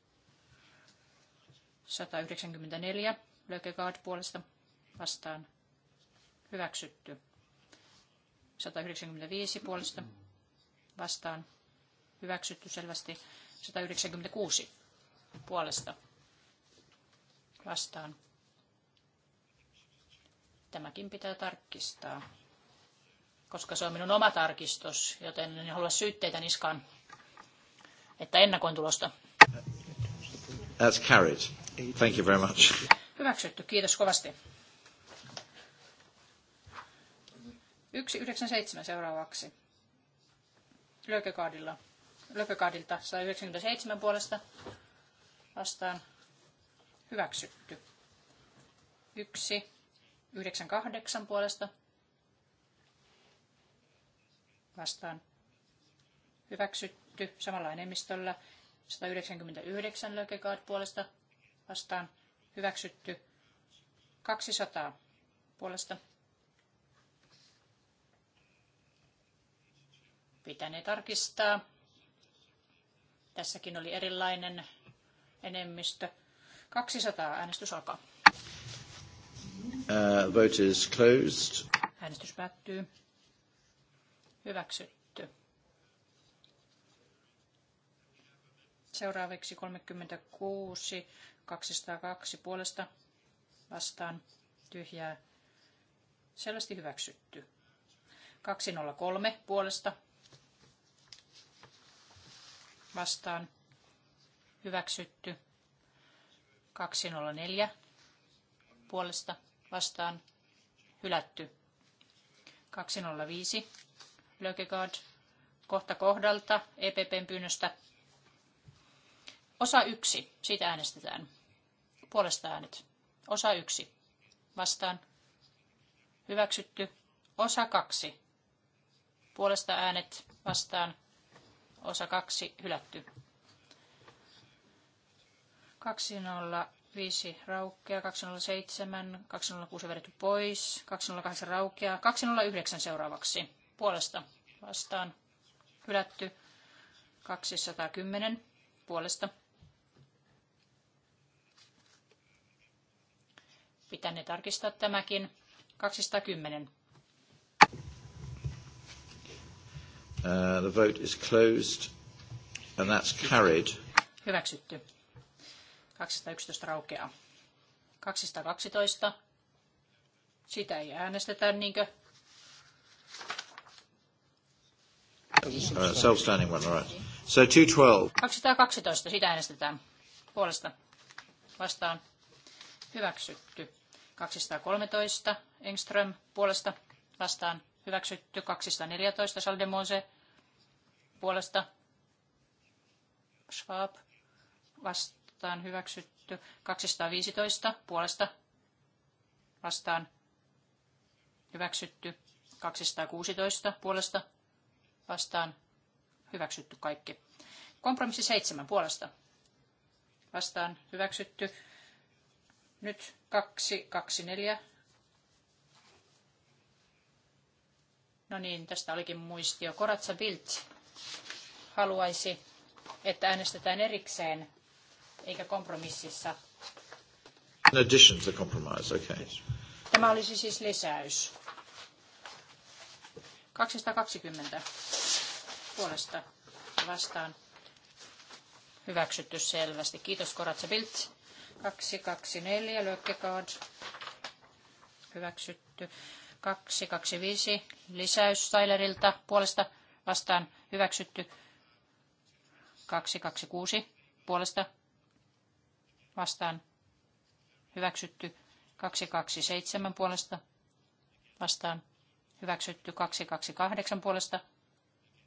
194 Lökegaard puolesta vastaan hyväksytty. 195 puolesta vastaan hyväksytty selvästi. 196 puolesta vastaan. Tämäkin pitää tarkistaa, koska se on minun oma tarkistus, joten en halua syytteitä niskaan, että ennakoin tulosta. That's carried. Thank you very much. Hyväksytty. Kiitos kovasti. 197 seuraavaksi. Löökökaadilla. Löökökaadilta 197 puolesta vastaan hyväksytty. 1 98 puolesta vastaan hyväksytty samalla enemmistöllä. 199 Löökökaad puolesta vastaan hyväksytty. 200 puolesta. pitäne tarkistaa. Tässäkin oli erilainen enemmistö. 200 äänestys alkaa. Uh, vote is closed. Äänestys päättyy. Hyväksytty. Seuraavaksi 36 202 puolesta vastaan tyhjää selvästi hyväksytty. 203 puolesta vastaan hyväksytty. 204 puolesta vastaan hylätty. 205 Lökegaard kohta kohdalta EPPn pyynnöstä. Osa 1. Siitä äänestetään. Puolesta äänet. Osa yksi. Vastaan. Hyväksytty. Osa kaksi. Puolesta äänet. Vastaan. Osa kaksi. Hylätty. 205 raukkea, 207, 206 vedetty pois, 208 raukkea, 209 seuraavaksi. Puolesta vastaan. Hylätty. 210 puolesta Pitänee tarkistaa tämäkin. 210. Uh, the vote is closed and that's carried. Hyväksytty. 211 raukeaa. 212. Sitä ei äänestetä, niinkö? Uh, self-standing one, all right. So 212. 212, sitä äänestetään. Puolesta. Vastaan. Hyväksytty. 213 Engström puolesta vastaan hyväksytty. 214 Saldemose puolesta Schwab vastaan hyväksytty. 215 puolesta vastaan hyväksytty. 216 puolesta vastaan hyväksytty kaikki. Kompromissi 7 puolesta vastaan hyväksytty. Nyt 224. No niin, tästä olikin muistio. Koratsa Bilt haluaisi, että äänestetään erikseen, eikä kompromississa. In addition to compromise, okay. Tämä olisi siis lisäys. 220 puolesta vastaan hyväksytty selvästi. Kiitos Koratsa Bilt. 224 Lökkekaard hyväksytty. 225 lisäys Stylerilta puolesta vastaan hyväksytty. 226 puolesta vastaan hyväksytty. 227 puolesta vastaan hyväksytty. 228 puolesta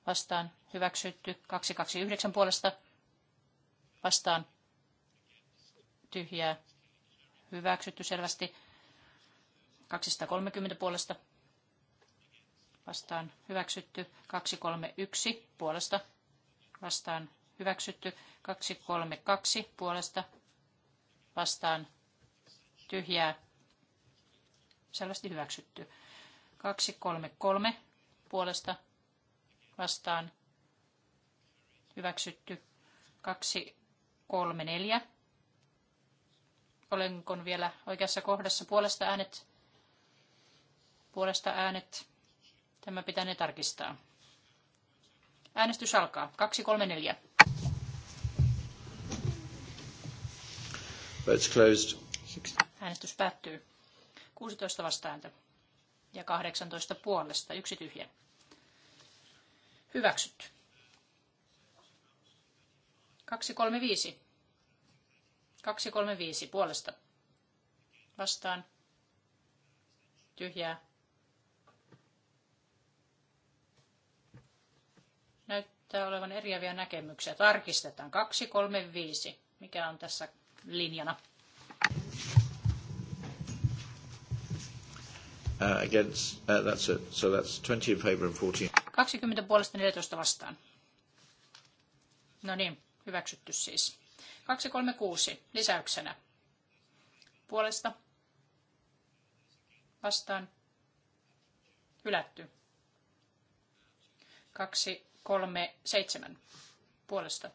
vastaan hyväksytty. 229 puolesta vastaan tyhjää hyväksytty selvästi. 230 puolesta vastaan hyväksytty. 231 puolesta vastaan hyväksytty. 232 puolesta vastaan tyhjää selvästi hyväksytty. 233 puolesta vastaan hyväksytty. 234 Olenko vielä oikeassa kohdassa puolesta äänet? Puolesta äänet. Tämä pitää ne tarkistaa. Äänestys alkaa. 234. Votes closed. Äänestys päättyy. 16 vastaääntä ja 18 puolesta. Yksi tyhjä. Hyväksytty. 235 235 puolesta. Vastaan. Tyhjää. Näyttää olevan eriäviä näkemyksiä. Tarkistetaan. 235. Mikä on tässä linjana? Uh, against, uh, that's it. So that's 20 in favor and 14. 20 puolesta 14 vastaan. No niin, hyväksytty siis. 236 lisäyksenä. Puolesta vastaan hylätty. 237 puolesta.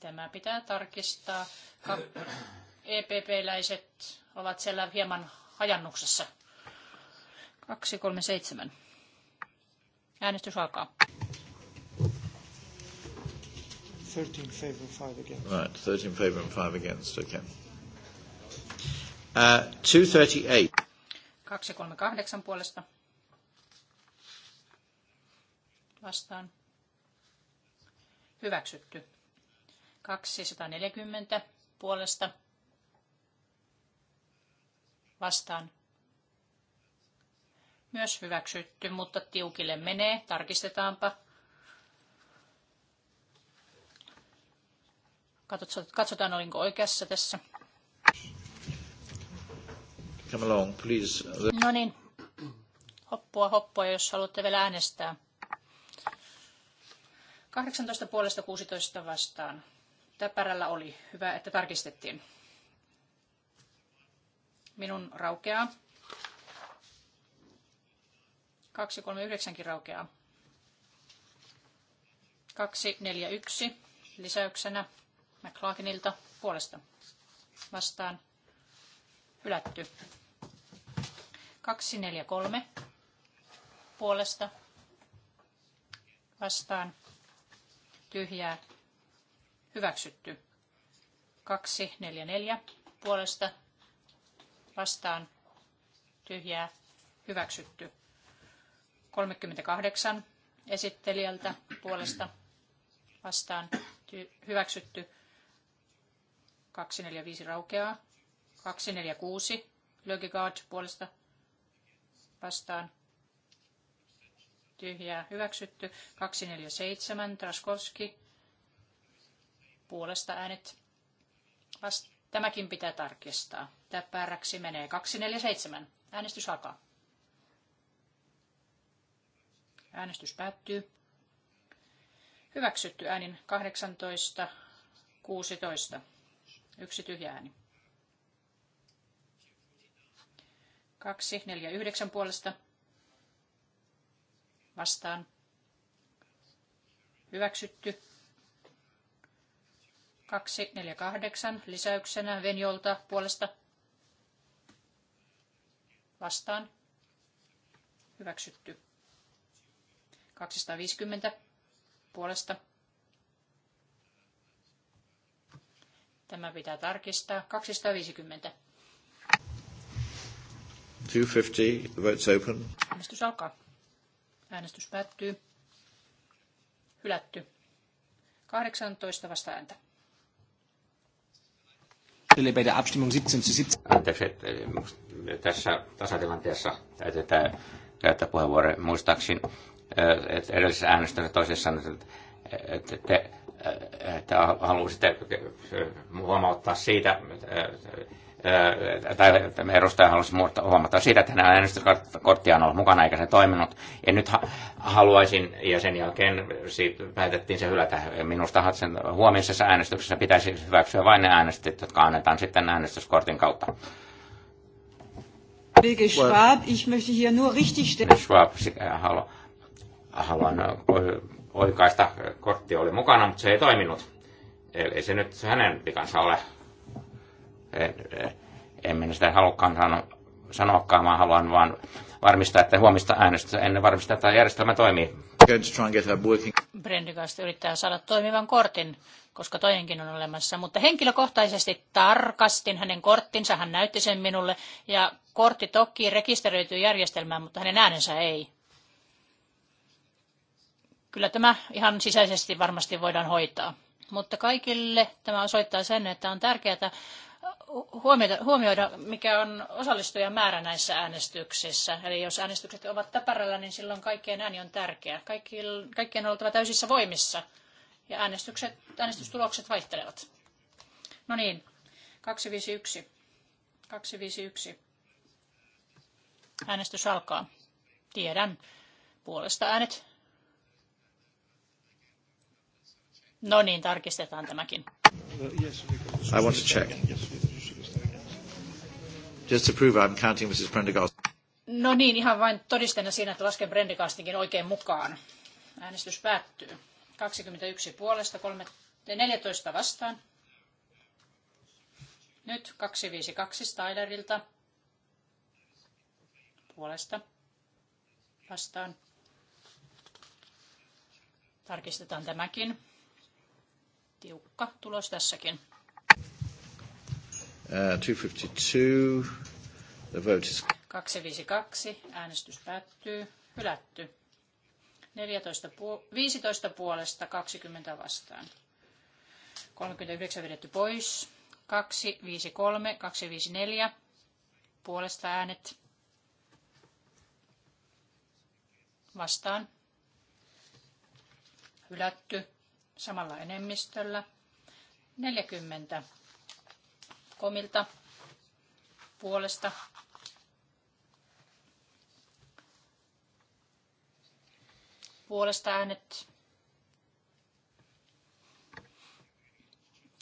Tämä pitää tarkistaa. EPP-läiset ovat siellä hieman hajannuksessa. 237. Äänestys alkaa. 13 in favour and 5 against. Right, 13 in favour and 5 against, okay. Uh, 238. 238 puolesta. Vastaan. Hyväksytty. 240 puolesta. Vastaan. Myös hyväksytty, mutta tiukille menee. Tarkistetaanpa. Katsotaan, olinko oikeassa tässä. Come along, please. No niin. Hoppua, hoppua, jos haluatte vielä äänestää. 18 puolesta 16 vastaan. Täpärällä oli. Hyvä, että tarkistettiin. Minun raukeaa. 239kin raukeaa. 241 lisäyksenä McLaughlinilta puolesta vastaan ylätty. 243 puolesta vastaan tyhjää hyväksytty. 244 puolesta vastaan tyhjää hyväksytty. 38 esittelijältä puolesta vastaan hyväksytty. 245 raukeaa. 246 Lökegaard puolesta vastaan. Tyhjää hyväksytty. 247 Traskowski puolesta äänet. Vast- Tämäkin pitää tarkistaa. Täpäräksi menee 247. Äänestys alkaa. Äänestys päättyy. Hyväksytty äänin 18, 16. Yksi tyhjä ääni. Kaksi, neljä, yhdeksän puolesta. Vastaan. Hyväksytty. Kaksi neljä kahdeksan lisäyksenä Venjolta puolesta vastaan. Hyväksytty. 250 puolesta Tämä pitää tarkistaa. 250. 250, the vote's open. Äänestys alkaa. Äänestys päättyy. Hylätty. 18 vasta ääntä. Bei der Abstimmung 17 zu 17. Anteeksi, tässä tasatilanteessa täytyy käyttää puheenvuoro muistaakseni edellisessä äänestyksessä toisessa, että te, että haluaisitte huomauttaa siitä, tai edustaja halusi huomata siitä, että hänen äänestyskorttia on ollut mukana eikä se toiminut. Ja nyt haluaisin, ja sen jälkeen siitä päätettiin se hylätä. Minusta sen huomisessa äänestyksessä pitäisi hyväksyä vain ne äänestit, jotka annetaan sitten äänestyskortin kautta. Kollege Schwab, ich möchte hier nur richtig stellen. Schwab, äh, haluan äh, oikaista. Kortti oli mukana, mutta se ei toiminut. Eli se nyt hänen vikansa ole. En, en minä sitä halukkaan sanoakaan, vaan haluan vaan varmistaa, että huomista äänestä ennen varmistaa, että järjestelmä toimii. Brendigast yrittää saada toimivan kortin, koska toinenkin on olemassa, mutta henkilökohtaisesti tarkastin hänen korttinsa, hän näytti sen minulle, ja kortti toki rekisteröityy järjestelmään, mutta hänen äänensä ei. Kyllä tämä ihan sisäisesti varmasti voidaan hoitaa. Mutta kaikille tämä osoittaa sen, että on tärkeää huomioida, mikä on osallistujan määrä näissä äänestyksissä. Eli jos äänestykset ovat täpärällä, niin silloin kaikkien ääni on tärkeä. Kaikkien, kaikkien on oltava täysissä voimissa. Ja äänestykset, äänestystulokset vaihtelevat. No niin, 251. 251. Äänestys alkaa. Tiedän. Puolesta äänet No niin, tarkistetaan tämäkin. I want to check. Just to prove I'm counting Mrs. Prendergast. No niin, ihan vain todistena siinä, että lasken Prendergastinkin oikein mukaan. Äänestys päättyy. 21 puolesta, 14 vastaan. Nyt 252 Stylerilta puolesta vastaan. Tarkistetaan tämäkin tiukka tulos tässäkin. Uh, 252. The vote is... 252. Äänestys päättyy. Hylätty. 14 puol- 15 puolesta 20 vastaan. 39 vedetty pois. 253, 254 puolesta äänet vastaan. Hylätty samalla enemmistöllä. 40 komilta puolesta puolesta äänet.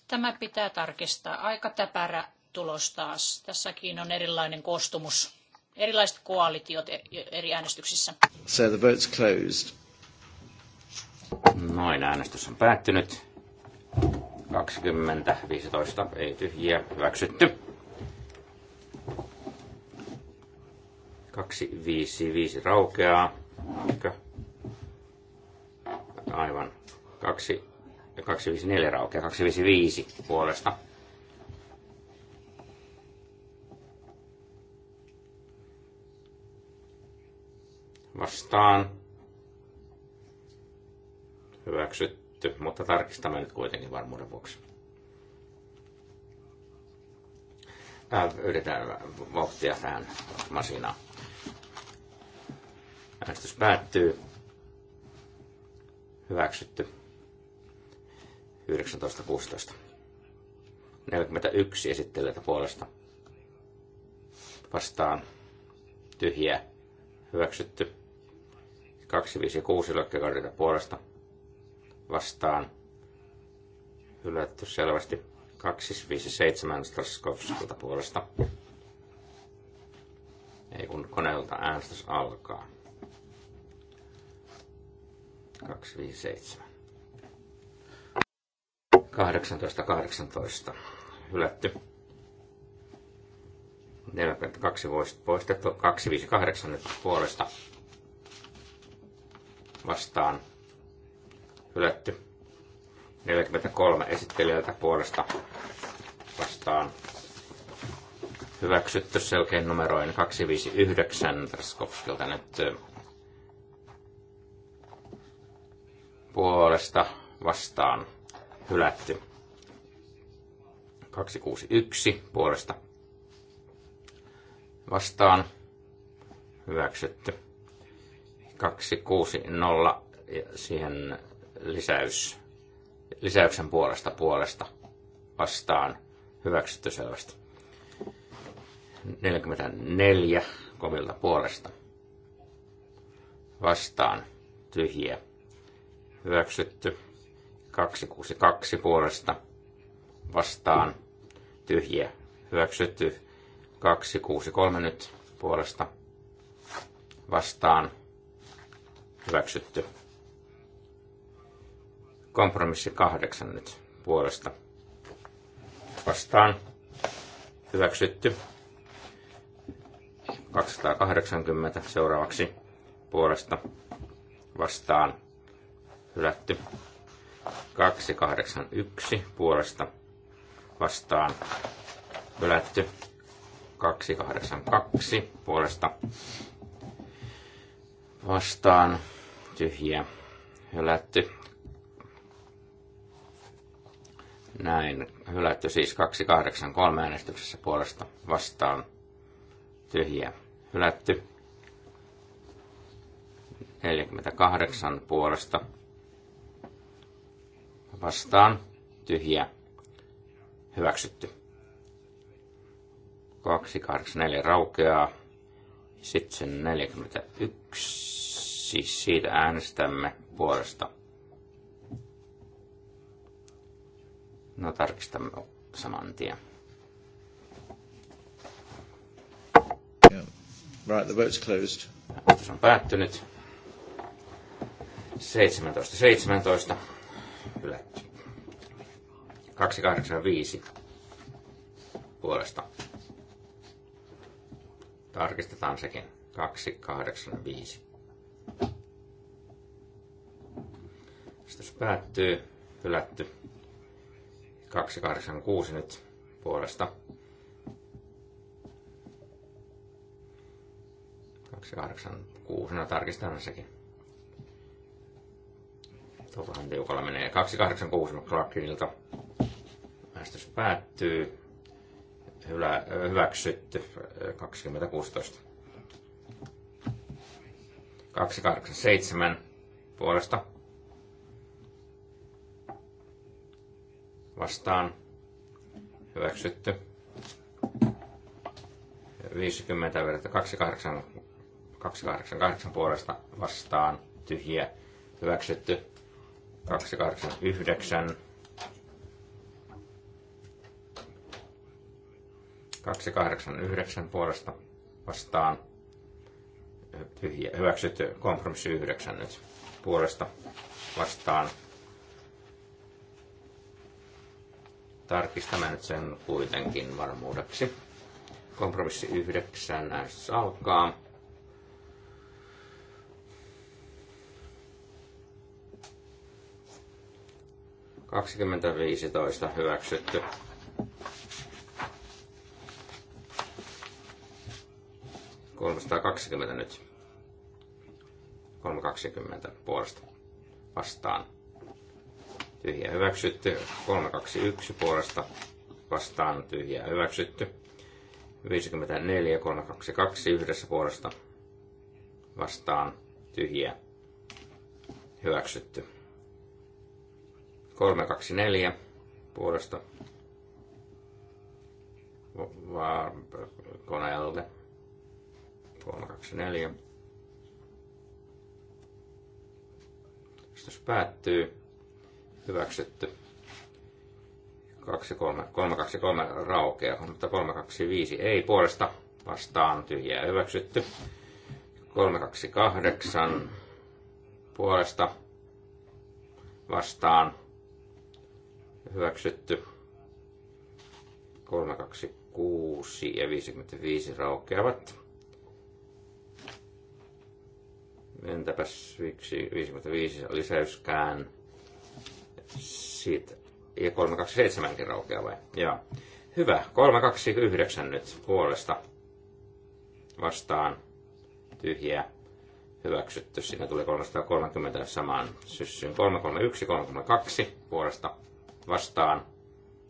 Tämä pitää tarkistaa. Aika täpärä tulos taas. Tässäkin on erilainen koostumus, erilaiset koalitiot e- eri äänestyksissä. So the vote's closed. Noin, äänestys on päättynyt. 20, 15, ei tyhjiä, hyväksytty. 5 raukeaa. Eikö? Aivan. 2 ja 4 raukeaa. 5 puolesta. Vastaan hyväksytty, mutta tarkistamme nyt kuitenkin varmuuden vuoksi. Yritetään vauhtia tähän masinaan. Äänestys päättyy. Hyväksytty. 19.16. 41 esittelijöitä puolesta. Vastaan. Tyhjä. Hyväksytty. 256 lökkäkaudilta puolesta vastaan hylätty selvästi 257 Straskovskilta puolesta. Ei kun koneelta äänestys alkaa. 257. 1818 Hylätty. 42 voisi poistettu. 258 nyt puolesta vastaan hylätty. 43 esittelijältä puolesta vastaan hyväksytty selkein numeroin 259 Traskovskilta nyt puolesta vastaan hylätty. 261 puolesta vastaan hyväksytty. 260 siihen lisäys, lisäyksen puolesta puolesta vastaan hyväksytty selvästi. 44 komilta puolesta vastaan tyhjiä hyväksytty. 262 puolesta vastaan tyhjiä hyväksytty. 263 nyt puolesta vastaan hyväksytty. Kompromissi kahdeksan nyt puolesta vastaan. Hyväksytty. 280 seuraavaksi puolesta vastaan hylätty. 281 puolesta vastaan hylätty. 282 puolesta vastaan tyhjä hylätty. Näin. Hylätty siis 283 äänestyksessä puolesta vastaan. Tyhjä. Hylätty. 48 puolesta vastaan. Tyhjä. Hyväksytty. 284 raukeaa. Sitten 41. Siis siitä äänestämme puolesta No tarkistamme saman tien. Yeah. Right, the vote's closed. Äänestys on päättynyt. 17, 17. Ylätty. 285 puolesta. Tarkistetaan sekin. 285. Äänestys päättyy. Hylätty. 286 nyt puolesta. 286, no tarkistan sekin. Tuo vähän tiukalla menee. 286 McClarkinilta. Äänestys päättyy. Hylä, hyväksytty 2016. 287 puolesta vastaan hyväksytty. 50 verta 288 puolesta vastaan tyhjiä hyväksytty. 289 289 puolesta vastaan tyhjiä, hyväksytty kompromissi 9 nyt puolesta vastaan Tarkistamme nyt sen kuitenkin varmuudeksi. Kompromissi 9 näissä alkaa. Kaksikymmentä viisitoista hyväksytty. Kolmestaan kaksikymmentä nyt. Kolme kaksikymmentä puolesta vastaan tyhjä hyväksytty. 321 puolesta vastaan tyhjä hyväksytty. 54 322 yhdessä puolesta vastaan tyhjä hyväksytty. 324 puolesta vaan koneelle. 324. Äänestys päättyy hyväksytty. 23, 323 raukeaa, mutta 325 ei puolesta vastaan tyhjää hyväksytty. 328 puolesta vastaan hyväksytty. 326 ja 55 raukeavat. Entäpäs 55 lisäyskään siitä. Ja 327 kin raukeaa vai? Joo. Hyvä. 329 nyt puolesta vastaan tyhjä hyväksytty. Siinä tuli 330 samaan syssyyn. 331, 332 puolesta vastaan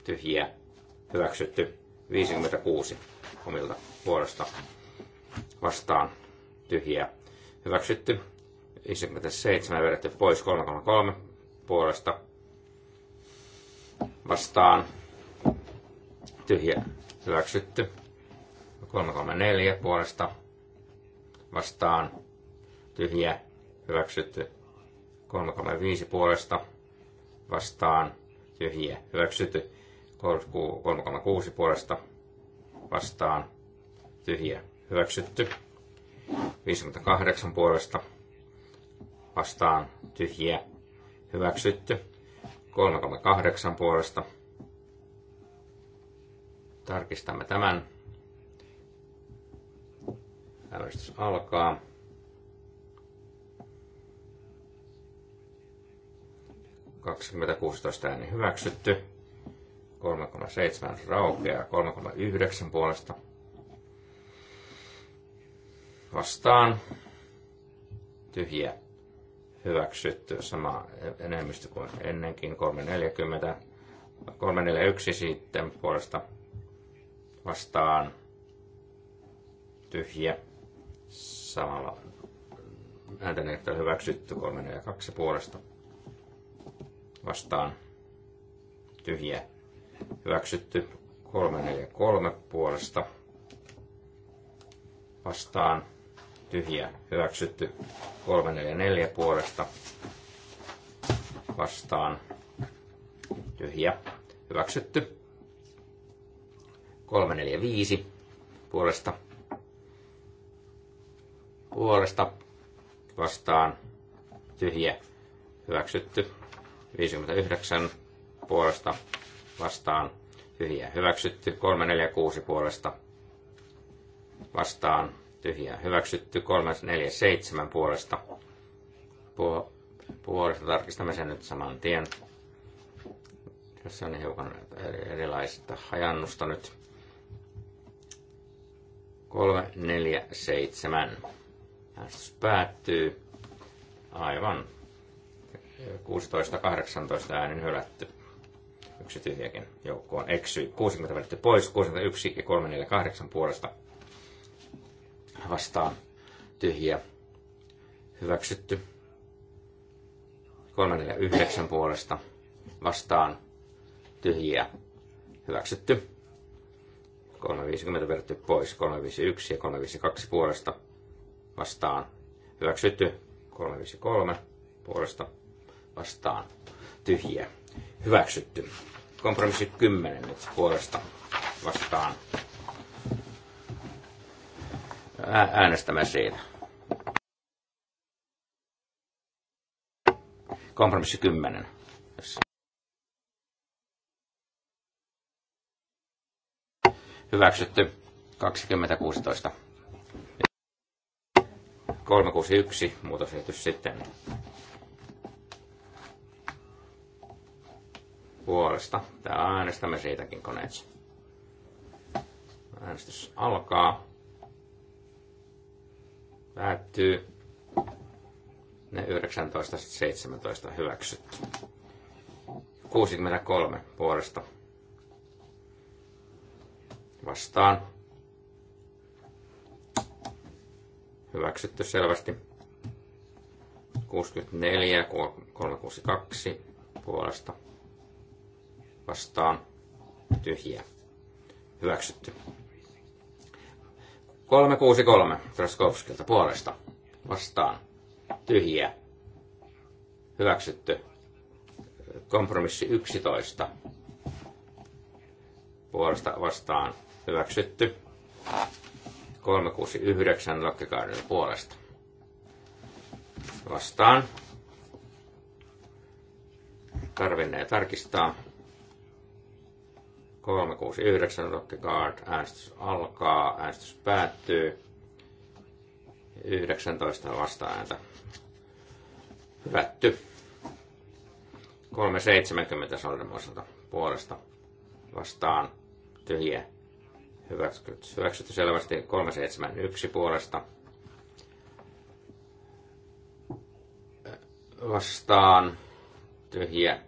Tyhjä. hyväksytty. 56 omilta puolesta vastaan Tyhjä. hyväksytty. 57 vedetty pois 333 puolesta vastaan tyhjä hyväksytty. 334 puolesta vastaan tyhjä hyväksytty. 335 puolesta vastaan tyhjä hyväksytty. 336 puolesta vastaan tyhjä hyväksytty. 58 puolesta vastaan tyhjä hyväksytty. 338 puolesta. Tarkistamme tämän. Äänestys alkaa. ääni hyväksytty. 3,7 raukeaa 3,9 puolesta. Vastaan Tyhjä hyväksytty sama enemmistö kuin ennenkin, 340, 341 sitten puolesta vastaan tyhjä samalla on hyväksytty 342 puolesta vastaan tyhjä hyväksytty 343 puolesta vastaan tyhjä hyväksytty 344 puolesta vastaan tyhjä hyväksytty 345 puolesta puolesta vastaan tyhjä hyväksytty 59 puolesta vastaan tyhjä hyväksytty 346 puolesta vastaan tyhjää hyväksytty, 347 puolesta. puolesta tarkistamme sen nyt saman tien. Tässä on hiukan erilaista hajannusta nyt. 347. Äänestys päättyy. Aivan. 16-18 äänen hylätty. Yksi tyhjäkin joukkoon eksy. 60 välitty pois, 61 ja 348 puolesta vastaan tyhjiä hyväksytty. 349 puolesta vastaan tyhjiä hyväksytty. 350 vedetty pois, 351 ja 352 puolesta vastaan hyväksytty. 353 puolesta vastaan tyhjiä hyväksytty. Kompromissi 10 nyt puolesta vastaan äänestämme siitä. Kompromissi 10. Hyväksytty 2016. 361 muutosesitys sitten puolesta. Täällä äänestämme siitäkin koneeksi. Äänestys alkaa. Päättyy. Ne 19.17 hyväksytty. 63 puolesta. Vastaan. Hyväksytty selvästi. 64 362 puolesta. Vastaan. tyhjä. Hyväksytty. 363 Traskovskilta puolesta. Vastaan. tyhjä Hyväksytty. Kompromissi 11. Puolesta vastaan. Hyväksytty. 369 Lokkikaarin puolesta. Vastaan. Tarvinnee tarkistaa. 369 Rottigard. Äänestys alkaa, äänestys päättyy. 19 vastaääntä. Hylätty. 370 Soldemoiselta puolesta vastaan tyhjä. Hyväksytty, hyväksytty selvästi 371 puolesta. Vastaan tyhjä.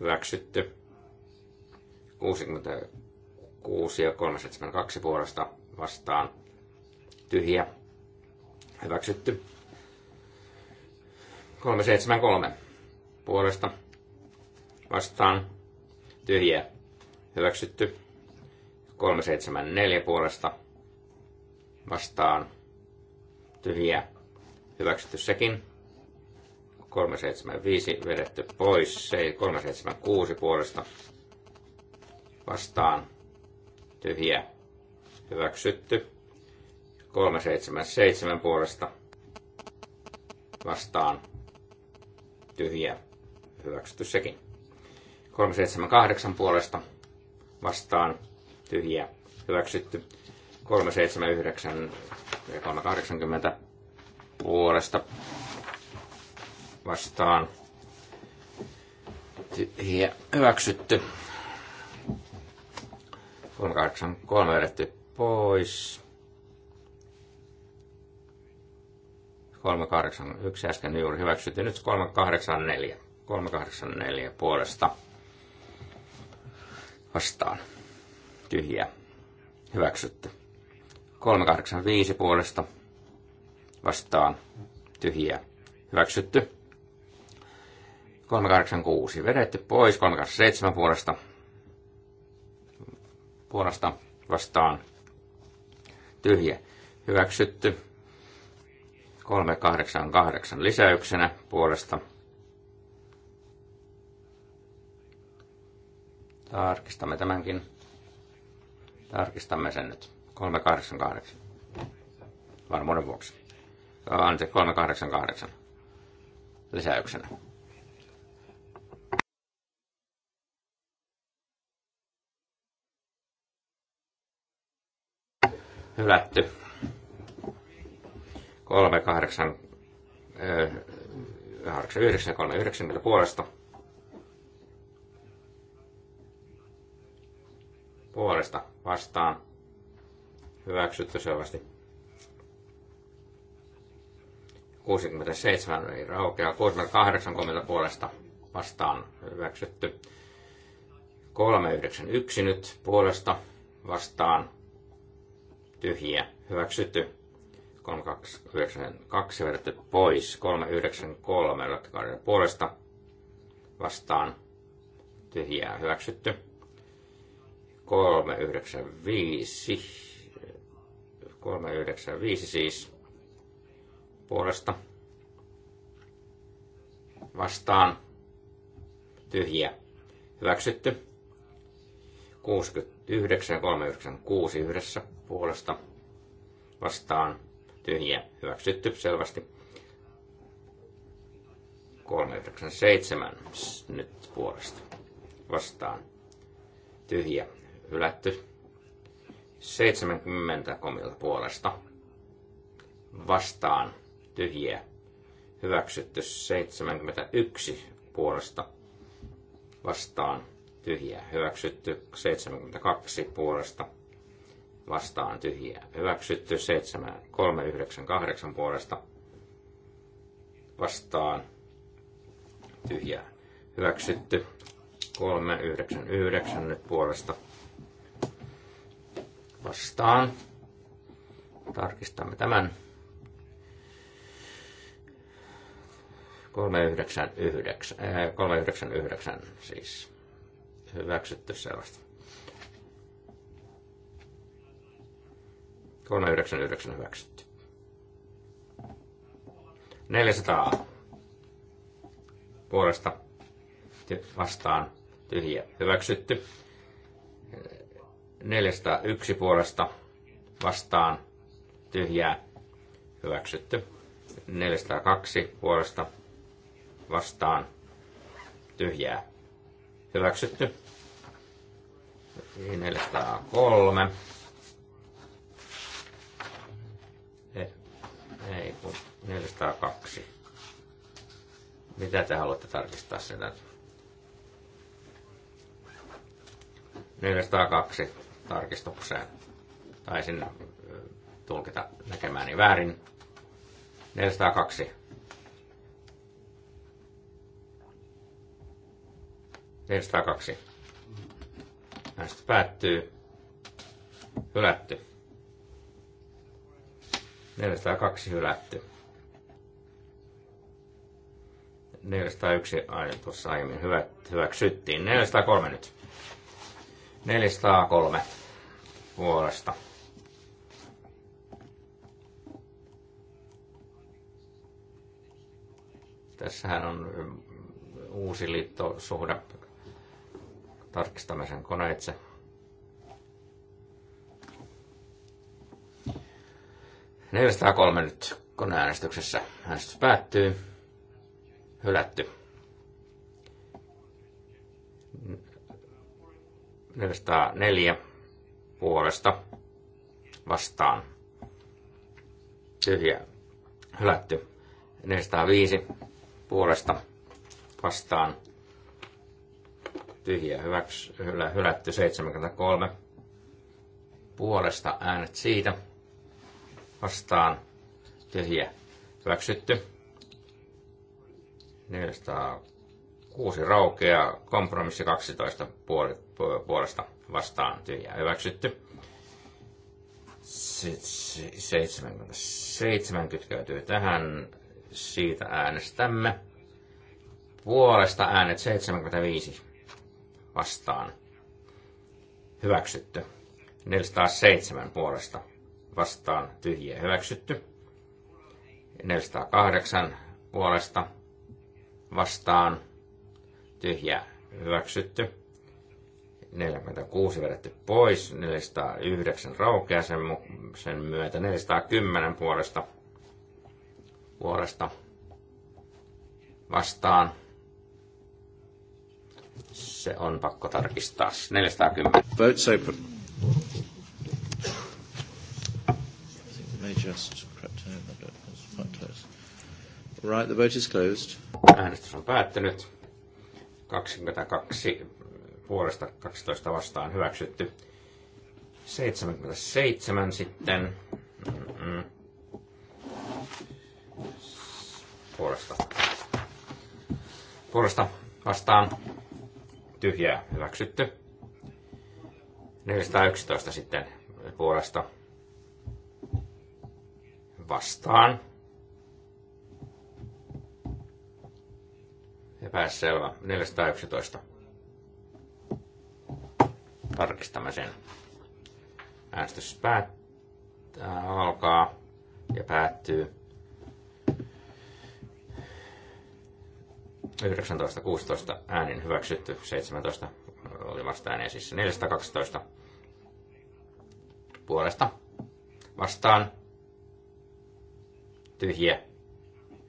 Hyväksytty 66 ja 372 puolesta vastaan tyhjä hyväksytty. 373 puolesta vastaan tyhjä hyväksytty. 374 puolesta vastaan tyhjä hyväksytty sekin. 375 vedetty pois, 376 puolesta vastaan tyhjä hyväksytty. 377 puolesta vastaan tyhjä hyväksytty sekin. 378 puolesta vastaan tyhjä hyväksytty. 379 ja 380 puolesta vastaan tyhjä hyväksytty. 383 vedetty pois. 381 äsken juuri hyväksytty. Nyt 384. 384 puolesta vastaan. Tyhjä. Hyväksytty. 385 puolesta vastaan. Tyhjä. Hyväksytty. 386 vedetty pois. 387 puolesta puolesta vastaan tyhjä hyväksytty. 388 lisäyksenä puolesta Tarkistamme tämänkin. Tarkistamme sen nyt. 388. Varmuuden vuoksi. Anteeksi, 388 lisäyksenä. hylätty. 38 89 puolesta. Puolesta vastaan. Hyväksytty selvästi. 67 ei raukea. 68 komilta puolesta vastaan hyväksytty. 391 nyt puolesta vastaan tyhjiä, hyväksytty. 392 vedetty pois, 393 ratkaisu puolesta vastaan tyhjää hyväksytty. 395, 395 siis puolesta vastaan tyhjiä hyväksytty. 60 9 ja 396 yhdessä puolesta vastaan tyhjiä hyväksytty selvästi. 397 nyt puolesta vastaan tyhjiä hylätty. 70 komilta puolesta vastaan tyhjiä hyväksytty 71 puolesta vastaan tyhjää hyväksytty, 72 puolesta vastaan tyhjää hyväksytty, 7398 puolesta vastaan tyhjää hyväksytty, 399 nyt puolesta vastaan. Tarkistamme tämän. 399, äh, 399 siis hyväksytty sellaista. 399 hyväksytty. 400 puolesta vastaan tyhjä hyväksytty. 401 puolesta vastaan tyhjää hyväksytty. 402 puolesta vastaan tyhjää Hyväksytty. 403. Ei kun 402. Mitä te haluatte tarkistaa sitä? 402 tarkistukseen. Taisin tulkita näkemäni väärin. 402 402. Näistä päättyy. Hylätty. 402 hylätty. 401 aina tuossa aiemmin hyväksyttiin. 403 nyt. 403 vuodesta. Tässähän on uusi liittosuhde Tarkistamme sen koneitse. kolme nyt koneäänestyksessä. Äänestys päättyy. Hylätty. 404 puolesta vastaan. Tyhjä. Hylätty. 405 puolesta vastaan tyhjä hyväks, hylä, hylätty 73 puolesta äänet siitä vastaan tyhjä hyväksytty 406 raukea kompromissi 12 puolesta vastaan tyhjä hyväksytty 77 kytkeytyy tähän siitä äänestämme puolesta äänet 75 vastaan. Hyväksytty. 407 puolesta vastaan tyhjiä hyväksytty. 408 puolesta vastaan tyhjä hyväksytty. 46 vedetty pois, 409 raukea sen, sen myötä, 410 puolesta, puolesta vastaan se on pakko tarkistaa. 410. Votes open. Right, the vote is closed. Äänestys on päättynyt. 22 puolesta 12 vastaan hyväksytty. 77 sitten. Puolesta. Puolesta vastaan tyhjää hyväksytty. 411 sitten puolesta vastaan. Epäselvä. 411. Tarkistamme sen. Äänestys päät- alkaa ja päättyy. 19.16 äänin hyväksytty, 17 oli vasta ääneen siis 412 puolesta vastaan tyhjä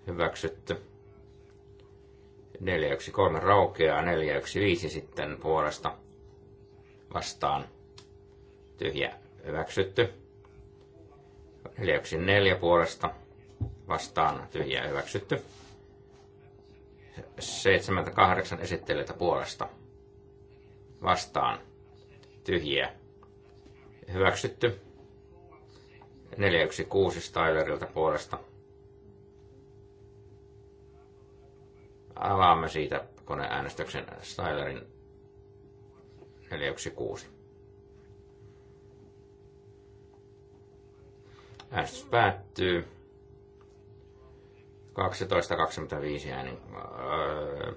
hyväksytty. 413 raukeaa, 415 sitten puolesta vastaan tyhjä hyväksytty. 414 puolesta vastaan tyhjä hyväksytty. 78 esittelijöitä puolesta. Vastaan. Tyhjiä. Hyväksytty. 416 Tylerilta puolesta. Avaamme siitä koneäänestyksen Stylerin 416. Äänestys päättyy. 12.25 äänin öö,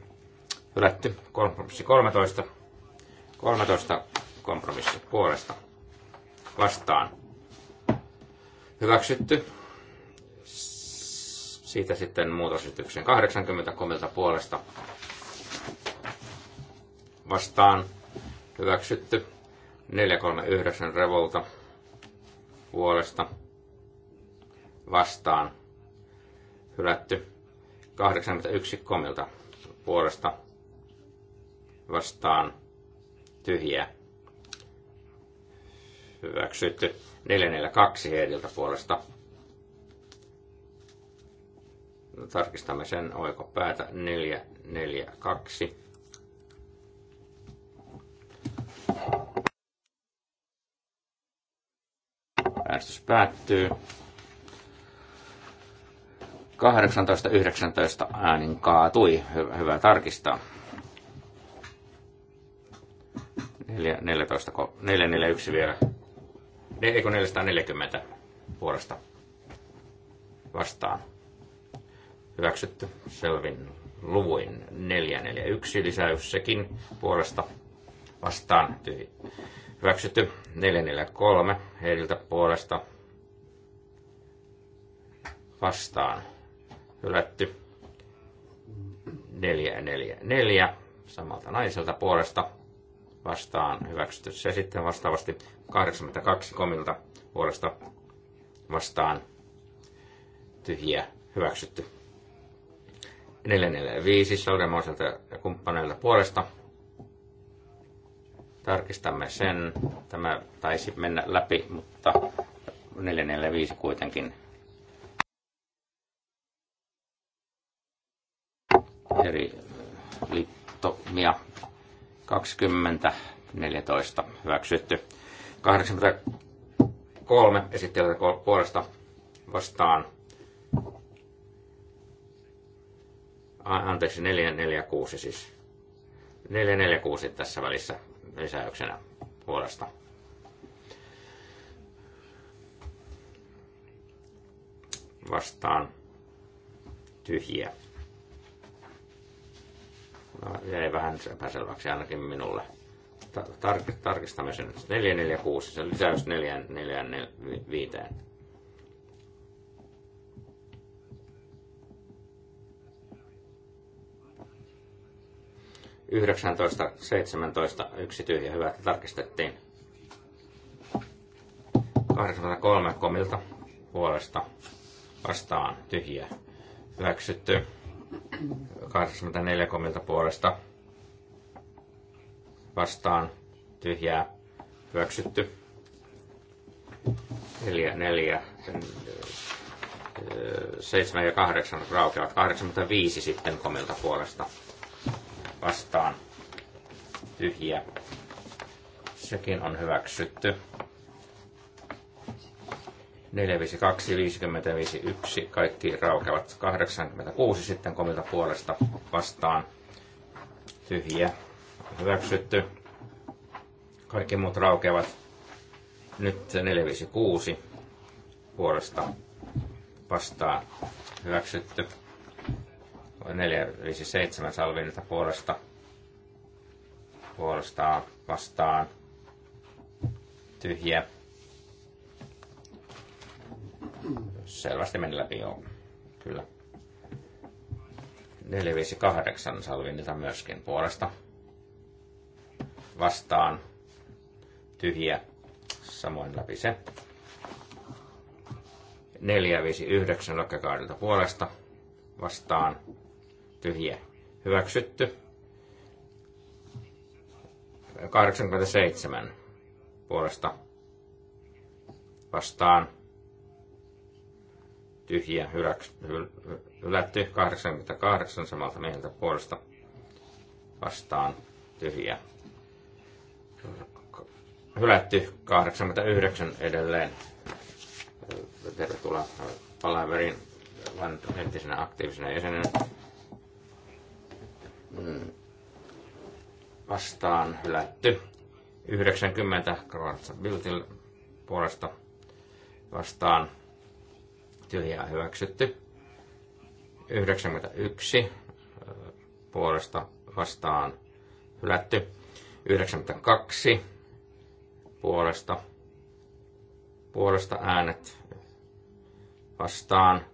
hylätty. Kompromissi 13. 13 kompromissi puolesta vastaan hyväksytty. Siitä sitten muutosesityksen 80 komilta puolesta vastaan hyväksytty. 439 revolta puolesta vastaan hylätty 81 komilta puolesta vastaan tyhjää. Hyväksytty 442 heidiltä puolesta. No, tarkistamme sen oiko päätä 442. Äänestys päättyy. 18-19 äänin kaatui. Hyvä, hyvä tarkistaa. 441 vielä. Eikö 440 vuorosta vastaan. Hyväksytty selvin luvuin 441 lisäys sekin puolesta vastaan. Hyväksytty 443 heiltä puolesta vastaan hylätty. 4 ja 4 4 samalta naiselta puolesta vastaan hyväksytty. Se sitten vastaavasti 82 komilta puolesta vastaan tyhjiä hyväksytty. 445 Saldemoiselta ja kumppaneilta puolesta. Tarkistamme sen. Tämä taisi mennä läpi, mutta 445 kuitenkin eri liittomia. 20 14 hyväksytty. 83 esittelijöitä puolesta vastaan. Anteeksi, 446 siis. 446 tässä välissä lisäyksenä puolesta. Vastaan tyhjiä No, jäi vähän epäselväksi ainakin minulle. Tar- tarkistamme sen. 446, se lisäys 445. Yhdeksäntoista, seitsemäntoista, yksi tyhjä, hyvä, että tarkistettiin. 83 komilta puolesta vastaan tyhjä hyväksytty. 84 komilta puolesta vastaan tyhjää hyväksytty. 4, 4, 7 ja 8 raukeavat. 85 sitten komilta puolesta vastaan tyhjä. Sekin on hyväksytty. 452, 55, 1, kaikki raukevat 86 sitten komilta puolesta vastaan. Tyhjiä, hyväksytty. Kaikki muut raukevat. nyt 456 puolesta vastaan hyväksytty. 457 salvinilta puolesta puolestaan vastaan tyhjiä Selvästi meni läpi, joo. Kyllä. 458 Salvinilta myöskin puolesta. Vastaan. Tyhjä. Samoin läpi se. 459 Lokkakaudelta puolesta. Vastaan. Tyhjä. Hyväksytty. 87 puolesta vastaan tyhjiä hyläks, hyl, hylätty 88 samalta mieheltä puolesta vastaan tyhjiä. Hylätty 89 edelleen. Tervetuloa palaverin entisenä aktiivisena jäsenenä. Vastaan hylätty 90 Kroatsa Biltil puolesta vastaan tyhjää hyväksytty. 91 äh, puolesta vastaan hylätty. 92 puolesta, puolesta äänet vastaan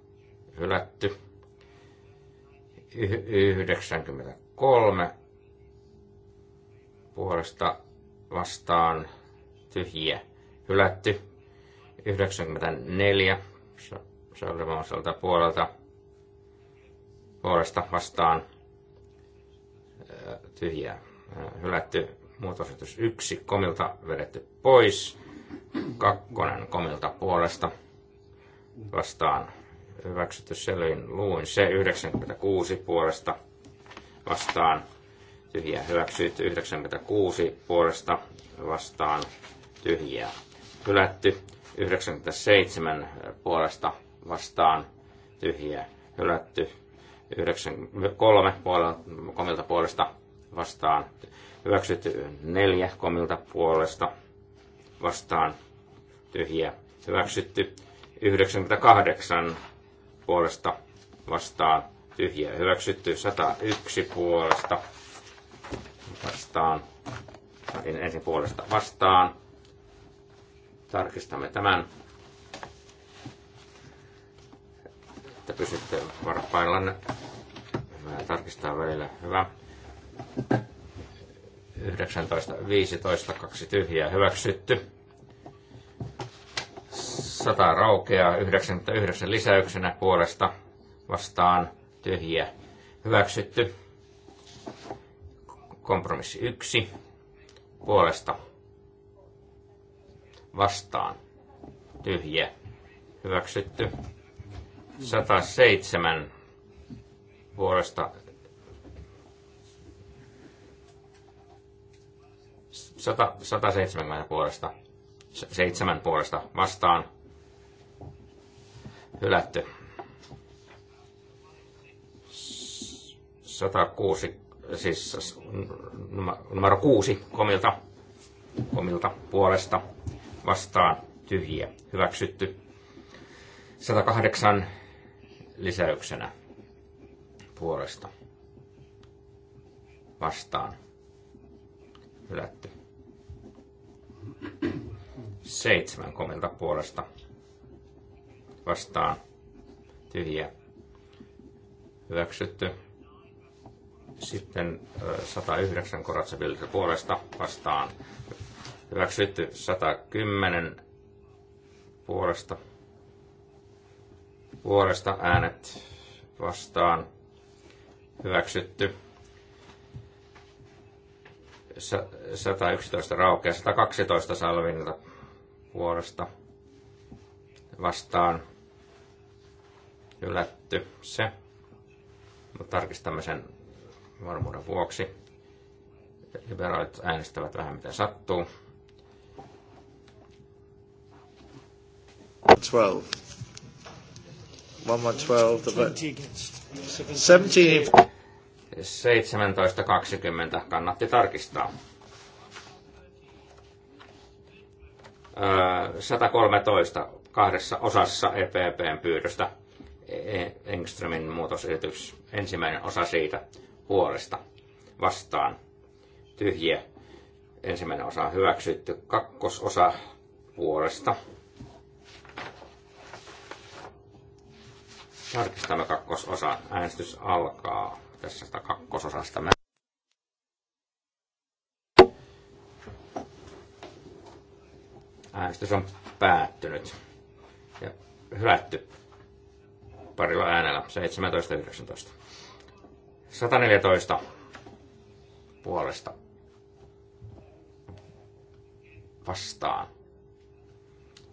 hylätty. 93 puolesta vastaan tyhjiä hylätty. 94 seuraavalta puolelta puolesta vastaan tyhjää. Hylätty muutosesitys yksi komilta vedetty pois. Kakkonen komilta puolesta vastaan hyväksytty selvin luin se 96 puolesta vastaan tyhjää hyväksytty 96 puolesta vastaan tyhjää hylätty 97 puolesta vastaan tyhjiä hylätty. 93 puolelta, komilta puolesta vastaan hyväksytty. 4 komilta puolesta vastaan tyhjiä hyväksytty. 98 puolesta vastaan tyhjiä hyväksytty. 101 puolesta vastaan no, ensin puolesta vastaan. Tarkistamme tämän. että pysytte varpaillanne. Hyvä, tarkistaa välillä. Hyvä. 19, 15, kaksi tyhjää hyväksytty. 100 raukeaa 99 lisäyksenä puolesta vastaan tyhjiä hyväksytty. Kompromissi 1 puolesta vastaan tyhjiä hyväksytty. 107 vuodesta 100, 170 vuodesta 7 vuodesta vastaan hylätty. 106, siis numero 6 komilta, komilta puolesta vastaan tyhjiä hyväksytty. 108 lisäyksenä puolesta vastaan hylätty. Seitsemän komilta puolesta vastaan tyhjä hyväksytty. Sitten 109 Koratsevilta puolesta vastaan hyväksytty 110 puolesta puolesta äänet vastaan hyväksytty. 111 raukea, 112 salvinta puolesta vastaan hylätty se. Mutta tarkistamme sen varmuuden vuoksi. Liberaalit äänestävät vähän mitä sattuu. 12. 112, the vote. 17. 17.20 kannatti tarkistaa. 113 öö, kahdessa osassa EPPn pyydöstä e- e- Engströmin muutosesitys. Ensimmäinen osa siitä puolesta vastaan. Tyhjiä. Ensimmäinen osa hyväksytty. Kakkososa puolesta Tarkistamme kakkososa. Äänestys alkaa tässä sitä kakkososasta. Mä... Äänestys on päättynyt ja hylätty parilla äänellä 17-19. 114 puolesta vastaan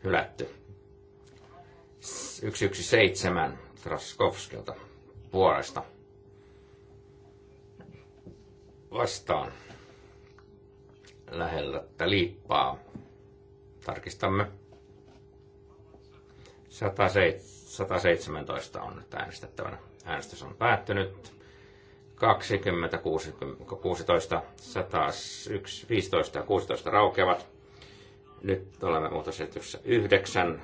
hylätty. 117 Straskovskilta puolesta vastaan lähellä liippaa. Tarkistamme. 117 on nyt äänestettävänä. Äänestys on päättynyt. 20, 16, 101, 15 ja 16 raukeavat. Nyt olemme muutosesityksessä 9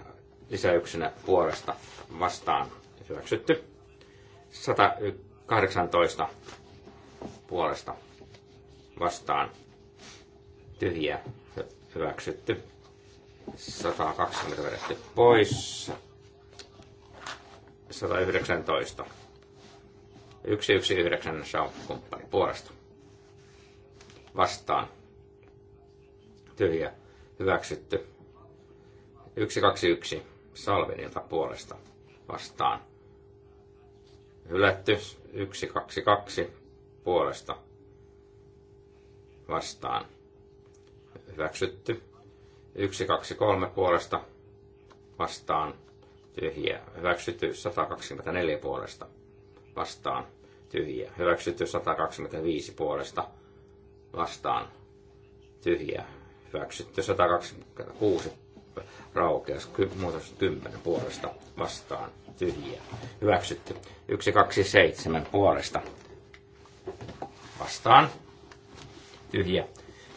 lisäyksenä puolesta vastaan hyväksytty. 118 puolesta vastaan tyhjä hyväksytty. 120 vedetty pois. 119. 119 Shaw-kumppani puolesta. Vastaan. Tyhjä. Hyväksytty. 121 Salvinilta puolesta. Vastaan hylätty 1-2-2 puolesta vastaan. Hyväksytty 1-2-3 puolesta vastaan tyhjiä. Hyväksytty 124 puolesta vastaan tyhjiä. Hyväksytty 125 puolesta vastaan tyhjiä. Hyväksytty 126 raukeas. Muutos 10 puolesta vastaan tyhjiä. Hyväksytty. seitsemän puolesta vastaan tyhjiä.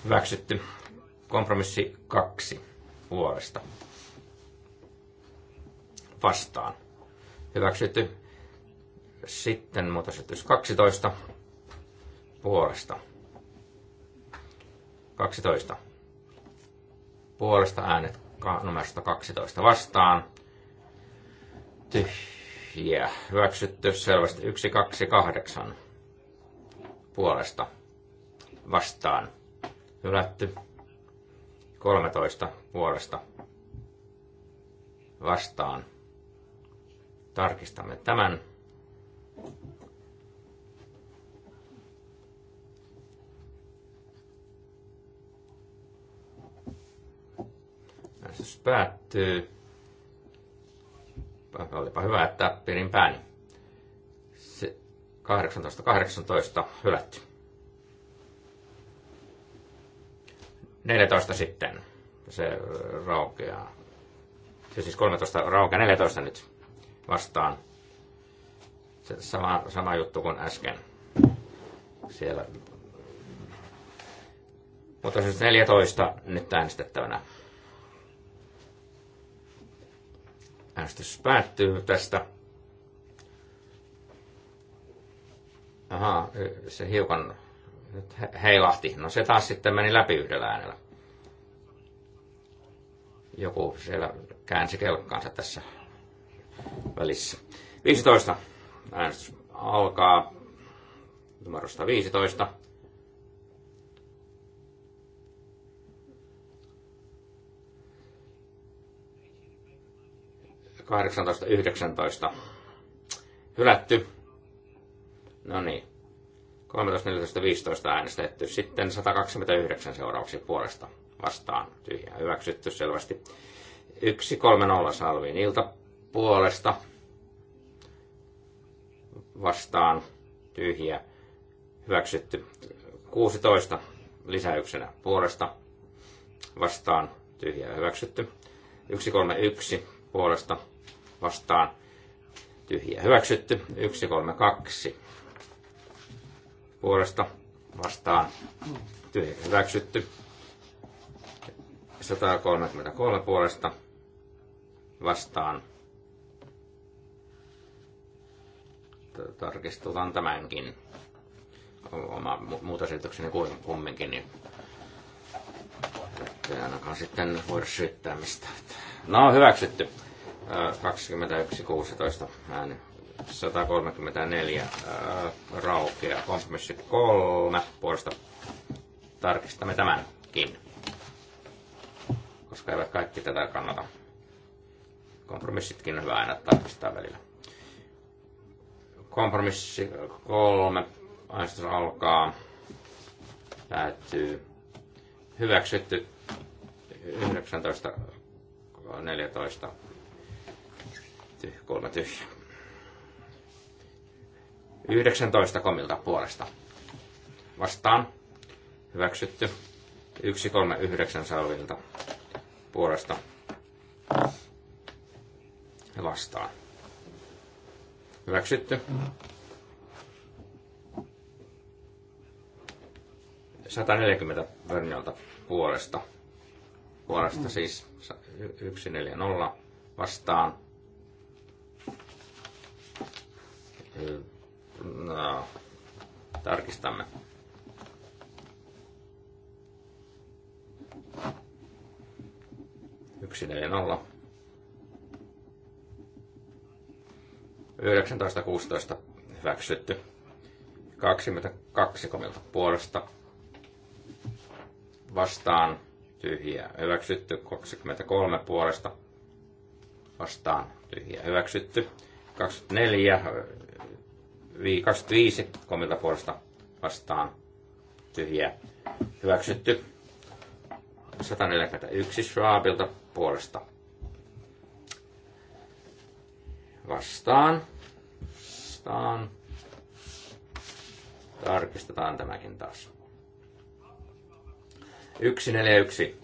Hyväksytty. Kompromissi 2 puolesta vastaan. Hyväksytty. Sitten muutosesitys 12 puolesta. 12 puolesta äänet numerosta 12 vastaan. Tyhjä. Hyväksytty selvästi 128 puolesta vastaan. Hylätty 13 puolesta vastaan. Tarkistamme tämän. Äänestys päättyy. Olipa hyvä, että pirin pääni. 18.18 18, hylätty. 14 sitten se raukeaa. Se siis 13 raukeaa, 14 nyt vastaan. Se sama, sama juttu kuin äsken. Siellä. Mutta siis 14 nyt äänestettävänä. Äänestys päättyy tästä. Aha, se hiukan nyt heilahti. No se taas sitten meni läpi yhdellä äänellä. Joku siellä käänsi kelkkaansa tässä välissä. 15. Äänestys alkaa numerosta 15. 18, 19. Hylätty. No niin. 13, 14, 15 äänestetty. Sitten 129 seuraavaksi puolesta vastaan. Tyhjää hyväksytty selvästi. 1, 3, 0 salviin ilta puolesta vastaan. Tyhjä hyväksytty. 16 lisäyksenä puolesta vastaan. Tyhjää hyväksytty. 131 puolesta vastaan tyhjiä hyväksytty. 1, 3, 2 puolesta vastaan tyhjiä hyväksytty. 133 puolesta vastaan tarkistutaan tämänkin oma muutosesitykseni kumminkin, niin ei ainakaan sitten voida syyttää mistä. No, hyväksytty. 21.16 ääni. 134 äh, raukea. Kompromissi 3 puolesta. Tarkistamme tämänkin. Koska eivät kaikki tätä kannata. Kompromissitkin on hyvä aina tarkistaa välillä. Kompromissi 3. Äänestys alkaa. Päättyy. Hyväksytty 19.14 ty, kolme tyhjää. 19 komilta puolesta. Vastaan. Hyväksytty. 139 salvilta puolesta. Vastaan. Hyväksytty. 140 Vörnjolta puolesta. Puolesta siis 140 vastaan No, tarkistamme. Yksi neljä nolla. 19.16 hyväksytty. 22 komilta puolesta vastaan tyhjiä hyväksytty. 23 puolesta vastaan tyhjiä hyväksytty. 24 25 komilta puolesta vastaan tyhjää hyväksytty. 141 Schwabilta puolesta vastaan. vastaan. Tarkistetaan tämäkin taas. 141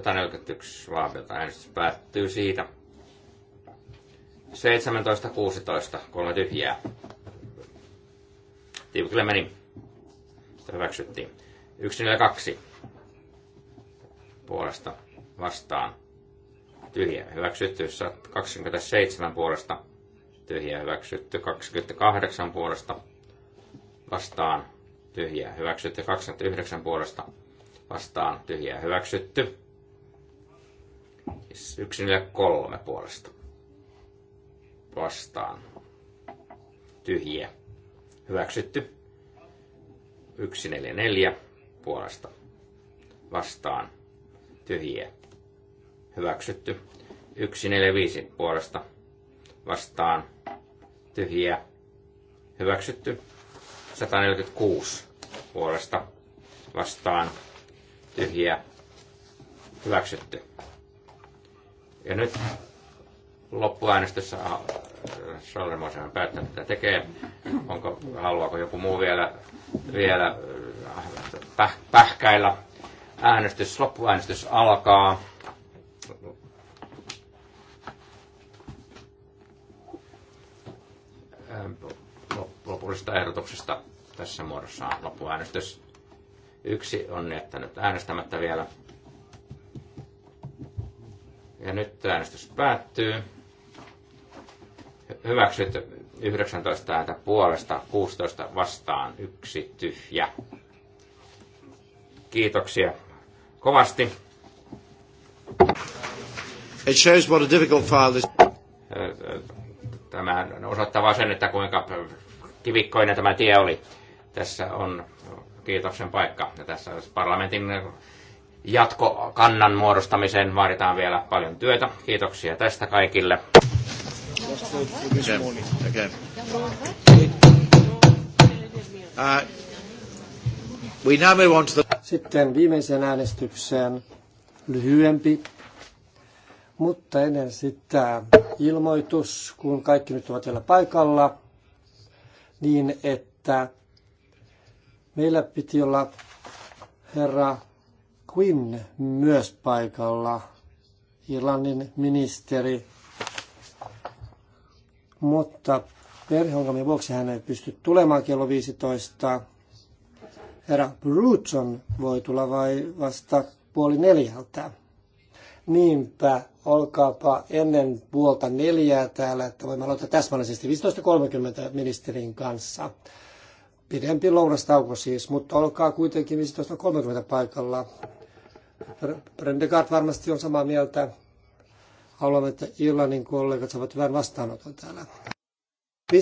141 vaapilta äänestys päättyy siitä. 17-16, kolme tyhjää. Tiukille meni. Sitä hyväksyttiin. 142 puolesta vastaan. Tyhjä hyväksytty. 27 puolesta. Tyhjä hyväksytty. 28 puolesta vastaan. Tyhjä hyväksytty. 29 puolesta vastaan. Tyhjä hyväksytty siis 143 puolesta. Vastaan. Tyhjiä. Hyväksytty. 144 puolesta. Vastaan. Tyhjiä. Hyväksytty. 145 puolesta. Vastaan. Tyhjiä. Hyväksytty. 146 puolesta. Vastaan. Tyhjiä. Hyväksytty. Ja nyt loppuäänestys äh, Schallermos on päättänyt, mitä tekee. Onko, haluaako joku muu vielä, vielä äh, päh, pähkäillä? Äänestys, loppuäänestys alkaa. Ähm, lopullisesta ehdotuksesta tässä muodossa on loppuäänestys. Yksi on jättänyt äänestämättä vielä. Ja nyt äänestys päättyy. Hyväksytty 19 ääntä puolesta, 16 vastaan, yksi tyhjä. Kiitoksia kovasti. It shows what a difficult file this... Tämä osoittaa vain sen, että kuinka kivikkoinen tämä tie oli. Tässä on kiitoksen paikka. Ja tässä on parlamentin jatkokannan muodostamiseen vaaditaan vielä paljon työtä. Kiitoksia tästä kaikille. Again. Again. Uh, we now the... Sitten viimeisen äänestykseen lyhyempi, mutta ennen sitä ilmoitus, kun kaikki nyt ovat vielä paikalla, niin että meillä piti olla herra Quinn myös paikalla, Irlannin ministeri. Mutta perheongelmien vuoksi hän ei pysty tulemaan kello 15. Herra Bruton voi tulla vai vasta puoli neljältä. Niinpä, olkaapa ennen puolta neljää täällä, että voimme aloittaa täsmällisesti 15.30 ministerin kanssa. Pidempi lounastauko siis, mutta olkaa kuitenkin 15.30 paikalla. Rendegaard varmasti on samaa mieltä. Haluamme, että Irlannin kollegat saavat hyvän vastaanoton täällä. 15.30,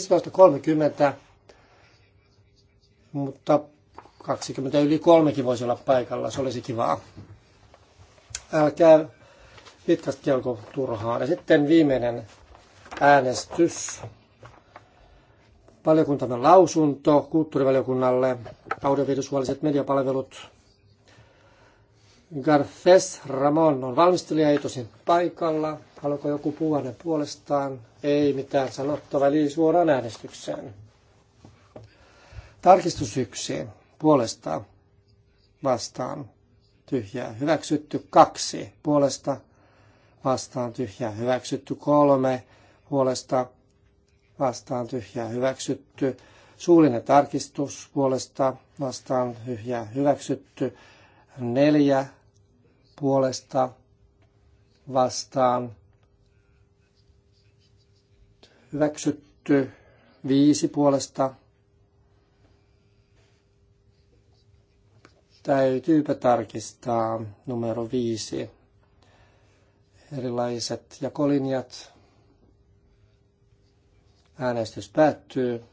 mutta 20 yli kolmekin voisi olla paikalla, se olisi kivaa. Älkää kelko turhaan. Ja sitten viimeinen äänestys. Valiokuntamme lausunto kulttuurivaliokunnalle, audiovisuaaliset mediapalvelut Garfes Ramon on valmistelija, ei tosin paikalla. Haluatko joku puhua ne puolestaan? Ei mitään sanottava, eli suoraan äänestykseen. Tarkistus yksi. Puolesta vastaan tyhjää hyväksytty. Kaksi. Puolesta vastaan tyhjää hyväksytty. Kolme. Puolesta vastaan tyhjää hyväksytty. Suullinen tarkistus puolesta vastaan tyhjää hyväksytty. Neljä puolesta vastaan hyväksytty viisi puolesta. Täytyypä tarkistaa numero viisi. Erilaiset jakolinjat. Äänestys päättyy.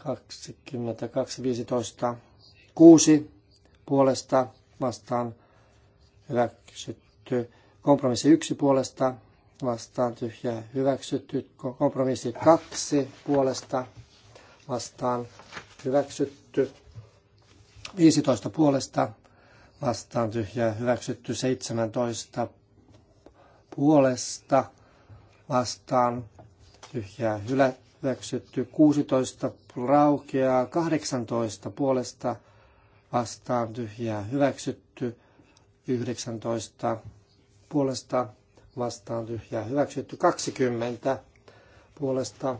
22.15. 6 puolesta vastaan hyväksytty. Kompromissi yksi puolesta vastaan tyhjä hyväksytty. Kompromissi kaksi puolesta vastaan hyväksytty. 15 puolesta vastaan tyhjä hyväksytty. 17 puolesta vastaan tyhjää hyväksytty 16 raukeaa, 18 puolesta vastaan tyhjää hyväksytty. 19 puolesta vastaan tyhjää hyväksytty. 20 puolesta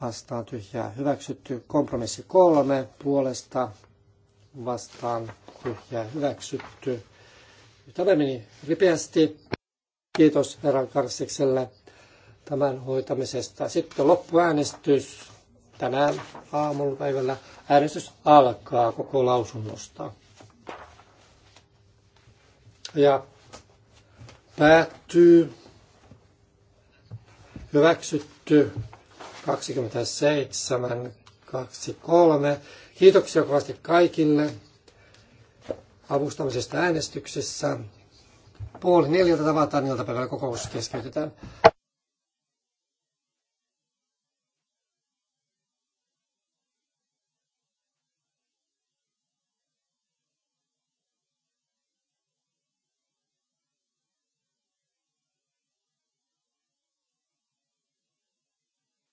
vastaan tyhjää hyväksytty. Kompromissi 3 puolesta vastaan tyhjää hyväksytty. Tämä meni ripeästi. Kiitos herran Karsikselle tämän hoitamisesta. Sitten loppuäänestys tänään aamulla päivällä äänestys alkaa koko lausunnosta. Ja päättyy hyväksytty 27, 23. Kiitoksia kovasti kaikille avustamisesta äänestyksessä. Puoli neljältä tavataan iltapäivällä kokous keskeytetään.